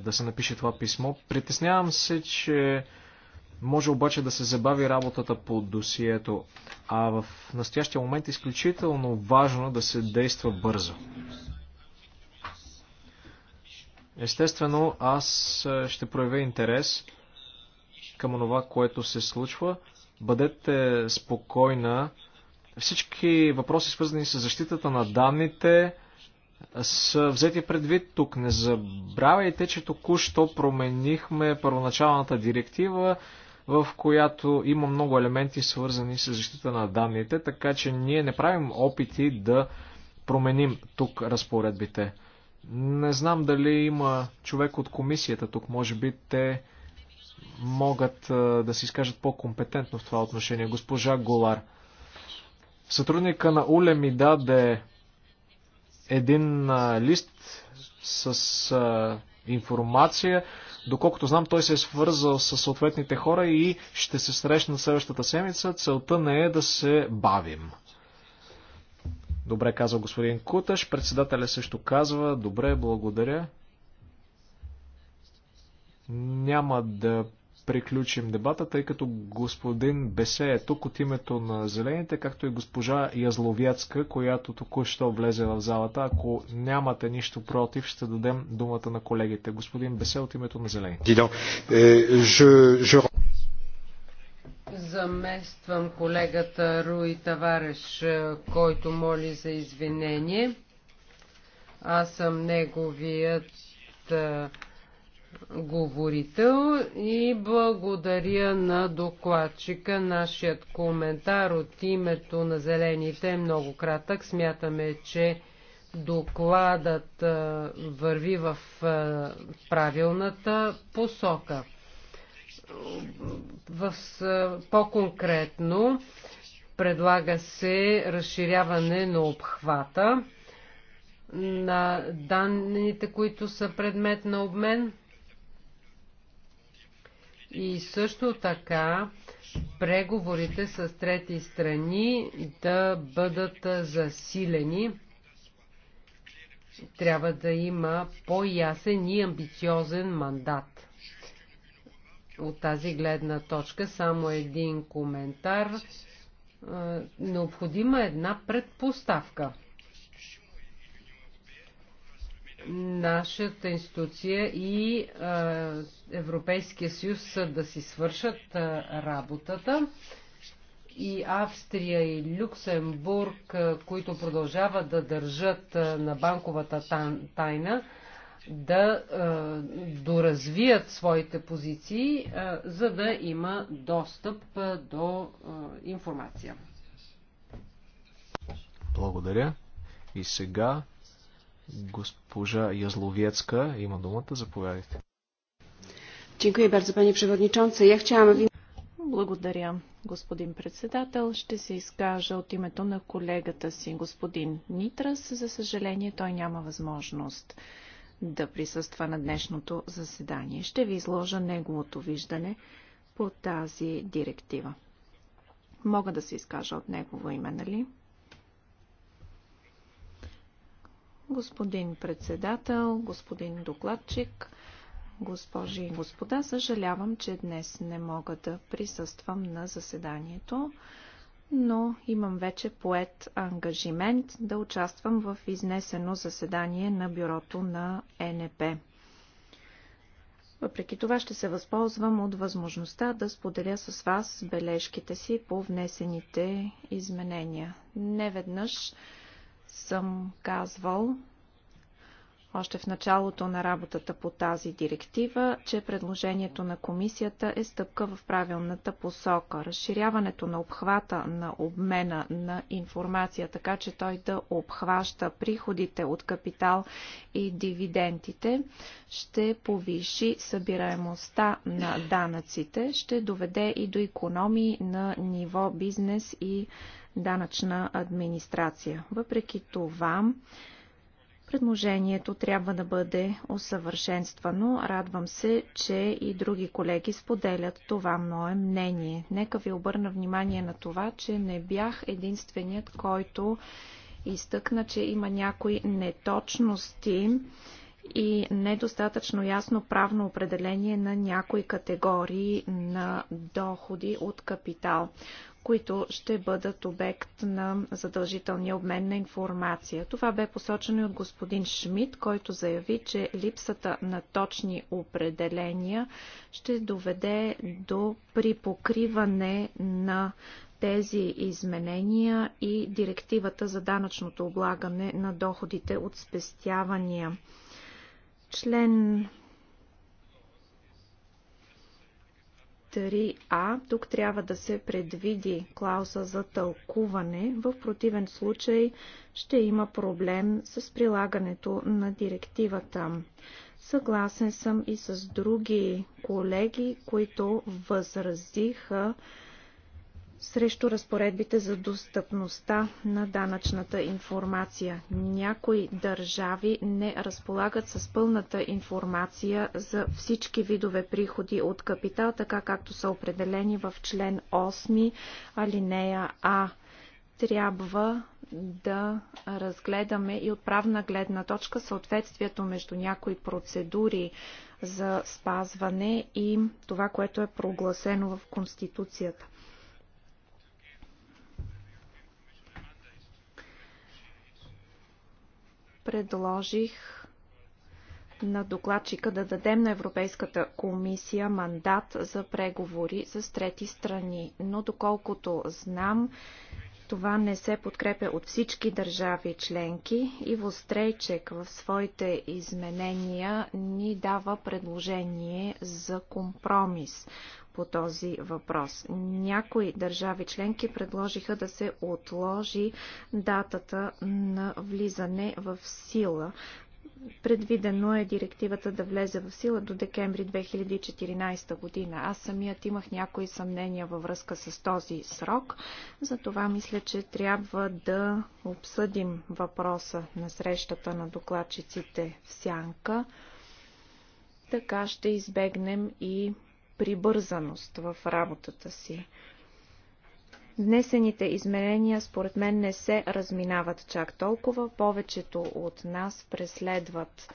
да се напише това писмо. Притеснявам се, че може обаче да се забави работата по досието, а в настоящия момент е изключително важно да се действа бързо. Естествено, аз ще проявя интерес към това, което се случва. Бъдете спокойна. Всички въпроси, свързани с защитата на данните, са взети предвид тук. Не забравяйте, че току-що променихме първоначалната директива, в която има много елементи свързани с защита на данните, така че ние не правим опити да променим тук разпоредбите. Не знам дали има човек от комисията тук, може би те могат да се изкажат по-компетентно в това отношение. Госпожа Голар. Сътрудника на Уле ми даде един лист с информация. Доколкото знам, той се е свързал с съответните хора и ще се срещна следващата седмица. Целта не е да се бавим. Добре, казва господин Куташ. Председателя също казва. Добре, благодаря. Няма да приключим дебата, тъй като господин Бесе е тук от името на Зелените, както и госпожа Язловяцка, която току-що влезе в залата. Ако нямате нищо против, ще дадем думата на колегите. Господин Бесе от името на Зелените. Euh, Замествам колегата Руи Тавареш, е, който моли за извинение. Аз съм неговият е, говорител и благодаря на докладчика. Нашият коментар от името на Зелените е много кратък. Смятаме, че докладът върви в правилната посока. В, по-конкретно предлага се разширяване на обхвата на данните, които са предмет на обмен и също така преговорите с трети страни да бъдат засилени. Трябва да има по-ясен и амбициозен мандат. От тази гледна точка само един коментар. Е, необходима е една предпоставка нашата институция и а, Европейския съюз да си свършат а, работата. И Австрия и Люксембург, а, които продължават да държат на банковата тайна, да доразвият своите позиции, за да има достъп до информация. Благодаря. И сега Госпожа Язловецка има думата. Заповядайте. Благодаря, господин председател. Ще се изкажа от името на колегата си, господин Нитрас. За съжаление, той няма възможност да присъства на днешното заседание. Ще ви изложа неговото виждане по тази директива. Мога да се изкажа от негово име, нали? Господин председател, господин докладчик, госпожи и господа, съжалявам, че днес не мога да присъствам на заседанието, но имам вече поет ангажимент да участвам в изнесено заседание на бюрото на НП. Въпреки това ще се възползвам от възможността да споделя с вас бележките си по внесените изменения. Неведнъж веднъж съм казвал още в началото на работата по тази директива, че предложението на комисията е стъпка в правилната посока. Разширяването на обхвата на обмена на информация, така че той да обхваща приходите от капитал и дивидендите, ще повиши събираемостта на данъците, ще доведе и до економии на ниво бизнес и данъчна администрация. Въпреки това, предложението трябва да бъде усъвършенствано. Радвам се, че и други колеги споделят това мое мнение. Нека ви обърна внимание на това, че не бях единственият, който изтъкна, че има някои неточности и недостатъчно ясно правно определение на някои категории на доходи от капитал, които ще бъдат обект на задължителния обмен на информация. Това бе посочено и от господин Шмидт, който заяви, че липсата на точни определения ще доведе до припокриване на тези изменения и директивата за данъчното облагане на доходите от спестявания. Член 3а, тук трябва да се предвиди клауза за тълкуване. В противен случай ще има проблем с прилагането на директивата. Съгласен съм и с други колеги, които възразиха срещу разпоредбите за достъпността на данъчната информация. Някои държави не разполагат с пълната информация за всички видове приходи от капитал, така както са определени в член 8 алинея А. Трябва да разгледаме и от правна гледна точка съответствието между някои процедури за спазване и това, което е прогласено в Конституцията. предложих на докладчика да дадем на Европейската комисия мандат за преговори с трети страни. Но доколкото знам, това не се подкрепя от всички държави членки. Иво Стрейчек в своите изменения ни дава предложение за компромис по този въпрос. Някои държави членки предложиха да се отложи датата на влизане в сила. Предвидено е директивата да влезе в сила до декември 2014 година. Аз самият имах някои съмнения във връзка с този срок, затова мисля, че трябва да обсъдим въпроса на срещата на докладчиците в Сянка. Така ще избегнем и прибързаност в работата си. Внесените изменения според мен не се разминават чак толкова. Повечето от нас преследват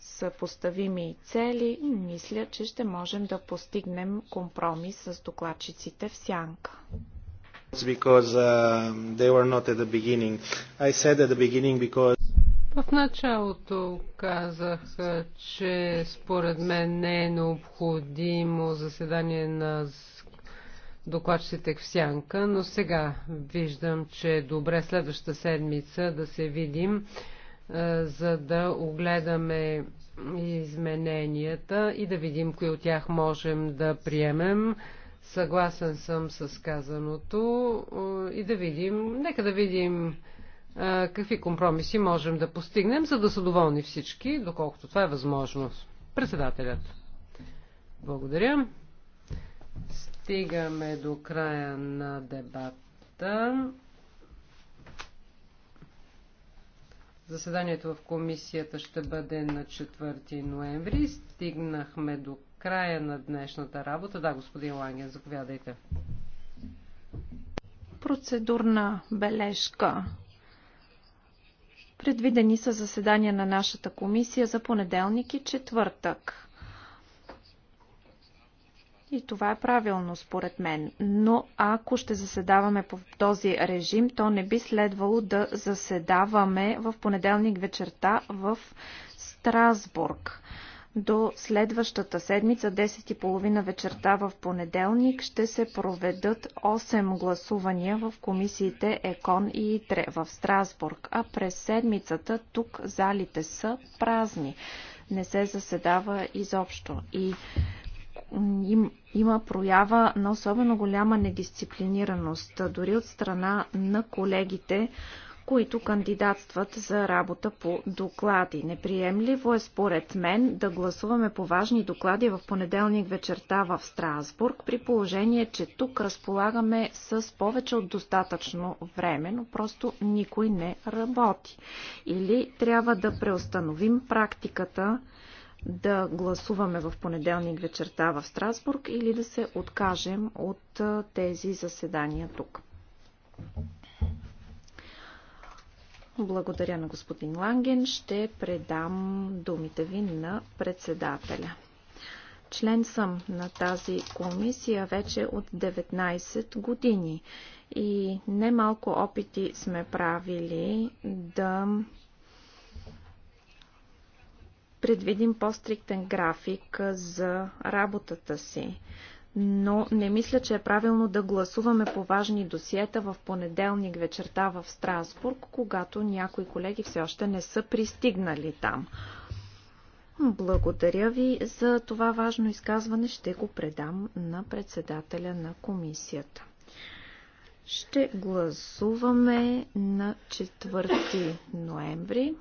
съпоставими цели и мисля, че ще можем да постигнем компромис с докладчиците в сянка. Because, uh, because... В началото казах, че според мен не е необходимо заседание на докладчиците в сянка, но сега виждам, че е добре следващата седмица да се видим, е, за да огледаме измененията и да видим кои от тях можем да приемем. Съгласен съм с казаното е, и да видим, нека да видим какви компромиси можем да постигнем, за да са доволни всички, доколкото това е възможно. Председателят. Благодаря. Стигаме до края на дебата. Заседанието в комисията ще бъде на 4 ноември. Стигнахме до края на днешната работа. Да, господин Ланген, заповядайте. Процедурна бележка. Предвидени са заседания на нашата комисия за понеделник и четвъртък. И това е правилно, според мен. Но ако ще заседаваме по този режим, то не би следвало да заседаваме в понеделник вечерта в Страсбург до следващата седмица, 10.30 вечерта в понеделник, ще се проведат 8 гласувания в комисиите ЕКОН и ИТРЕ в Страсбург, а през седмицата тук залите са празни. Не се заседава изобщо. И им, има проява на особено голяма недисциплинираност, дори от страна на колегите, които кандидатстват за работа по доклади. Неприемливо е според мен да гласуваме по важни доклади в понеделник вечерта в Страсбург, при положение, че тук разполагаме с повече от достатъчно време, но просто никой не работи. Или трябва да преустановим практиката да гласуваме в понеделник вечерта в Страсбург или да се откажем от тези заседания тук. Благодаря на господин Ланген. Ще предам думите ви на председателя. Член съм на тази комисия вече от 19 години и немалко опити сме правили да предвидим по-стриктен график за работата си но не мисля, че е правилно да гласуваме по важни досиета в понеделник вечерта в Страсбург, когато някои колеги все още не са пристигнали там. Благодаря ви за това важно изказване. Ще го предам на председателя на комисията. Ще гласуваме на 4 ноември.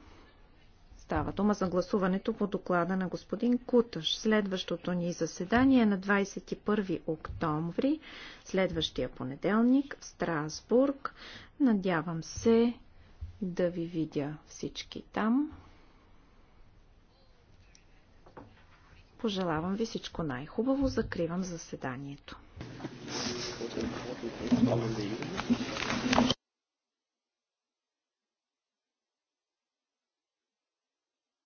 Става дума за гласуването по доклада на господин Куташ. Следващото ни заседание е на 21 октомври, следващия понеделник в Страсбург. Надявам се да ви видя всички там. Пожелавам ви всичко най-хубаво. Закривам заседанието.